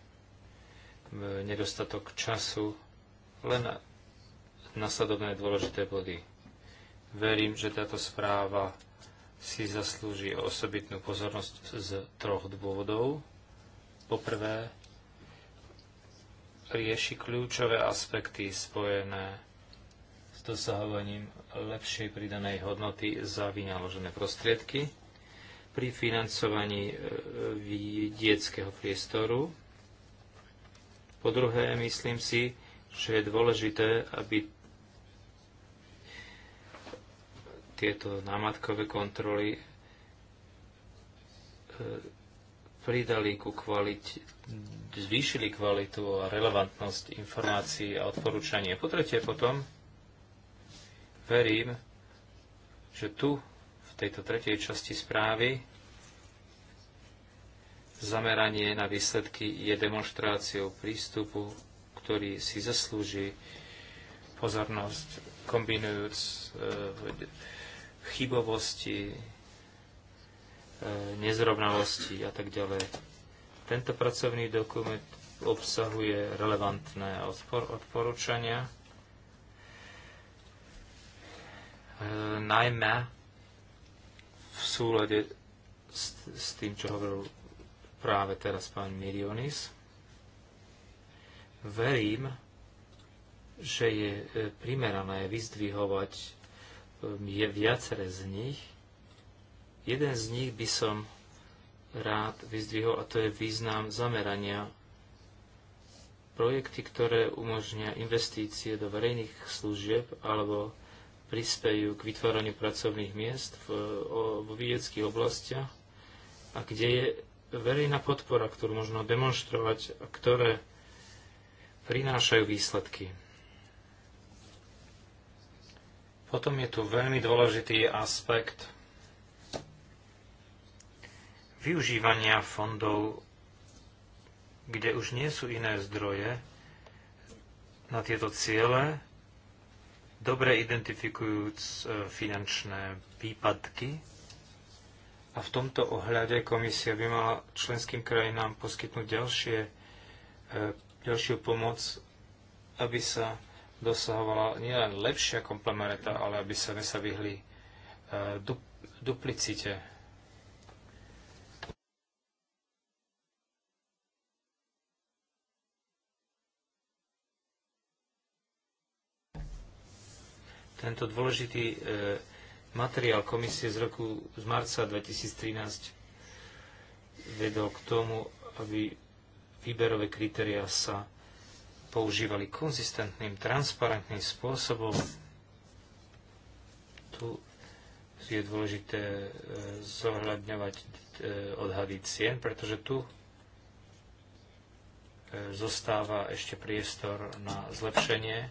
nedostatok času, len nasledovné dôležité body. Verím, že táto správa si zaslúži osobitnú pozornosť z troch dôvodov. Poprvé, rieši kľúčové aspekty spojené s dosahovaním lepšej pridanej hodnoty za vynaložené prostriedky pri financovaní e, vidieckého priestoru. Po druhé, myslím si, že je dôležité, aby tieto námatkové kontroly e, pridali ku kvalite, zvýšili kvalitu a relevantnosť informácií a odporúčanie. Po tretie potom verím, že tu v tejto tretej časti správy zameranie na výsledky je demonstráciou prístupu, ktorý si zaslúži pozornosť kombinujúc chybovosti, e, nezrovnalosti a tak ďalej. Tento pracovný dokument obsahuje relevantné odpor- odporúčania, e, najmä v súlade s, s tým, čo hovoril práve teraz pán Mirionis. Verím, že je e, primerané vyzdvihovať Um, je viacere z nich. Jeden z nich by som rád vyzdvihol a to je význam zamerania projekty, ktoré umožnia investície do verejných služieb alebo prispejú k vytváraniu pracovných miest v, v vidieckých oblastiach a kde je verejná podpora, ktorú možno demonstrovať a ktoré prinášajú výsledky. Potom je tu veľmi dôležitý aspekt využívania fondov, kde už nie sú iné zdroje na tieto ciele, dobre identifikujúc e, finančné výpadky. A v tomto ohľade komisia by mala členským krajinám poskytnúť ďalšie, e, ďalšiu pomoc, aby sa dosahovala nielen lepšia komplementa, ale aby sme sa vyhli e, du, duplicite. Tento dôležitý e, materiál komisie z roku z marca 2013 vedol k tomu, aby výberové kritéria sa používali konzistentným, transparentným spôsobom. Tu je dôležité e, zohľadňovať e, odhady cien, pretože tu e, zostáva ešte priestor na zlepšenie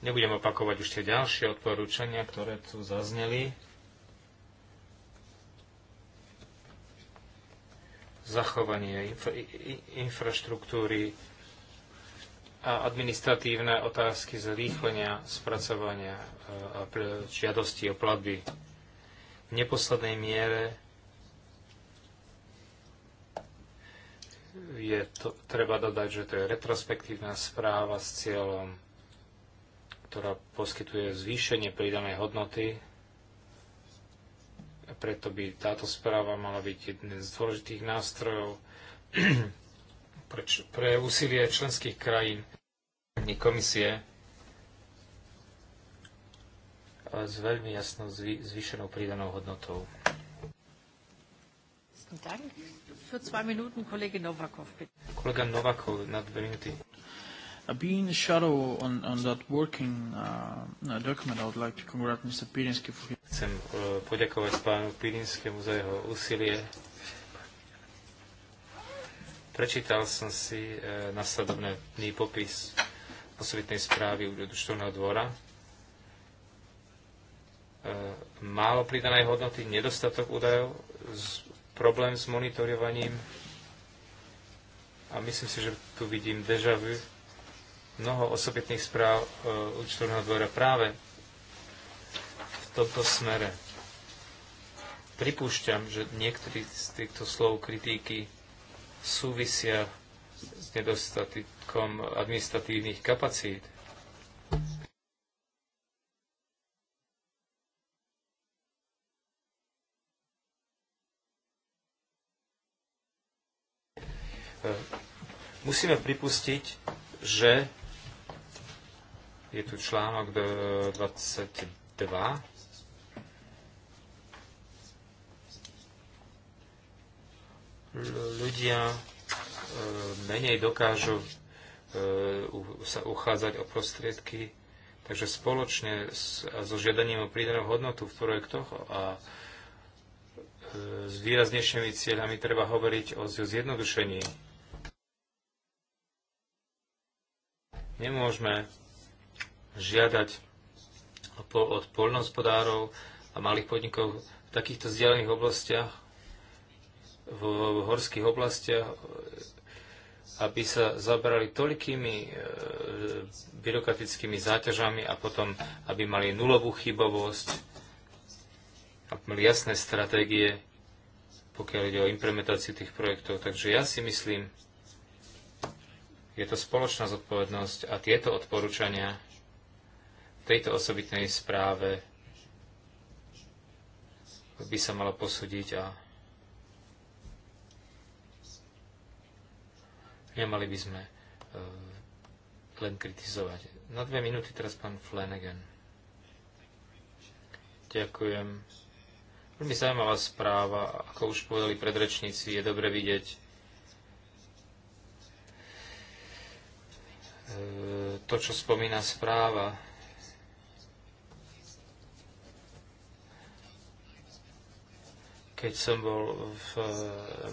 Nebudem opakovať už tie ďalšie odporúčania, ktoré tu zazneli. Zachovanie infra, infraštruktúry a administratívne otázky zrýchlenia spracovania e, a žiadosti o platby v neposlednej miere je to, treba dodať, že to je retrospektívna správa s cieľom ktorá poskytuje zvýšenie pridanej hodnoty. Preto by táto správa mala byť jeden z dôležitých nástrojov *clears throat* pre, pre úsilie členských krajín komisie s veľmi jasnou zvý, zvýšenou pridanou hodnotou. Dank. Für zwei Minuten Kollege Novakov, bitte. Kollege Novakov, na dve minúty. Uh, being a shadow on, on that working uh, document, I would like to congratulate Mr. Pirinsky for his... Chcem uh, poďakovať pánu Pirinskému za jeho úsilie. Prečítal som si e, uh, nasledovný popis osobitnej správy u účtovného dvora. E, uh, málo pridanej hodnoty, nedostatok údajov, z, problém s monitorovaním a myslím si, že tu vidím deja vu mnoho osobitných správ e, účtovného dvora práve v tomto smere. Pripúšťam, že niektorí z týchto slov kritiky súvisia s nedostatkom administratívnych kapacít. E, musíme pripustiť, že je tu článok 22. Ľudia e, menej dokážu e, sa uchádzať o prostriedky, takže spoločne so žiadaním o pridanú hodnotu v projektoch a e, s výraznejšími cieľami treba hovoriť o zjednodušení. Nemôžeme žiadať od poľnohospodárov a malých podnikov v takýchto vzdialených oblastiach, v horských oblastiach, aby sa zabrali tolikými e, byrokratickými záťažami a potom, aby mali nulovú chybovosť, aby mali jasné stratégie, pokiaľ ide o implementáciu tých projektov. Takže ja si myslím, je to spoločná zodpovednosť a tieto odporúčania tejto osobitnej správe by sa malo posúdiť a nemali by sme eh, len kritizovať. Na dve minúty teraz pán Flanagan. Ďakujem. Veľmi zaujímavá správa. Ako už povedali predrečníci, je dobre vidieť eh, to, čo spomína správa Keď som bol v eh,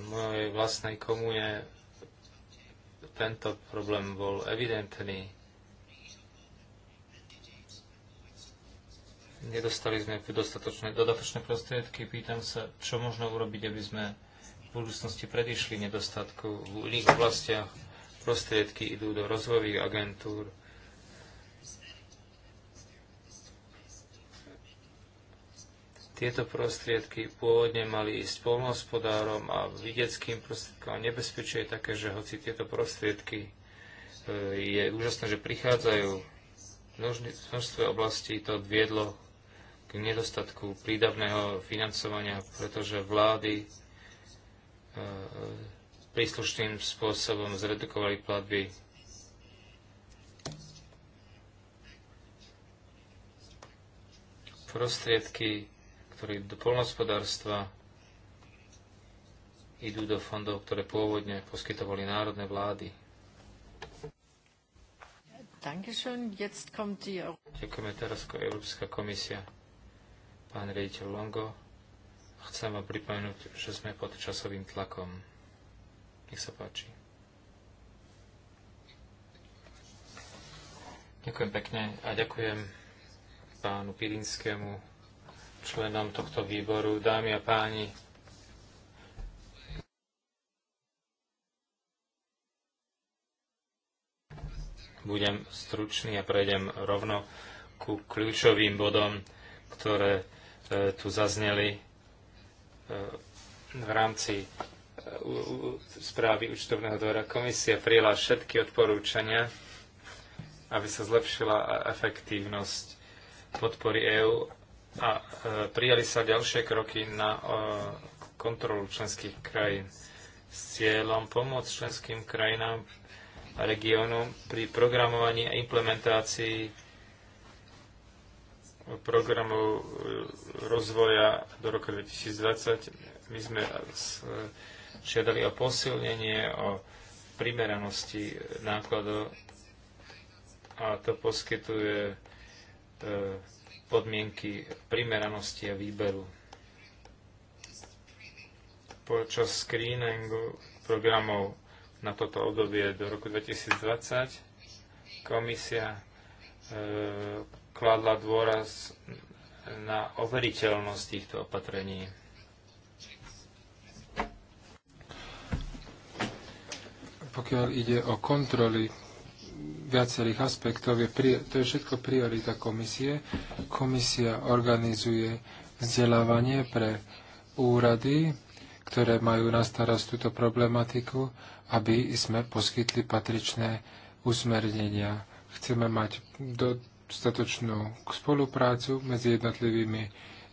mojej vlastnej komune, tento problém bol evidentný. Nedostali sme dostatočné, dodatočné prostriedky. Pýtam sa, čo možno urobiť, aby sme v budúcnosti predišli nedostatku v iných oblastiach. Prostriedky idú do rozvojových agentúr, Tieto prostriedky pôvodne mali ísť polnohospodárom a videckým prostriedkom. Nebezpečie je také, že hoci tieto prostriedky e, je úžasné, že prichádzajú v množstve oblastí, to viedlo k nedostatku prídavného financovania, pretože vlády e, príslušným spôsobom zredukovali platby prostriedky ktorí do polnospodárstva idú do fondov, ktoré pôvodne poskytovali národné vlády. Ďakujeme teraz ako Európska komisia. Pán riaditeľ Longo, chcem vám pripomenúť, že sme pod časovým tlakom. Nech sa páči. Ďakujem pekne a ďakujem pánu Pirinskému členom tohto výboru, dámy a páni. Budem stručný a prejdem rovno ku kľúčovým bodom, ktoré e, tu zazneli e, v rámci e, správy účtovného dvora. Komisia prijela všetky odporúčania, aby sa zlepšila efektívnosť podpory EÚ a e, prijali sa ďalšie kroky na e, kontrolu členských krajín s cieľom pomôcť členským krajinám a regiónom pri programovaní a implementácii programov e, rozvoja do roku 2020. My sme žiadali o posilnenie, o primeranosti nákladov a to poskytuje podmienky primeranosti a výberu. Počas screeningu programov na toto obdobie do roku 2020 komisia e, kladla dôraz na overiteľnosť týchto opatrení. Pokiaľ ide o kontroly viacerých aspektov. Je pri, to je všetko priorita komisie. Komisia organizuje vzdelávanie pre úrady, ktoré majú na starost túto problematiku, aby sme poskytli patričné usmernenia. Chceme mať dostatočnú spoluprácu medzi jednotlivými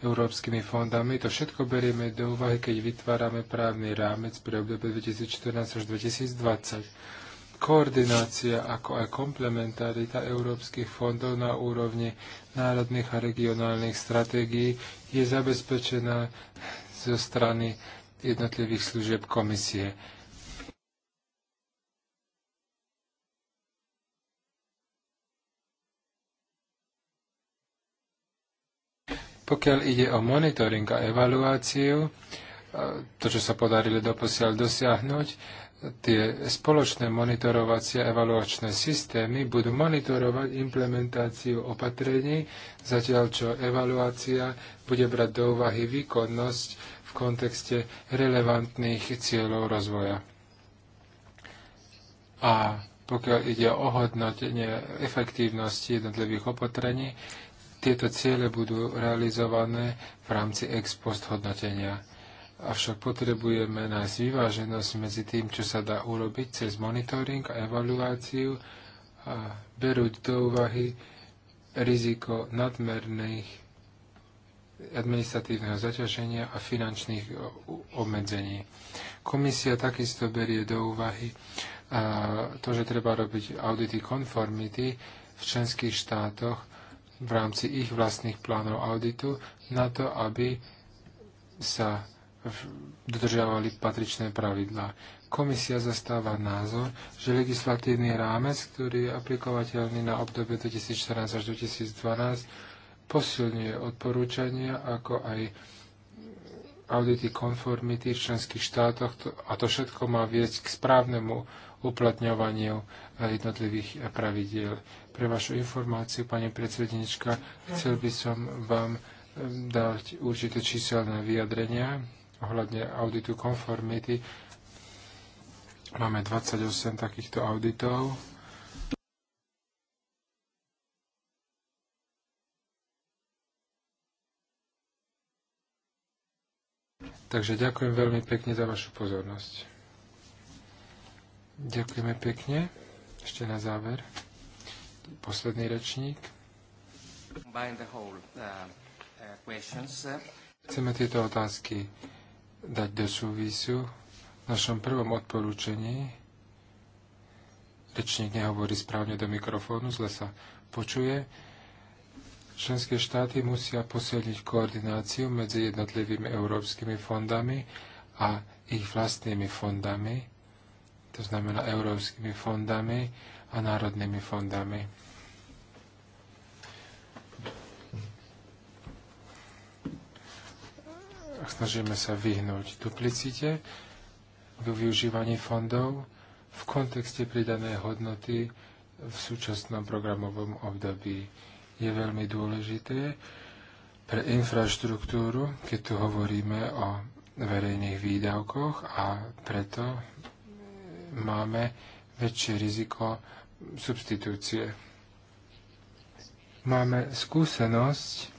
európskymi fondami. To všetko berieme do úvahy, keď vytvárame právny rámec pre obdobie 2014 až 2020 koordinácia ako aj komplementarita európskych fondov na úrovni národných a regionálnych stratégií je zabezpečená zo strany jednotlivých služieb komisie. Pokiaľ ide o monitoring a evaluáciu, to, čo sa podarilo doposiaľ dosiahnuť, tie spoločné monitorovacie a evaluačné systémy budú monitorovať implementáciu opatrení, zatiaľ čo evaluácia bude brať do úvahy výkonnosť v kontexte relevantných cieľov rozvoja. A pokiaľ ide o hodnotenie efektívnosti jednotlivých opatrení, tieto ciele budú realizované v rámci ex post hodnotenia. Avšak potrebujeme nájsť vyváženosť medzi tým, čo sa dá urobiť cez monitoring a evaluáciu a berúť do úvahy riziko nadmerných administratívneho zaťaženia a finančných obmedzení. Komisia takisto berie do úvahy to, že treba robiť audity konformity v členských štátoch v rámci ich vlastných plánov auditu na to, aby sa dodržiavali patričné pravidlá. Komisia zastáva názor, že legislatívny rámec, ktorý je aplikovateľný na obdobie 2014 až 2012, posilňuje odporúčania, ako aj audity konformity v členských štátoch a to všetko má viesť k správnemu uplatňovaniu eh, jednotlivých eh, pravidiel. Pre vašu informáciu, pani predsednička, chcel by som vám eh, dať určité číselné vyjadrenia ohľadne auditu konformity. Máme 28 takýchto auditov. Takže ďakujem veľmi pekne za vašu pozornosť. Ďakujeme pekne. Ešte na záver. Posledný rečník. Uh, uh, Chceme tieto otázky dať do súvisu. V našom prvom odporúčení rečník nehovorí správne do mikrofónu, zle sa počuje. Členské štáty musia posilniť koordináciu medzi jednotlivými európskymi fondami a ich vlastnými fondami, to znamená európskymi fondami a národnými fondami snažíme sa vyhnúť duplicite vo využívaní fondov v kontexte pridanej hodnoty v súčasnom programovom období. Je veľmi dôležité pre infraštruktúru, keď tu hovoríme o verejných výdavkoch a preto máme väčšie riziko substitúcie. Máme skúsenosť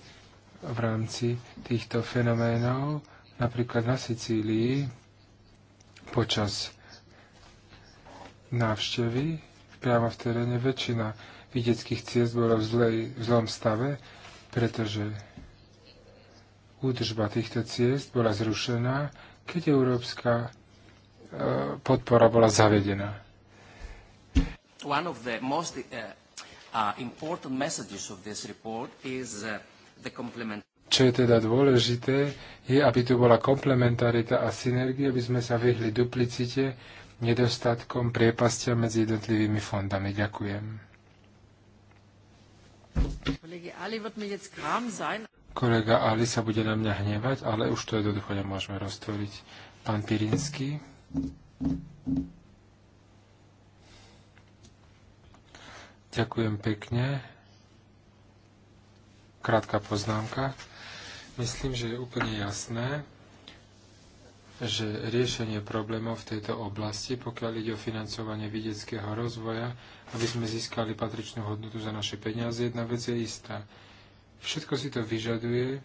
v rámci týchto fenoménov. Napríklad na Sicílii počas návštevy priamo v teréne väčšina videckých ciest bola v, zlej, v zlom stave, pretože údržba týchto ciest bola zrušená, keď európska e, podpora bola zavedená. One of the most uh, uh, important messages of this report is uh, čo je teda dôležité, je, aby tu bola komplementarita a synergia, aby sme sa vyhli duplicite, nedostatkom, priepastia medzi jednotlivými fondami. Ďakujem. Kolega Ali sa bude na mňa hnevať, ale už to jednoducho nemôžeme roztvoriť. Pán Pirinský. Ďakujem pekne krátka poznámka. Myslím, že je úplne jasné, že riešenie problémov v tejto oblasti, pokiaľ ide o financovanie vidieckého rozvoja, aby sme získali patričnú hodnotu za naše peniaze, jedna vec je istá. Všetko si to vyžaduje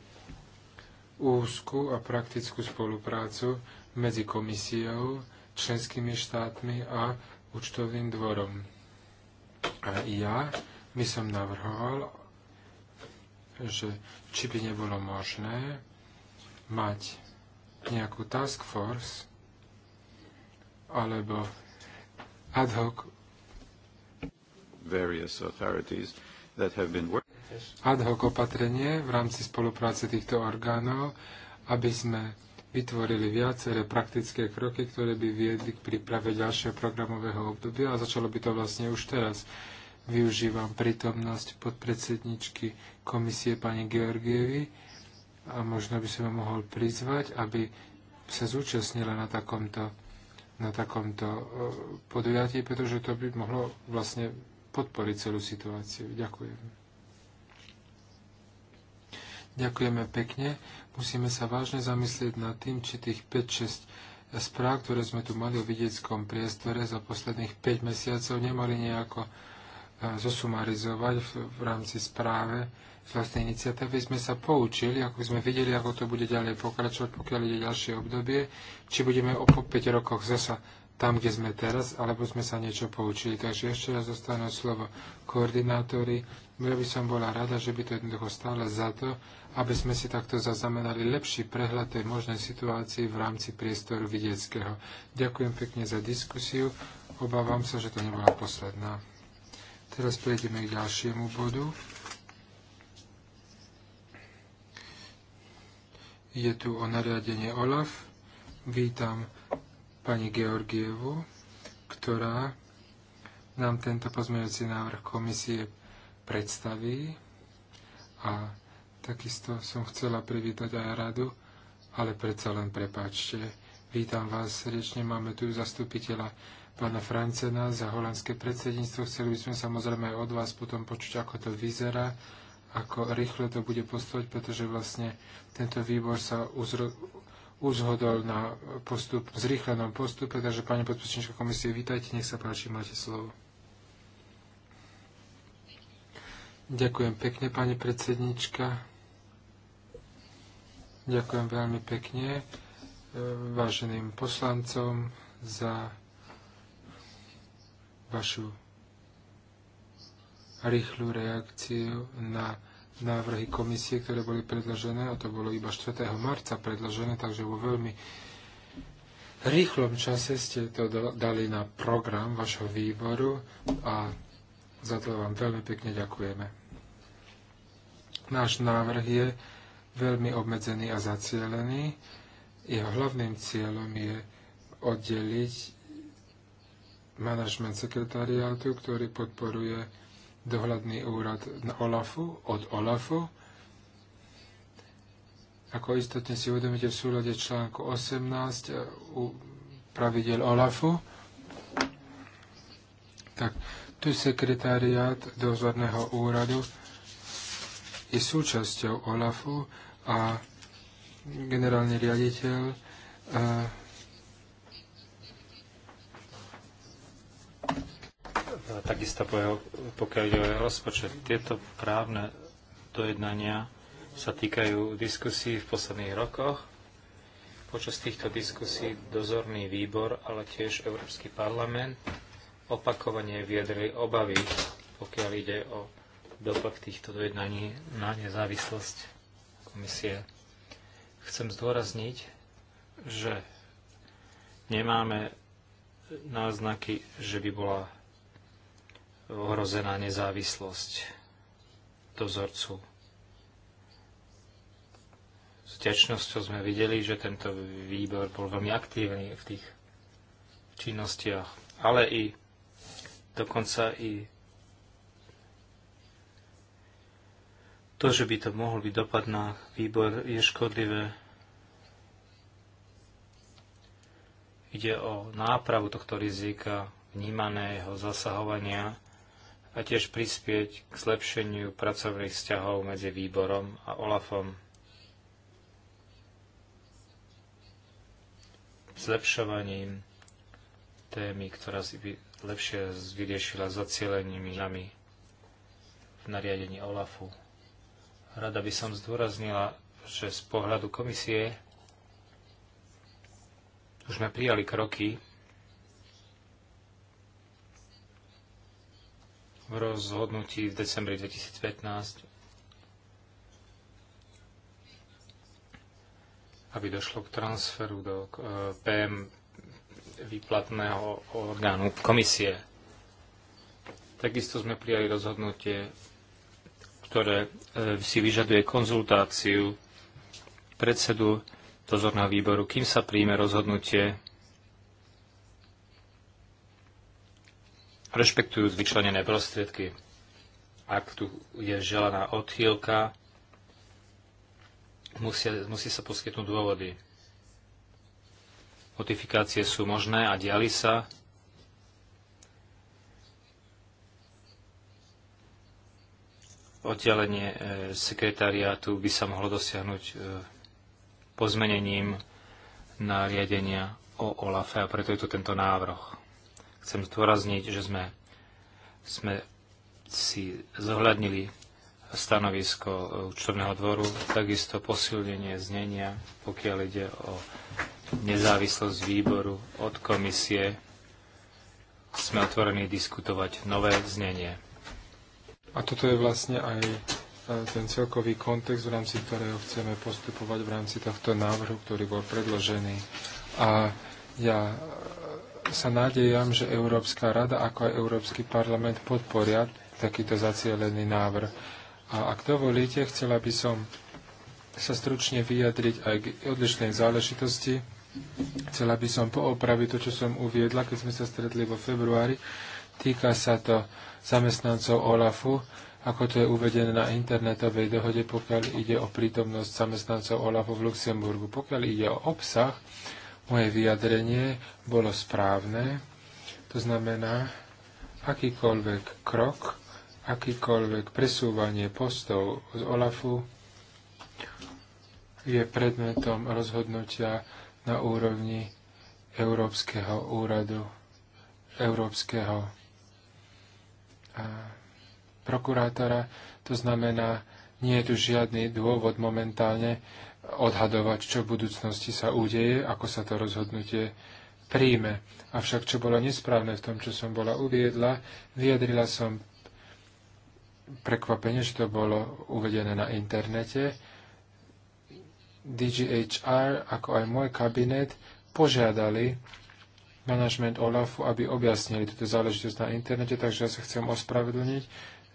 úzku a praktickú spoluprácu medzi komisiou, členskými štátmi a účtovným dvorom. A ja by som navrhoval, že či by nebolo možné mať nejakú task force alebo ad hoc various authorities that have been ad hoc opatrenie v rámci spolupráce týchto orgánov, aby sme vytvorili viaceré praktické kroky, ktoré by viedli k príprave ďalšieho programového obdobia a začalo by to vlastne už teraz využívam prítomnosť podpredsedničky komisie pani Georgievi a možno by som ju mohol prizvať, aby sa zúčastnila na takomto, na takomto e, podujatí, pretože to by mohlo vlastne podporiť celú situáciu. Ďakujem. Ďakujeme pekne. Musíme sa vážne zamyslieť nad tým, či tých 5-6 správ, ktoré sme tu mali o vidieckom priestore za posledných 5 mesiacov, nemali nejako zosumarizovať v, v rámci správe z vlastnej iniciatívy, sme sa poučili, ako sme videli, ako to bude ďalej pokračovať, pokiaľ ide ďalšie obdobie, či budeme o po 5 rokoch zasa tam, kde sme teraz, alebo sme sa niečo poučili. Takže ešte raz dostanú slovo koordinátori. Ja by som bola rada, že by to jednoducho stále za to, aby sme si takto zaznamenali lepší prehľad tej možnej situácii v rámci priestoru vidieckého. Ďakujem pekne za diskusiu. Obávam sa, že to nebola posledná. Teraz prejdeme k ďalšiemu bodu. Je tu o nariadenie OLAF. Vítam pani Georgievu, ktorá nám tento pozmeňujúci návrh komisie predstaví. A takisto som chcela privítať aj radu, ale predsa len prepáčte. Vítam vás srdečne, máme tu zastupiteľa pána Francena za holandské predsedníctvo. Chceli by sme samozrejme aj od vás potom počuť, ako to vyzerá, ako rýchlo to bude postovať, pretože vlastne tento výbor sa uzro, uzhodol na postup, zrýchlenom postupe. Takže pani podpredsednička komisie, vítajte, nech sa páči, máte slovo. Ďakujem pekne, pani predsednička. Ďakujem veľmi pekne eh, váženým poslancom za vašu rýchlu reakciu na návrhy komisie, ktoré boli predložené, a to bolo iba 4. marca predložené, takže vo veľmi rýchlom čase ste to dali na program vašho výboru a za to vám veľmi pekne ďakujeme. Náš návrh je veľmi obmedzený a zacielený. Jeho hlavným cieľom je oddeliť manažment sekretariátu, ktorý podporuje dohľadný úrad na OLAFu, od OLAFu. Ako istotne si uvedomíte v súlade článku 18 e, u pravidel OLAFu, tak tu sekretariát dozorného úradu je súčasťou OLAFu a generálny riaditeľ uh, takisto pokiaľ ide o rozpočet. Tieto právne dojednania sa týkajú diskusí v posledných rokoch. Počas týchto diskusí dozorný výbor, ale tiež Európsky parlament opakovane viedli obavy, pokiaľ ide o dopad týchto dojednaní na nezávislosť komisie. Chcem zdôrazniť, že nemáme náznaky, že by bola ohrozená nezávislosť dozorcu. S ťačnosťou sme videli, že tento výbor bol veľmi aktívny v tých činnostiach, ale i dokonca i to, že by to mohol byť dopad na výbor, je škodlivé. Ide o nápravu tohto rizika, vnímaného zasahovania a tiež prispieť k zlepšeniu pracovných vzťahov medzi výborom a OLAFom. Zlepšovaním témy, ktorá si by lepšie vyriešila zacielenými nami v nariadení OLAFu. Rada by som zdôraznila, že z pohľadu komisie už sme prijali kroky, v rozhodnutí v decembri 2015, aby došlo k transferu do e, PM výplatného orgánu komisie. Takisto sme prijali rozhodnutie, ktoré e, si vyžaduje konzultáciu predsedu dozorného výboru, kým sa príjme rozhodnutie rešpektujúc vyčlenené prostriedky. Ak tu je želaná odchýlka, musí, musí sa poskytnúť dôvody. Notifikácie sú možné a diali sa. Oddelenie e, sekretariátu by sa mohlo dosiahnuť e, pozmenením nariadenia o OLAFE a preto je tu tento návrh. Chcem zdôrazniť, že sme, sme si zohľadnili stanovisko e, účtovného dvoru, takisto posilnenie znenia, pokiaľ ide o nezávislosť výboru od komisie. Sme otvorení diskutovať nové znenie. A toto je vlastne aj e, ten celkový kontext, v rámci ktorého chceme postupovať v rámci tohto návrhu, ktorý bol predložený. A ja sa nádejam, že Európska rada ako aj Európsky parlament podporia takýto zacielený návrh. A ak dovolíte, chcela by som sa stručne vyjadriť aj k odlišnej záležitosti. Chcela by som poopraviť to, čo som uviedla, keď sme sa stretli vo februári. Týka sa to zamestnancov OLAFu, ako to je uvedené na internetovej dohode, pokiaľ ide o prítomnosť zamestnancov OLAFu v Luxemburgu. Pokiaľ ide o obsah, moje vyjadrenie bolo správne. To znamená, akýkoľvek krok, akýkoľvek presúvanie postov z OLAFu je predmetom rozhodnutia na úrovni Európskeho úradu, Európskeho prokurátora. To znamená, nie je tu žiadny dôvod momentálne odhadovať, čo v budúcnosti sa udeje, ako sa to rozhodnutie príjme. Avšak, čo bolo nesprávne v tom, čo som bola uviedla, vyjadrila som prekvapenie, že to bolo uvedené na internete. DGHR, ako aj môj kabinet, požiadali manažment OLAFu, aby objasnili túto záležitosť na internete, takže ja sa chcem ospravedlniť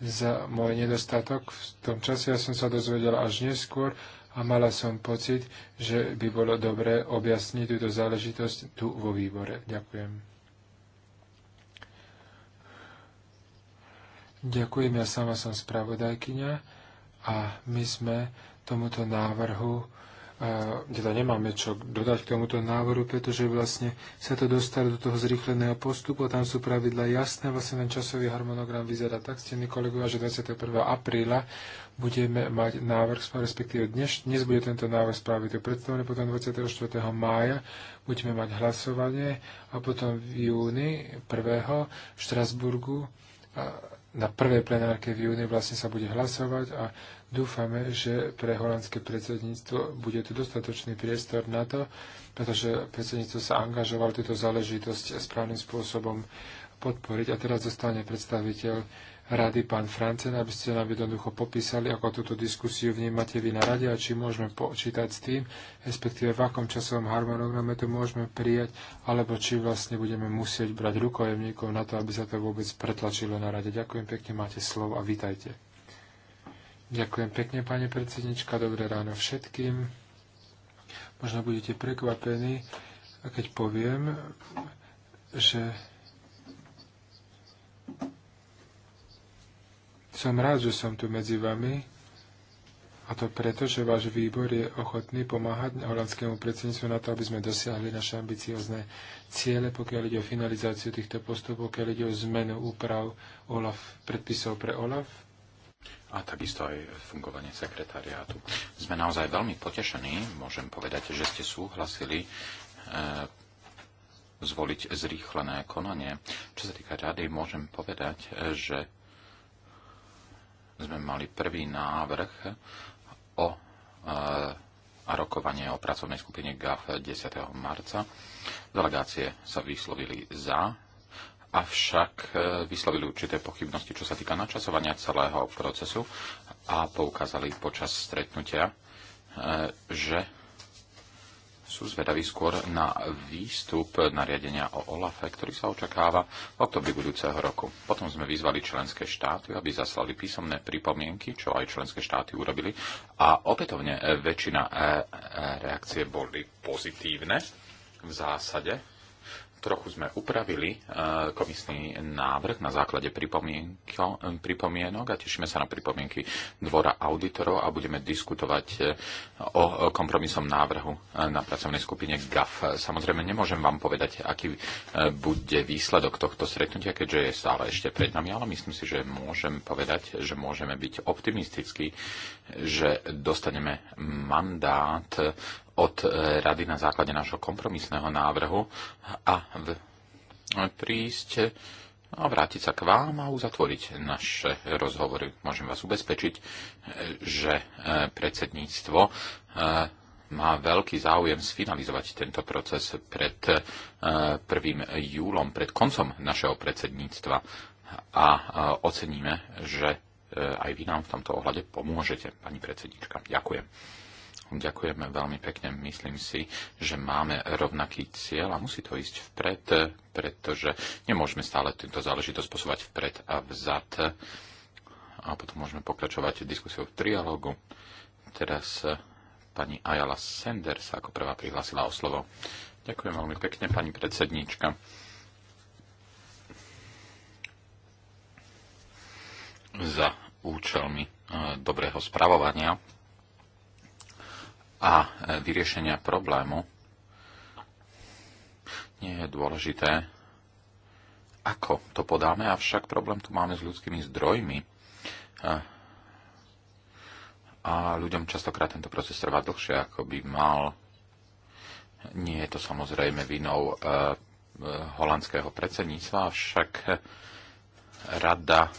za môj nedostatok. V tom čase ja som sa dozvedel až neskôr a mala som pocit, že by bolo dobré objasniť túto záležitosť tu vo výbore. Ďakujem. Ďakujem, ja sama som spravodajkyňa a my sme tomuto návrhu teda nemáme čo dodať k tomuto návoru, pretože vlastne sa to dostalo do toho zrýchleného postupu, tam sú pravidla jasné, vlastne ten časový harmonogram vyzerá tak, mi kolegovia, že 21. apríla budeme mať návrh, respektíve dnes, dnes bude tento návrh správy to predstavený, potom 24. mája budeme mať hlasovanie a potom v júni 1. v Štrasburgu na prvej plenárke v júni vlastne sa bude hlasovať a Dúfame, že pre holandské predsedníctvo bude tu dostatočný priestor na to, pretože predsedníctvo sa angažovalo túto záležitosť správnym spôsobom podporiť. A teraz zostane predstaviteľ rady pán Francen, aby ste nám jednoducho popísali, ako túto diskusiu vnímate vy na rade a či môžeme počítať s tým, respektíve v akom časovom harmonograme to môžeme prijať, alebo či vlastne budeme musieť brať rukojemníkov na to, aby sa to vôbec pretlačilo na rade. Ďakujem pekne, máte slovo a vítajte. Ďakujem pekne, pani predsednička. Dobré ráno všetkým. Možno budete prekvapení, keď poviem, že som rád, že som tu medzi vami. A to preto, že váš výbor je ochotný pomáhať holandskému predsedníctvu na to, aby sme dosiahli naše ambiciozne ciele, pokiaľ ide o finalizáciu týchto postupov, pokiaľ ide o zmenu úprav OLAF, predpisov pre OLAF a takisto aj fungovanie sekretariátu. Sme naozaj veľmi potešení, môžem povedať, že ste súhlasili e, zvoliť zrýchlené konanie. Čo sa týka rady, môžem povedať, e, že sme mali prvý návrh o e, a rokovanie o pracovnej skupine GAF 10. marca. Delegácie sa vyslovili za avšak e, vyslovili určité pochybnosti, čo sa týka načasovania celého procesu a poukázali počas stretnutia, e, že sú zvedaví skôr na výstup nariadenia o OLAFE, ktorý sa očakáva v oktobri budúceho roku. Potom sme vyzvali členské štáty, aby zaslali písomné pripomienky, čo aj členské štáty urobili. A opätovne e, väčšina reakcie boli pozitívne v zásade trochu sme upravili e, komisný návrh na základe e, pripomienok a tešíme sa na pripomienky dvora auditorov a budeme diskutovať e, o kompromisom návrhu na pracovnej skupine GAF. Samozrejme, nemôžem vám povedať, aký bude výsledok tohto stretnutia, keďže je stále ešte pred nami, ale myslím si, že môžem povedať, že môžeme byť optimistickí, že dostaneme mandát od e, rady na základe nášho kompromisného návrhu a v, e, prísť a vrátiť sa k vám a uzatvoriť naše rozhovory. Môžem vás ubezpečiť, e, že predsedníctvo má veľký záujem sfinalizovať tento proces pred 1. júlom, pred koncom našeho predsedníctva a oceníme, že aj vy nám v tomto ohľade pomôžete, pani predsednička. Ďakujem. Ďakujeme veľmi pekne. Myslím si, že máme rovnaký cieľ a musí to ísť vpred, pretože nemôžeme stále túto záležitosť posúvať vpred a vzad. A potom môžeme pokračovať diskusiou v trialógu. Teraz pani Ayala Sender sa ako prvá prihlásila o slovo. Ďakujem veľmi pekne, pani predsedníčka. za účelmi eh, dobrého spravovania a e, vyriešenia problému, nie je dôležité, ako to podáme, avšak problém tu máme s ľudskými zdrojmi. E, a ľuďom častokrát tento proces trvá dlhšie, ako by mal. Nie je to samozrejme vinou e, holandského predsedníctva, avšak rada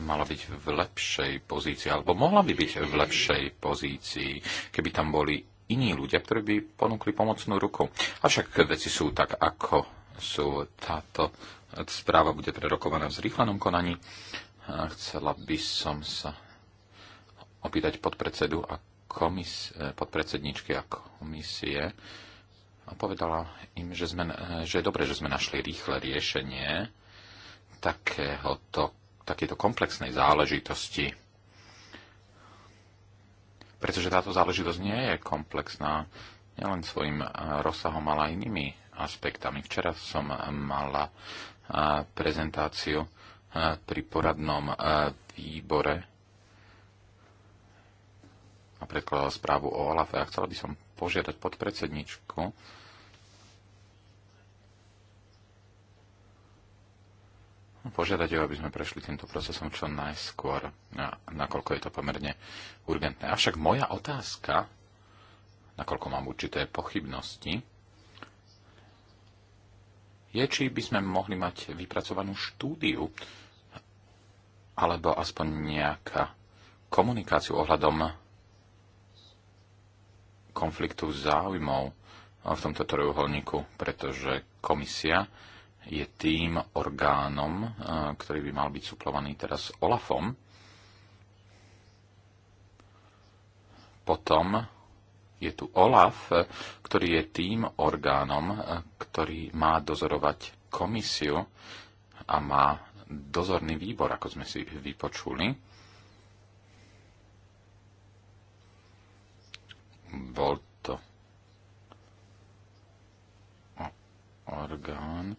mala byť v lepšej pozícii, alebo mohla by byť v lepšej pozícii, keby tam boli iní ľudia, ktorí by ponúkli pomocnú ruku. Avšak veci sú tak, ako sú. Táto správa bude prerokovaná v zrýchlenom konaní. Chcela by som sa opýtať podpredsedu a komis, eh, podpredsedničky a komisie a povedala im, že, sme, eh, že je dobré, že sme našli rýchle riešenie takéhoto takéto komplexnej záležitosti. Pretože táto záležitosť nie je komplexná nielen svojim eh, rozsahom, ale aj inými aspektami. Včera som eh, mala eh, prezentáciu pri poradnom výbore a predkladala správu o OLAFe a chcela by som požiadať podpredsedničku, požiadať ho, aby sme prešli týmto procesom čo najskôr, nakoľko je to pomerne urgentné. Avšak moja otázka, nakoľko mám určité pochybnosti, je, či by sme mohli mať vypracovanú štúdiu alebo aspoň nejaká komunikáciu ohľadom konfliktu záujmov v tomto trojuholníku, pretože komisia je tým orgánom, eh, ktorý by mal byť suplovaný teraz OLAFom. Potom je tu OLAF, eh, ktorý je tým orgánom, eh, ktorý má dozorovať komisiu a má dozorný výbor, ako sme si vypočuli. Bol orgán,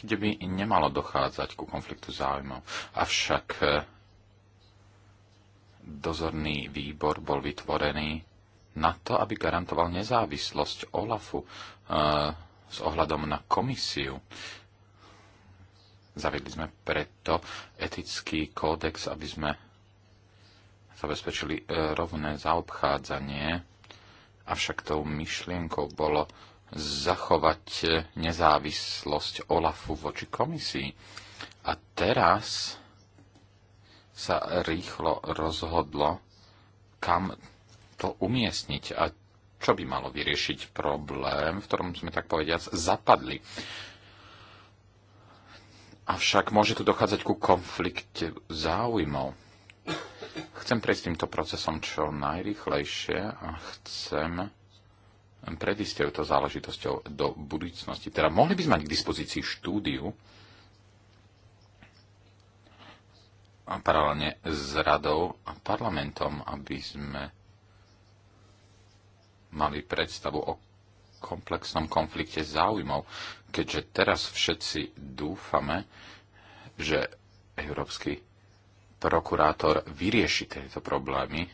kde by nemalo dochádzať ku konfliktu záujmov. Avšak e, dozorný výbor bol vytvorený na to, aby garantoval nezávislosť OLAFu e, s ohľadom na komisiu. Zaviedli sme preto etický kódex, aby sme zabezpečili e, rovné zaobchádzanie, avšak tou myšlienkou bolo zachovať nezávislosť OLAFu voči komisii. A teraz sa rýchlo rozhodlo, kam to umiestniť a čo by malo vyriešiť problém, v ktorom sme tak povediac zapadli. Avšak môže tu dochádzať ku konflikte záujmov. Chcem prejsť týmto procesom čo najrychlejšie a chcem pred touto záležitosťou do budúcnosti. Teda mohli by sme mať k dispozícii štúdiu a paralelne s radou a parlamentom, aby sme mali predstavu o komplexnom konflikte záujmov, keďže teraz všetci dúfame, že Európsky prokurátor vyrieši tieto problémy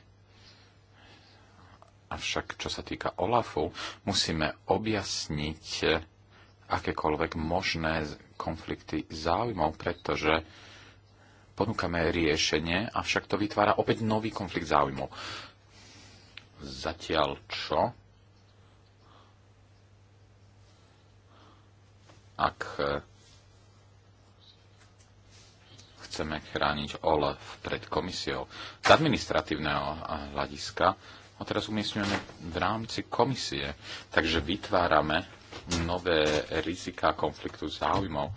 Avšak, čo sa týka OLAFu, musíme objasniť akékoľvek možné konflikty záujmov, pretože ponúkame riešenie, avšak to vytvára opäť nový konflikt záujmov. Zatiaľ čo? Ak eh, chceme chrániť OLAF pred komisiou z administratívneho eh, hľadiska, a teraz umiestňujeme v rámci komisie. Takže vytvárame nové rizika konfliktu záujmov.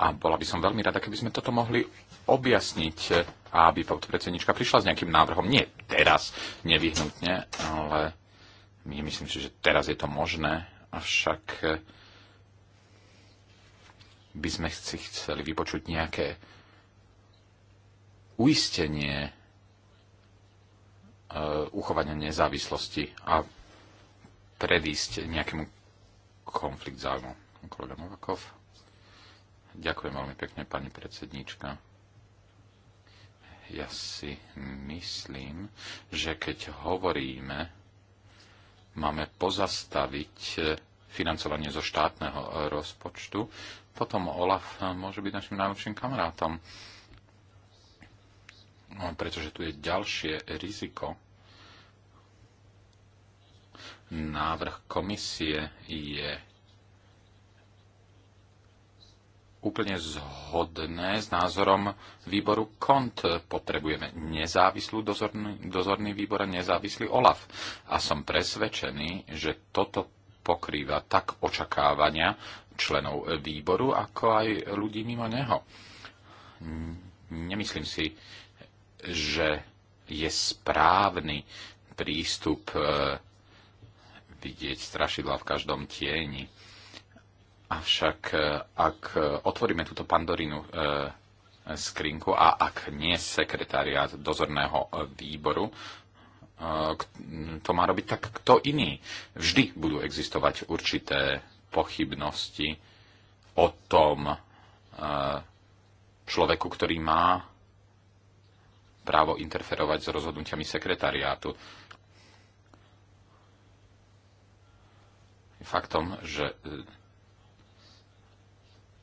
A bola by som veľmi rada, keby sme toto mohli objasniť aby podpredsednička prišla s nejakým návrhom. Nie teraz, nevyhnutne, ale my myslím si, že teraz je to možné. Avšak eh, by sme si chceli vypočuť nejaké uistenie Eh, uchovania nezávislosti a predísť nejakému konflikt záujmu. Kolega Novakov. Ďakujem veľmi pekne, pani predsedníčka. Ja si myslím, že keď hovoríme, máme pozastaviť eh, financovanie zo štátneho eh, rozpočtu, potom OLAF môže byť našim najlepším kamarátom. No, pretože tu je ďalšie riziko. Návrh komisie je úplne zhodné s názorom výboru KONT. Potrebujeme nezávislú dozorný, dozorný výbor a nezávislý OLAF. A som presvedčený, že toto pokrýva tak očakávania členov výboru, ako aj ľudí mimo neho. Nemyslím si, že je správny prístup e, vidieť strašidla v každom tieni. Avšak e, ak otvoríme túto pandorinu e, skrinku a ak nie sekretariát dozorného výboru, to má robiť tak kto iný. Vždy budú existovať určité pochybnosti o tom človeku, ktorý má právo interferovať s rozhodnutiami sekretariátu. Faktom, že e,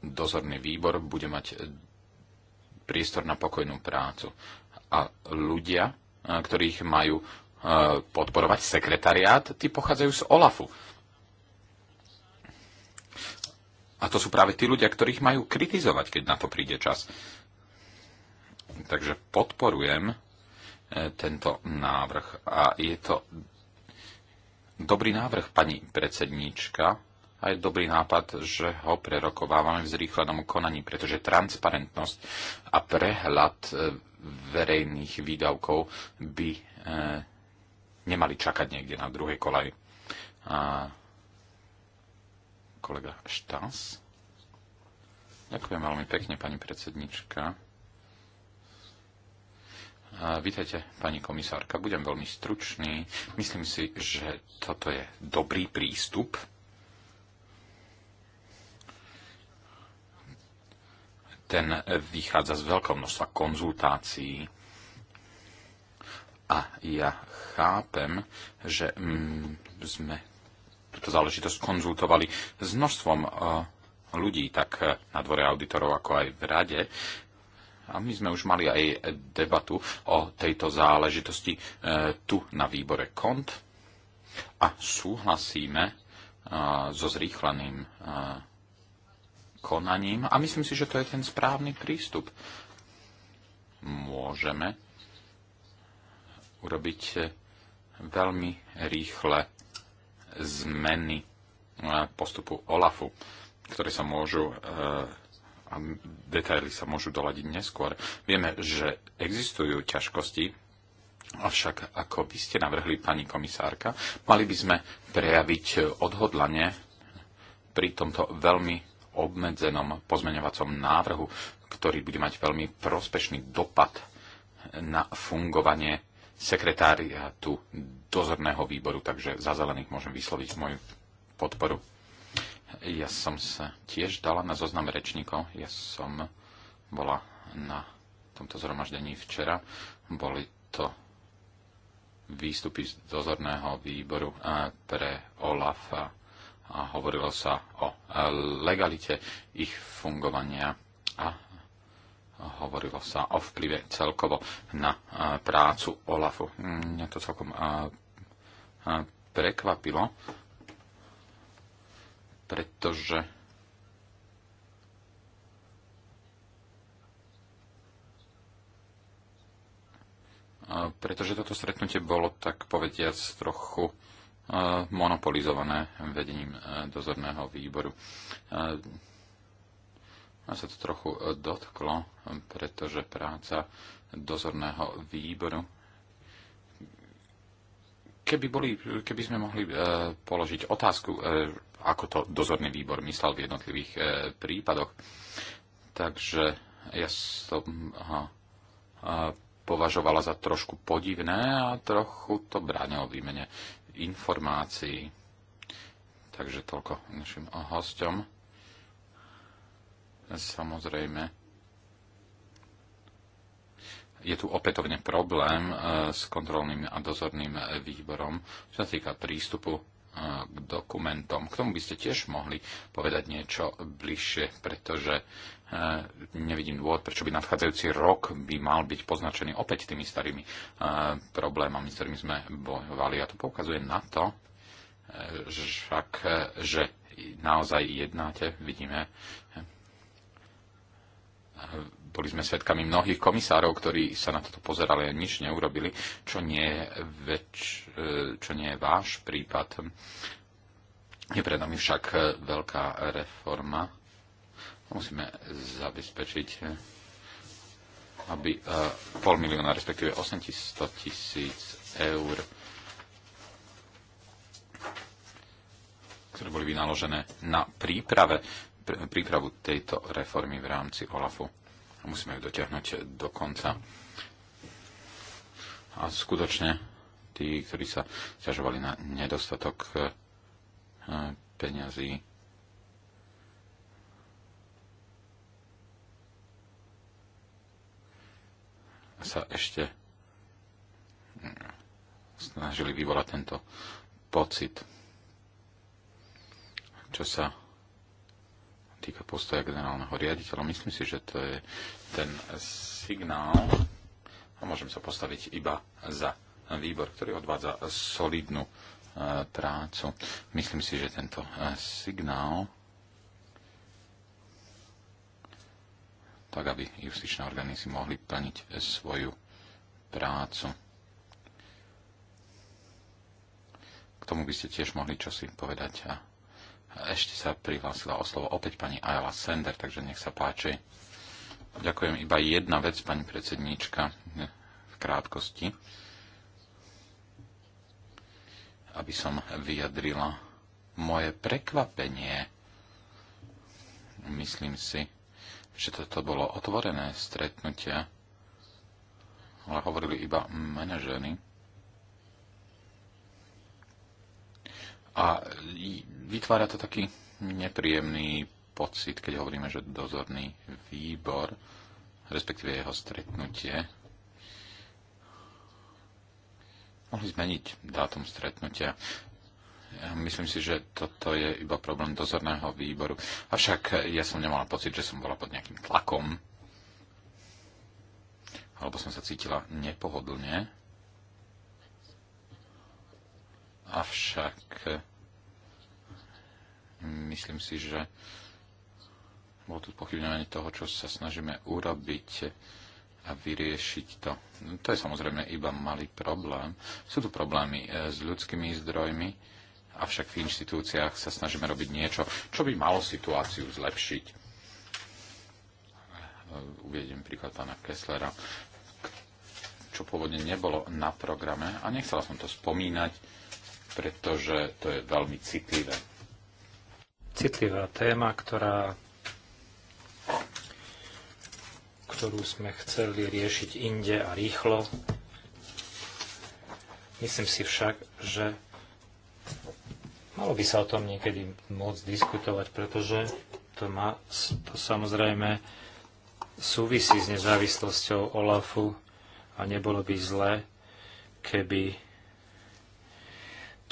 dozorný výbor bude mať e, priestor na pokojnú prácu. A ľudia, e, ktorých majú podporovať sekretariát, tí pochádzajú z OLAFu. A to sú práve tí ľudia, ktorých majú kritizovať, keď na to príde čas. Takže podporujem e, tento návrh a je to dobrý návrh, pani predsedníčka, a je dobrý nápad, že ho prerokovávame v zrýchlenom konaní, pretože transparentnosť a prehľad e, verejných výdavkov by e, nemali čakať niekde na druhej kolej. A kolega Štás. Ďakujem veľmi pekne, pani predsednička. Vítajte, pani komisárka. Budem veľmi stručný. Myslím si, že toto je dobrý prístup. Ten vychádza z veľkého množstva konzultácií. A ja chápem, že mm, sme túto záležitosť konzultovali s množstvom eh, ľudí, tak eh, na dvore auditorov, ako aj v rade. A my sme už mali aj debatu o tejto záležitosti e, tu na výbore KONT a súhlasíme e, so zrýchleným e, konaním a myslím si, že to je ten správny prístup. Môžeme urobiť veľmi rýchle zmeny postupu OLAFu, ktoré sa môžu a detaily sa môžu doladiť neskôr. Vieme, že existujú ťažkosti, avšak ako by ste navrhli, pani komisárka, mali by sme prejaviť odhodlanie pri tomto veľmi obmedzenom pozmeňovacom návrhu, ktorý bude mať veľmi prospešný dopad na fungovanie sekretáriatu dozorného výboru, takže za zelených môžem vysloviť moju podporu. Ja som sa tiež dala na zoznam rečníkov. Ja som bola na tomto zhromaždení včera. Boli to výstupy z dozorného výboru pre OLAF a, hovorilo sa o legalite ich fungovania a hovorilo sa o vplyve celkovo na prácu OLAFu. Mňa to celkom prekvapilo, pretože pretože toto stretnutie bolo, tak povediac, trochu monopolizované vedením dozorného výboru. A sa to trochu e, dotklo, pretože práca dozorného výboru keby, boli, keby sme mohli e, položiť otázku, e, ako to dozorný výbor myslel v jednotlivých e, prípadoch. Takže ja som aha, považovala za trošku podivné a trochu to bránilo výmene informácií. Takže toľko našim hosťom. Samozrejme, je tu opätovne problém e, s kontrolným a dozorným výborom, čo sa týka prístupu e, k dokumentom. K tomu by ste tiež mohli povedať niečo bližšie, pretože e, nevidím dôvod, prečo by nadchádzajúci rok by mal byť poznačený opäť tými starými problémami, s ktorými sme bojovali. A to poukazuje na to, však, že naozaj jednáte, vidíme, boli sme svedkami mnohých komisárov, ktorí sa na toto pozerali a nič neurobili, čo nie je, väč, e, čo nie je váš prípad. Je pred nami však e, veľká reforma. Musíme zabezpečiť, e, aby pol milióna, respektíve 800 tisíc eur ktoré boli vynaložené na príprave, prípravu tejto reformy v rámci OLAFu musíme ju dotiahnuť do konca. A skutočne tí, ktorí sa ťažovali na nedostatok e, peňazí, sa ešte snažili vyvolať tento pocit, čo sa týka postoja generálneho riaditeľa. Myslím si, že to je ten signál a môžem sa postaviť iba za výbor, ktorý odvádza solidnú e, prácu. Myslím si, že tento e, signál tak, aby justičné orgány si mohli plniť svoju prácu. K tomu by ste tiež mohli čosi povedať. A ešte sa prihlásila o slovo opäť pani Ayala Sender, takže nech sa páči. Ďakujem. Iba jedna vec, pani predsedníčka, v krátkosti, aby som vyjadrila moje prekvapenie. Myslím si, že toto bolo otvorené stretnutie, ale hovorili iba manažery. A vytvára to taký nepríjemný pocit, keď hovoríme, že dozorný výbor, respektíve jeho stretnutie, mohli zmeniť dátum stretnutia. Ja myslím si, že toto je iba problém dozorného výboru. Avšak ja som nemala pocit, že som bola pod nejakým tlakom, alebo som sa cítila nepohodlne. Avšak eh, myslím si, že bolo tu pochybňovanie toho, čo sa snažíme urobiť a vyriešiť to. No, to je samozrejme iba malý problém. Sú tu problémy e, s ľudskými zdrojmi, avšak v inštitúciách sa snažíme robiť niečo, čo by malo situáciu zlepšiť. E, uviediem príklad pána Kesslera, čo pôvodne nebolo na programe a nechcela som to spomínať, pretože to je veľmi citlivé. Citlivá téma, ktorá ktorú sme chceli riešiť inde a rýchlo. Myslím si však, že malo by sa o tom niekedy môcť diskutovať, pretože to má to samozrejme súvisí s nezávislosťou OLAFu a nebolo by zlé, keby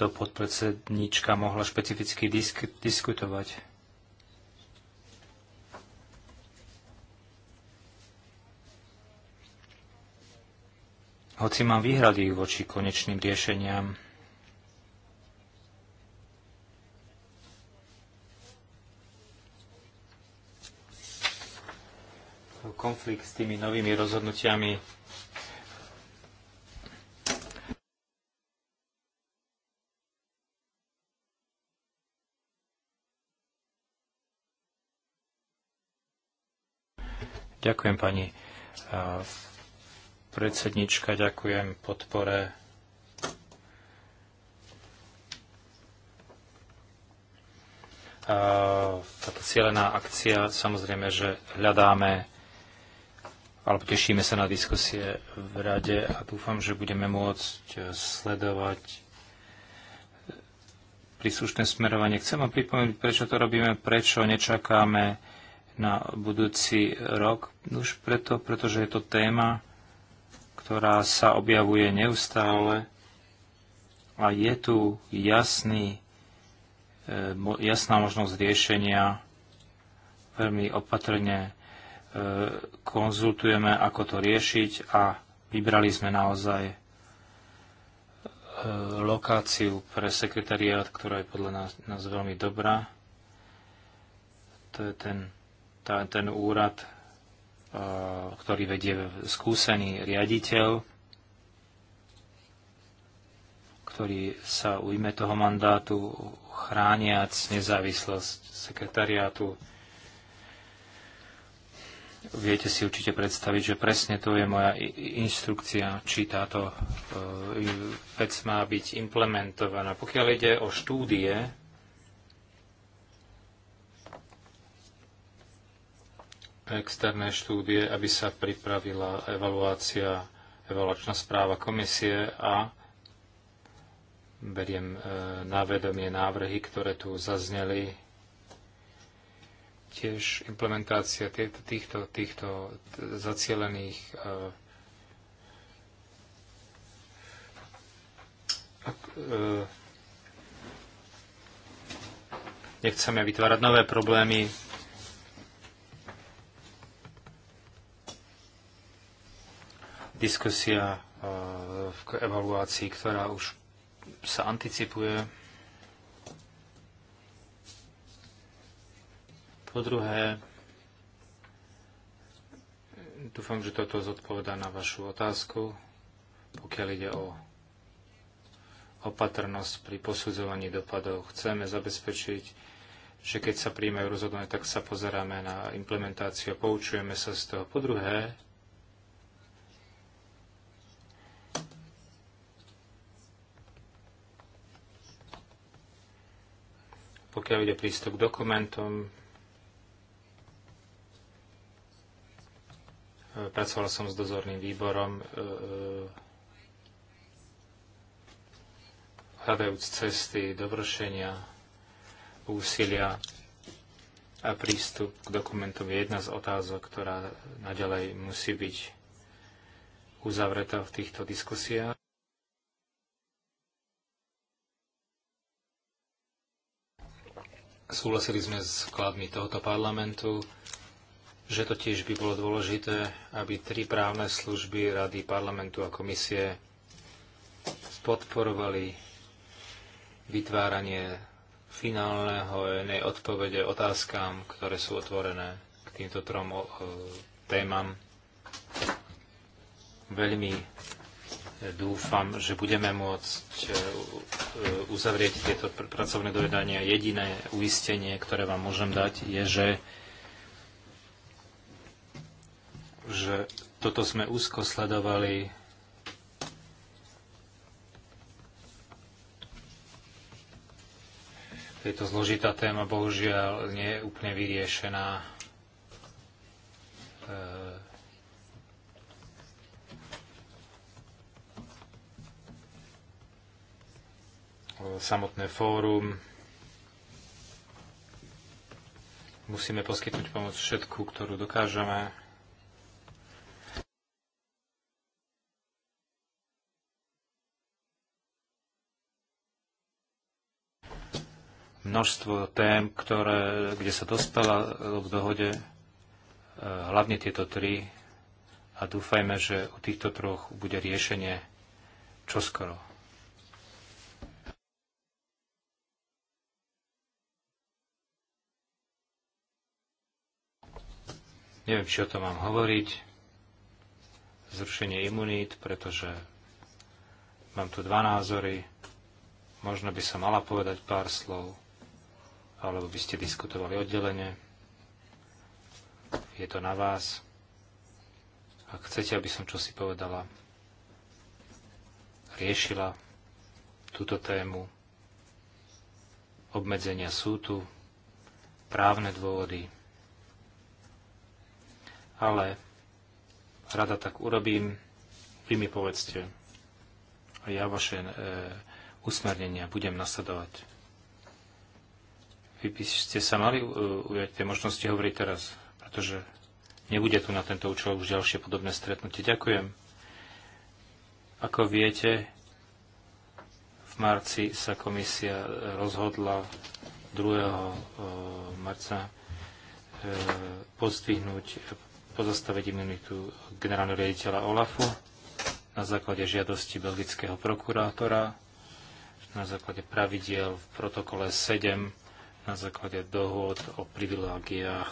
to podpredsednička mohla špecificky disk- diskutovať Hoci mám výhrady voči konečným riešeniam, konflikt s tými novými rozhodnutiami Ďakujem pani eh, Predsednička, ďakujem podpore. Táto cieľená akcia, samozrejme, že hľadáme alebo tešíme sa na diskusie v rade a dúfam, že budeme môcť sledovať príslušné smerovanie. Chcem vám pripomenúť, prečo to robíme, prečo nečakáme na budúci rok. Už preto, pretože je to téma, ktorá sa objavuje neustále a je tu jasný, e, jasná možnosť riešenia. Veľmi opatrne e, konzultujeme, ako to riešiť a vybrali sme naozaj e, lokáciu pre sekretariát, ktorá je podľa nás, nás veľmi dobrá. To je ten, tá, ten úrad Eh, ktorý vedie skúsený riaditeľ, ktorý sa ujme toho mandátu chrániac nezávislosť sekretariátu. Viete si určite predstaviť, že presne to je moja inštrukcia, či táto eh, vec má byť implementovaná. Pokiaľ ide o štúdie, externé štúdie, aby sa pripravila evaluácia, evaluačná správa komisie a beriem e, na vedomie návrhy, ktoré tu zazneli. Tiež implementácia týchto, týchto, týchto zacielených e, e, nechceme vytvárať nové problémy Diskusia e, k evaluácii, ktorá už sa anticipuje. Po druhé, dúfam, že toto zodpovedá na vašu otázku, pokiaľ ide o opatrnosť pri posudzovaní dopadov. Chceme zabezpečiť, že keď sa príjmajú rozhodnutia, tak sa pozeráme na implementáciu a poučujeme sa z toho. Po druhé, pokiaľ ide prístup k dokumentom, e, pracoval som s dozorným výborom, e, e, hľadajúc cesty dovršenia úsilia a prístup k dokumentom je jedna z otázok, ktorá naďalej musí byť uzavretá v týchto diskusiách. súhlasili sme s kladmi tohoto parlamentu, že to tiež by bolo dôležité, aby tri právne služby Rady parlamentu a komisie podporovali vytváranie finálneho jednej odpovede otázkám, ktoré sú otvorené k týmto trom e, témam. Veľmi Dúfam, že budeme môcť e, e, uzavrieť tieto pr pracovné dojednania. Jediné uistenie, ktoré vám môžem dať, je, že, že toto sme úzko sledovali Je to zložitá téma, bohužiaľ nie je úplne vyriešená. E samotné fórum. Musíme poskytnúť pomoc všetku, ktorú dokážeme. Množstvo tém, ktoré, kde sa dostala v dohode, eh, hlavne tieto tri, a dúfajme, že u týchto troch bude riešenie čoskoro. Neviem, či o tom mám hovoriť. Zrušenie imunít, pretože mám tu dva názory. Možno by sa mala povedať pár slov, alebo by ste diskutovali oddelenie. Je to na vás. Ak chcete, aby som čosi povedala, riešila túto tému, obmedzenia sú tu, právne dôvody, ale rada tak urobím, vy mi povedzte a ja vaše e, usmernenia budem nasledovať. Vy by ste sa mali e, ujať tie možnosti hovoriť teraz, pretože nebude tu na tento účel už ďalšie podobné stretnutie. Ďakujem. Ako viete, v marci sa komisia e, rozhodla 2. E, marca pozdvihnúť pozastaviť imunitu generálneho riaditeľa Olafu na základe žiadosti belgického prokurátora, na základe pravidiel v protokole 7, na základe dohod o privilégiách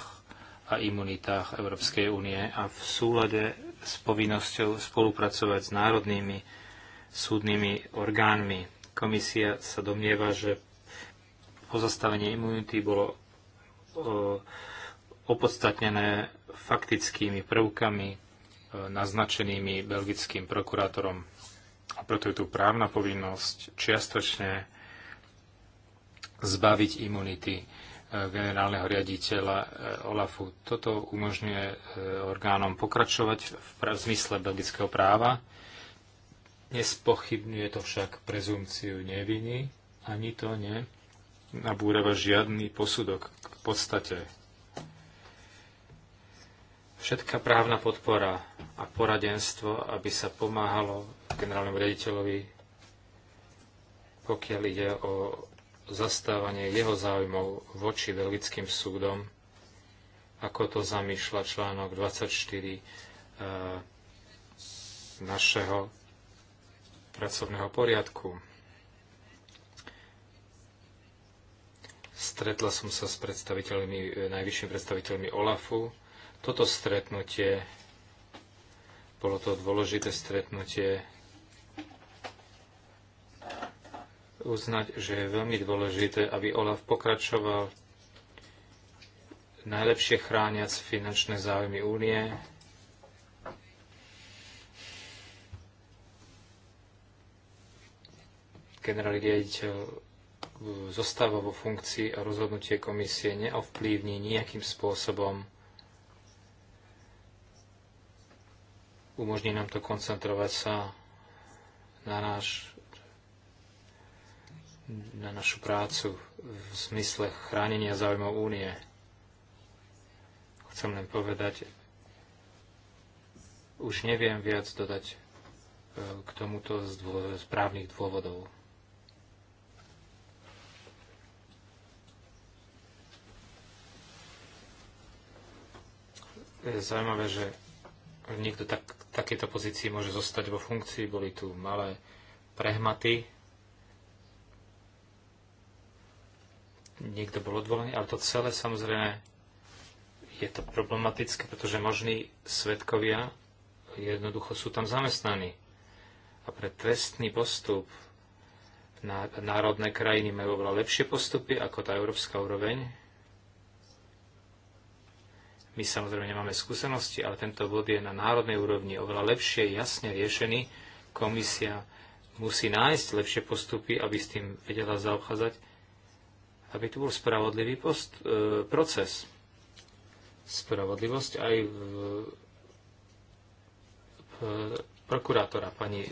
a imunitách Európskej únie a v súlade s povinnosťou spolupracovať s národnými súdnymi orgánmi. Komisia sa domnieva, že pozastavenie imunity bolo opodstatnené faktickými prvkami e, naznačenými belgickým prokurátorom. A preto je tu právna povinnosť čiastočne zbaviť imunity e, generálneho riaditeľa e, Olafu. Toto umožňuje orgánom pokračovať v zmysle belgického práva. Nespochybňuje to však prezumciu neviny, ani to ne nabúrava žiadny posudok k podstate všetká právna podpora a poradenstvo, aby sa pomáhalo generálnemu riaditeľovi, pokiaľ ide o zastávanie jeho záujmov voči belgickým súdom, ako to zamýšľa článok 24 e, eh, našeho pracovného poriadku. Stretla som sa s predstaviteľmi, eh, najvyššími predstaviteľmi OLAFu, toto stretnutie. Bolo to dôležité stretnutie uznať, že je veľmi dôležité, aby OLAF pokračoval najlepšie chrániac finančné záujmy únie. Generálny riaditeľ zostáva vo funkcii a rozhodnutie komisie neovplyvní nejakým spôsobom umožní nám to koncentrovať sa na, náš, na našu prácu v zmysle chránenia záujmov únie. Chcem len povedať, už neviem viac dodať e, k tomuto z, správnych z dôvodov. Je zaujímavé, že niekto tak, v takejto pozícii môže zostať vo funkcii. Boli tu malé prehmaty. Niekto bol odvolený, ale to celé samozrejme je to problematické, pretože možní svetkovia jednoducho sú tam zamestnaní. A pre trestný postup národné krajiny majú oveľa lepšie postupy ako tá európska úroveň, my samozrejme nemáme skúsenosti, ale tento bod je na národnej úrovni oveľa lepšie, jasne riešený. Komisia musí nájsť lepšie postupy, aby s tým vedela zaobchádzať, aby tu bol spravodlivý post, e, proces. Spravodlivosť aj v, v, prokurátora pani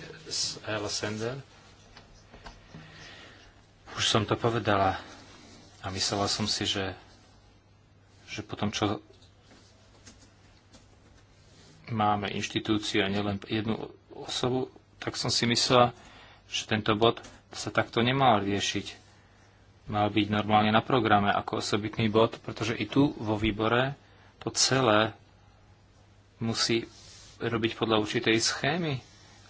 Ayala Sender. Už som to povedala a myslela som si, že, že potom, čo máme inštitúciu a nielen jednu osobu, tak som si myslela, že tento bod sa takto nemal riešiť. Mal byť normálne na programe ako osobitný bod, pretože i tu vo výbore to celé musí robiť podľa určitej schémy.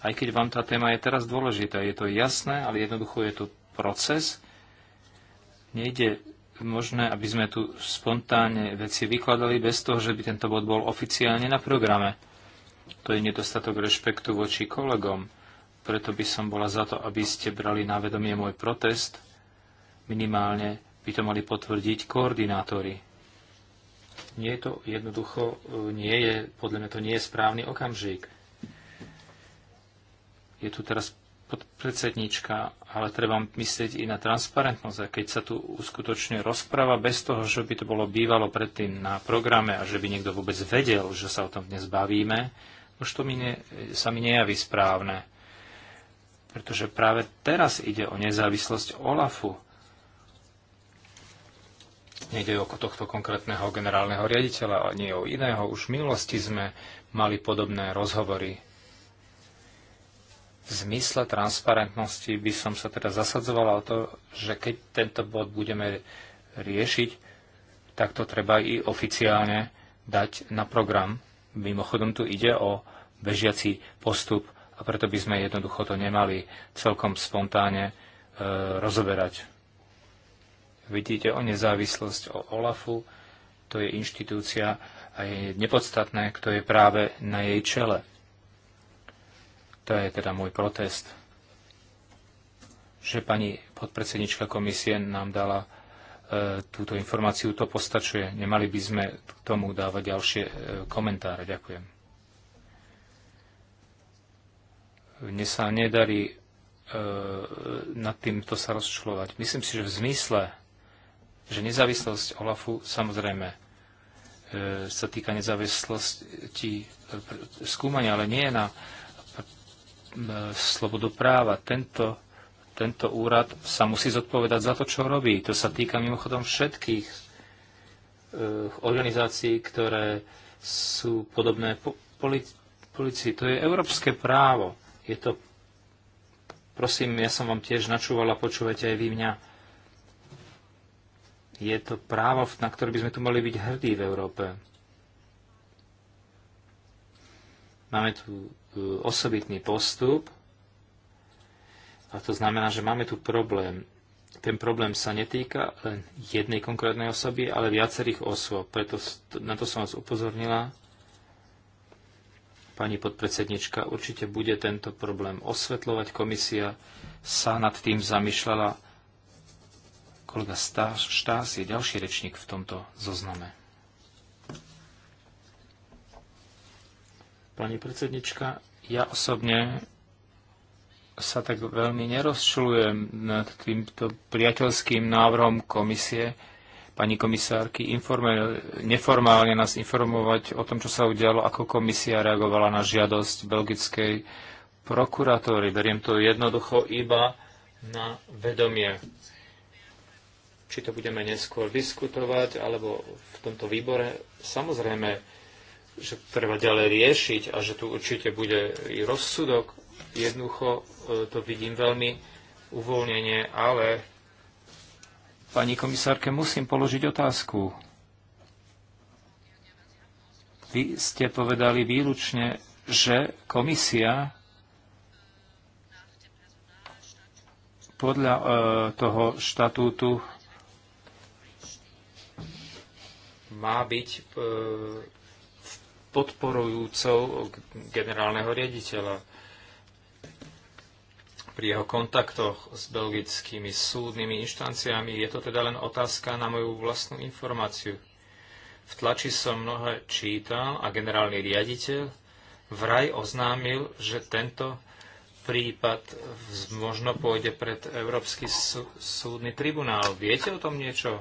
Aj keď vám tá téma je teraz dôležitá, je to jasné, ale jednoducho je to proces. Nejde možné, aby sme tu spontánne veci vykladali bez toho, že by tento bod bol oficiálne na programe. To je nedostatok rešpektu voči kolegom. Preto by som bola za to, aby ste brali na vedomie môj protest. Minimálne by to mali potvrdiť koordinátori. Nie je to jednoducho, e, nie je, podľa mňa to nie je správny okamžik. Je tu teraz podpredsednička, ale treba myslieť i na transparentnosť. A keď sa tu uskutočňuje rozpráva bez toho, že by to bolo bývalo predtým na programe a že by niekto vôbec vedel, že sa o tom dnes bavíme, už to mi ne, sa mi nejaví správne. Pretože práve teraz ide o nezávislosť OLAFu. Nejde o tohto konkrétneho generálneho riaditeľa, a nie o iného. Už v minulosti sme mali podobné rozhovory. V zmysle transparentnosti by som sa teda zasadzovala o to, že keď tento bod budeme riešiť, tak to treba i oficiálne dať na program. Mimochodom tu ide o bežiaci postup a preto by sme jednoducho to nemali celkom spontáne e, rozoberať. Vidíte o nezávislosť o OLAFu, to je inštitúcia a je nepodstatné, kto je práve na jej čele. To je teda môj protest, že pani podpredsednička komisie nám dala e, túto informáciu, to postačuje. Nemali by sme k tomu dávať ďalšie e, komentáre. Ďakujem. Mne sa nedarí e, nad týmto sa rozčľovať. Myslím si, že v zmysle, že nezávislosť OLAFu samozrejme e, sa týka nezávislosti e, skúmania, ale nie na e, slobodu práva. Tento, tento úrad sa musí zodpovedať za to, čo robí. To sa týka mimochodom všetkých e, organizácií, ktoré sú podobné po, policii. To je európske právo. Je to... Prosím, ja som vám tiež načúvala, počúvate aj vy mňa. Je to právo, na ktoré by sme tu mali byť hrdí v Európe. Máme tu e, osobitný postup a to znamená, že máme tu problém ten problém sa netýka len jednej konkrétnej osoby, ale viacerých osôb. Preto na to som vás upozornila pani podpredsednička, určite bude tento problém osvetľovať. Komisia sa nad tým zamýšľala. Kolega Štás je ďalší rečník v tomto zozname. Pani predsednička, ja osobne sa tak veľmi nerozčulujem nad týmto priateľským návrhom komisie, pani komisárky neformálne nás informovať o tom, čo sa udialo, ako komisia reagovala na žiadosť belgickej prokuratóry. Beriem to jednoducho iba na vedomie. Či to budeme neskôr diskutovať, alebo v tomto výbore, samozrejme, že treba ďalej riešiť a že tu určite bude i rozsudok. Jednoducho e, to vidím veľmi uvoľnenie, ale Pani komisárke, musím položiť otázku. Vy ste povedali výlučne, že komisia podľa e, toho štatútu má byť e, podporujúcou generálneho riaditeľa pri jeho kontaktoch s belgickými súdnymi inštanciami. Je to teda len otázka na moju vlastnú informáciu. V tlači som mnohé čítal a generálny riaditeľ vraj oznámil, že tento prípad možno pôjde pred Európsky súdny tribunál. Viete o tom niečo?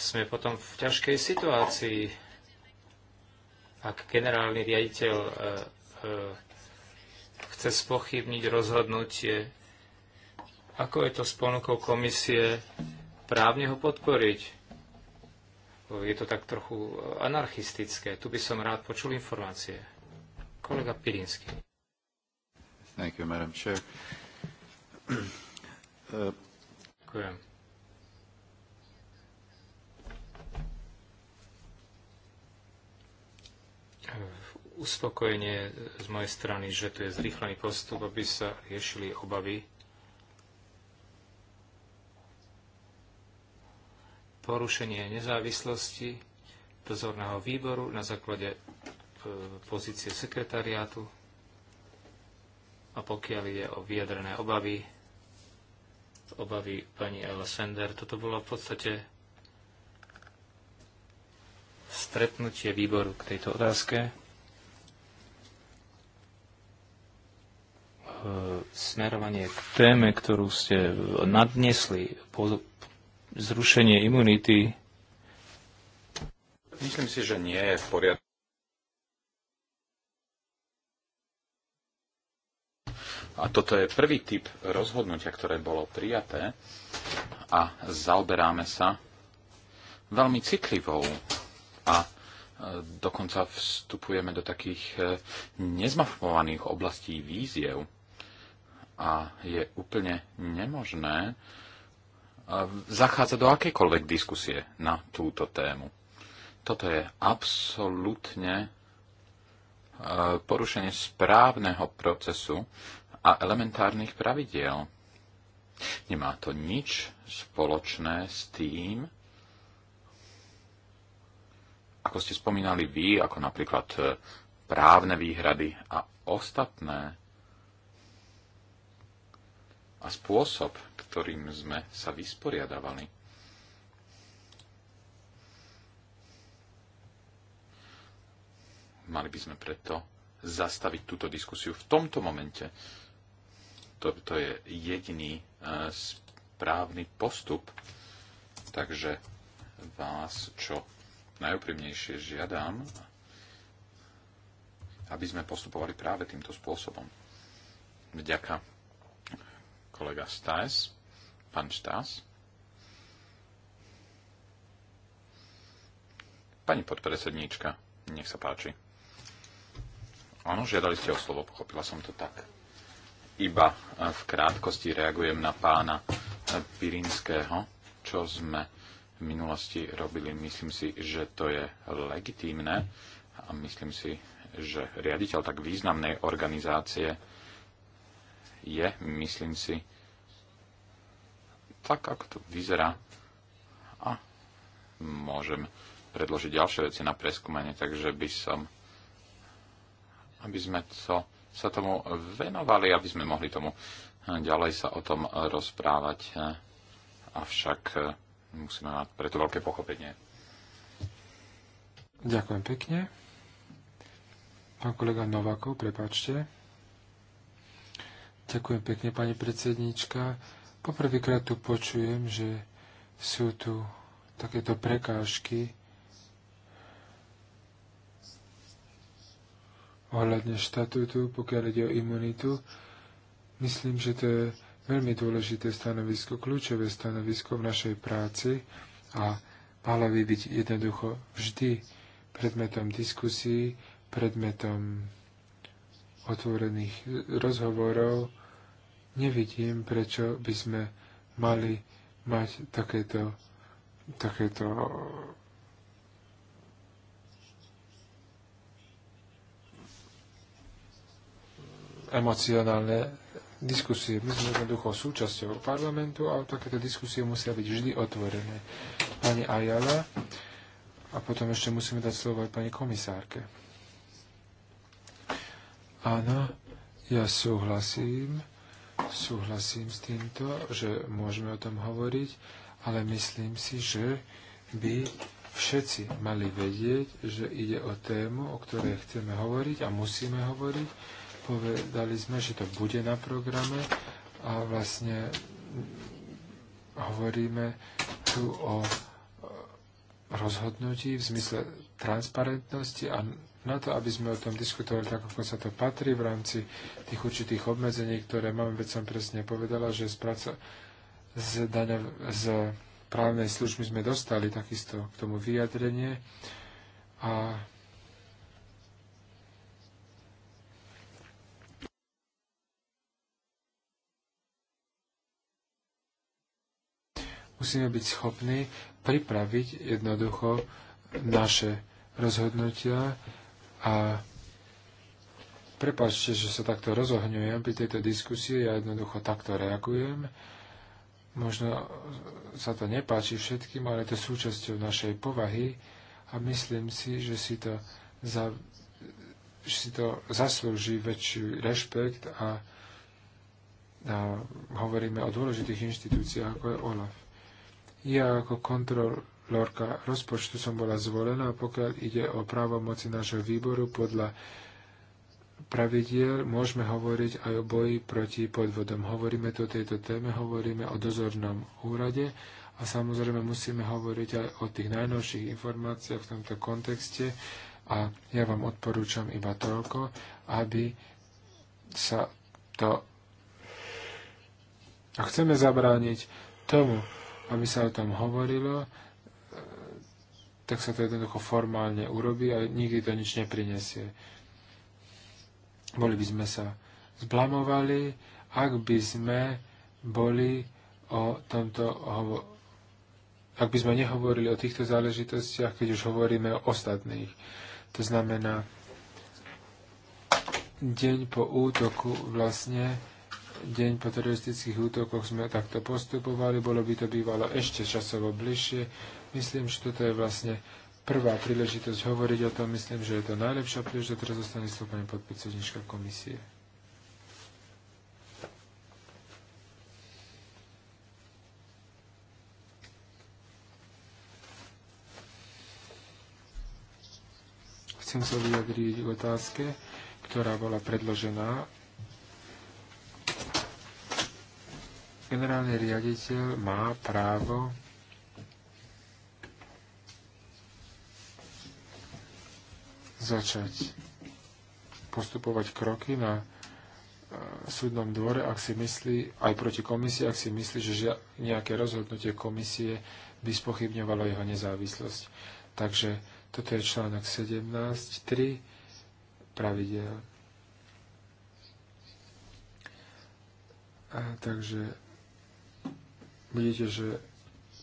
Sme potom v ťažkej situácii, ak generálny riaditeľ e, e, chce spochybniť rozhodnutie. Ako je to s ponukou komisie právne ho podporiť? Je to tak trochu anarchistické. Tu by som rád počul informácie. Kolega Pirinsky. Thank you, Madam Chair. *clears throat* Uh... Ďakujem uspokojenie z mojej strany, že tu je zrýchlený postup, aby sa riešili obavy porušenie nezávislosti dozorného výboru na základe e, pozície sekretariátu a pokiaľ ide o vyjadrené obavy, obavy pani Ella Sender, toto bolo v podstate stretnutie výboru k tejto otázke. E, smerovanie k téme, ktorú ste nadnesli, po zrušenie imunity. Myslím si, že nie je v poriadku. A toto je prvý typ rozhodnutia, ktoré bolo prijaté a zaoberáme sa veľmi citlivou a e, dokonca vstupujeme do takých e, nezmafovaných oblastí víziev a je úplne nemožné eh, zachádzať do akékoľvek diskusie na túto tému. Toto je absolútne eh, porušenie správneho procesu a elementárnych pravidiel. Nemá to nič spoločné s tým, ako ste spomínali vy, ako napríklad eh, právne výhrady a ostatné a spôsob, ktorým sme sa vysporiadavali. Mali by sme preto zastaviť túto diskusiu v tomto momente. To, to je jediný e, správny postup. Takže vás čo najúprimnejšie žiadam, aby sme postupovali práve týmto spôsobom. Ďakujem kolega Stas, pán Stas. Pani podpredsedníčka, nech sa páči. Áno, žiadali ste o slovo, pochopila som to tak. Iba e, v krátkosti reagujem na pána e, Pirinského, čo sme v minulosti robili. Myslím si, že to je legitímne a myslím si, že riaditeľ tak významnej organizácie je, myslím si, tak, ako to vyzerá. A môžem predložiť ďalšie veci na preskúmanie, takže by som, aby sme to, sa tomu venovali, aby sme mohli tomu ďalej sa o tom rozprávať. Avšak musíme mať preto veľké pochopenie. Ďakujem pekne. Pán kolega Novakov, prepáčte. Ďakujem pekne, pani predsednička. Poprvýkrát tu počujem, že sú tu takéto prekážky ohľadne štatútu, pokiaľ ide o imunitu. Myslím, že to je veľmi dôležité stanovisko, kľúčové stanovisko v našej práci a malo by byť jednoducho vždy predmetom diskusí, predmetom otvorených rozhovorov nevidím, prečo by sme mali mať takéto, takéto emocionálne diskusie. My sme jednoducho súčasťou parlamentu a takéto diskusie musia byť vždy otvorené. Pani Ajala a potom ešte musíme dať slovo aj pani komisárke. Áno, ja súhlasím súhlasím s týmto, že môžeme o tom hovoriť, ale myslím si, že by všetci mali vedieť, že ide o tému, o ktorej chceme hovoriť a musíme hovoriť. Povedali sme, že to bude na programe a vlastne hovoríme tu o rozhodnutí v zmysle transparentnosti a na to, aby sme o tom diskutovali tak, ako sa to patrí v rámci tých určitých obmedzení, ktoré máme, veď som presne povedala, že z, praca, z, daňa, z právnej služby sme dostali takisto k tomu vyjadrenie a musíme byť schopní pripraviť jednoducho naše rozhodnutia a prepačte, že sa takto rozohňujem pri tejto diskusii, ja jednoducho takto reagujem. Možno sa to nepáči všetkým, ale to súčasťou našej povahy a myslím si, že si to, za, že si to zaslúži väčší rešpekt a, a hovoríme o dôležitých inštitúciách ako je OLAF. Ja ako kontrol Lorka rozpočtu som bola zvolená, pokiaľ ide o právomoci nášho výboru podľa pravidiel môžeme hovoriť aj o boji proti podvodom. Hovoríme tu o tejto téme, hovoríme o dozornom úrade a samozrejme musíme hovoriť aj o tých najnovších informáciách v tomto kontexte a ja vám odporúčam iba toľko, aby sa to... A chceme zabrániť tomu, aby sa o tom hovorilo, tak sa to jednoducho formálne urobí a nikdy to nič neprinesie. Boli by sme sa zblamovali, ak by sme boli o tomto ak by sme nehovorili o týchto záležitostiach, keď už hovoríme o ostatných. To znamená, deň po útoku vlastne, deň po teroristických útokoch sme takto postupovali, bolo by to bývalo ešte časovo bližšie, Myslím, že toto je vlastne prvá príležitosť hovoriť o tom. Myslím, že je to najlepšia príležitosť. Teraz zostane slovo pani podpredsednička komisie. chcem sa vyjadriť k otázke, ktorá bola predložená. Generálny riaditeľ má právo začať postupovať kroky na e, súdnom dvore, ak si myslí, aj proti komisii, ak si myslí, že nejaké rozhodnutie komisie by spochybňovalo jeho nezávislosť. Takže toto je článok 17.3 pravidel. A takže vidíte, že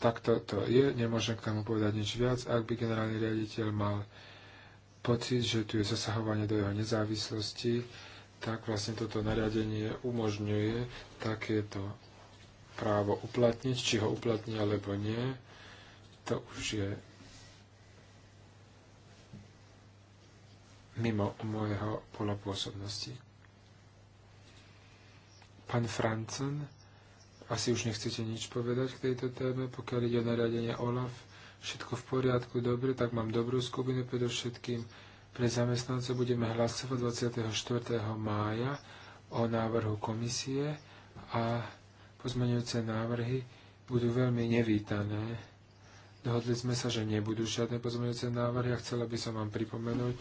takto to je, nemôžem k tomu povedať nič viac. Ak by generálny riaditeľ mal pocit, že tu je zasahovanie do jeho nezávislosti, tak vlastne toto nariadenie umožňuje takéto právo uplatniť, či ho uplatní alebo nie. To už je mimo môjho pola pôsobnosti. Pán Francen, asi už nechcete nič povedať k tejto téme, pokiaľ ide o nariadenie OLAF? všetko v poriadku, dobre, tak mám dobrú skupinu predovšetkým. Pre zamestnancov budeme hlasovať 24. mája o návrhu komisie a pozmeňujúce návrhy budú veľmi nevítané. Dohodli sme sa, že nebudú žiadne pozmeňujúce návrhy a chcela by som vám pripomenúť,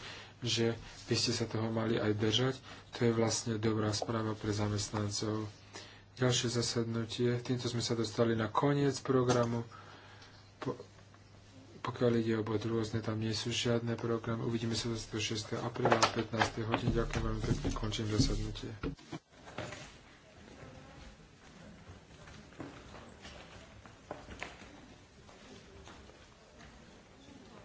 že by ste sa toho mali aj držať. To je vlastne dobrá správa pre zamestnancov. Ďalšie zasadnutie. Týmto sme sa dostali na koniec programu. Po pokiaľ ide o bod rôzne, tam nie sú žiadne programy. Uvidíme sa 26. apríla o 15. hodine. Ďakujem veľmi pekne. Končím zasadnutie.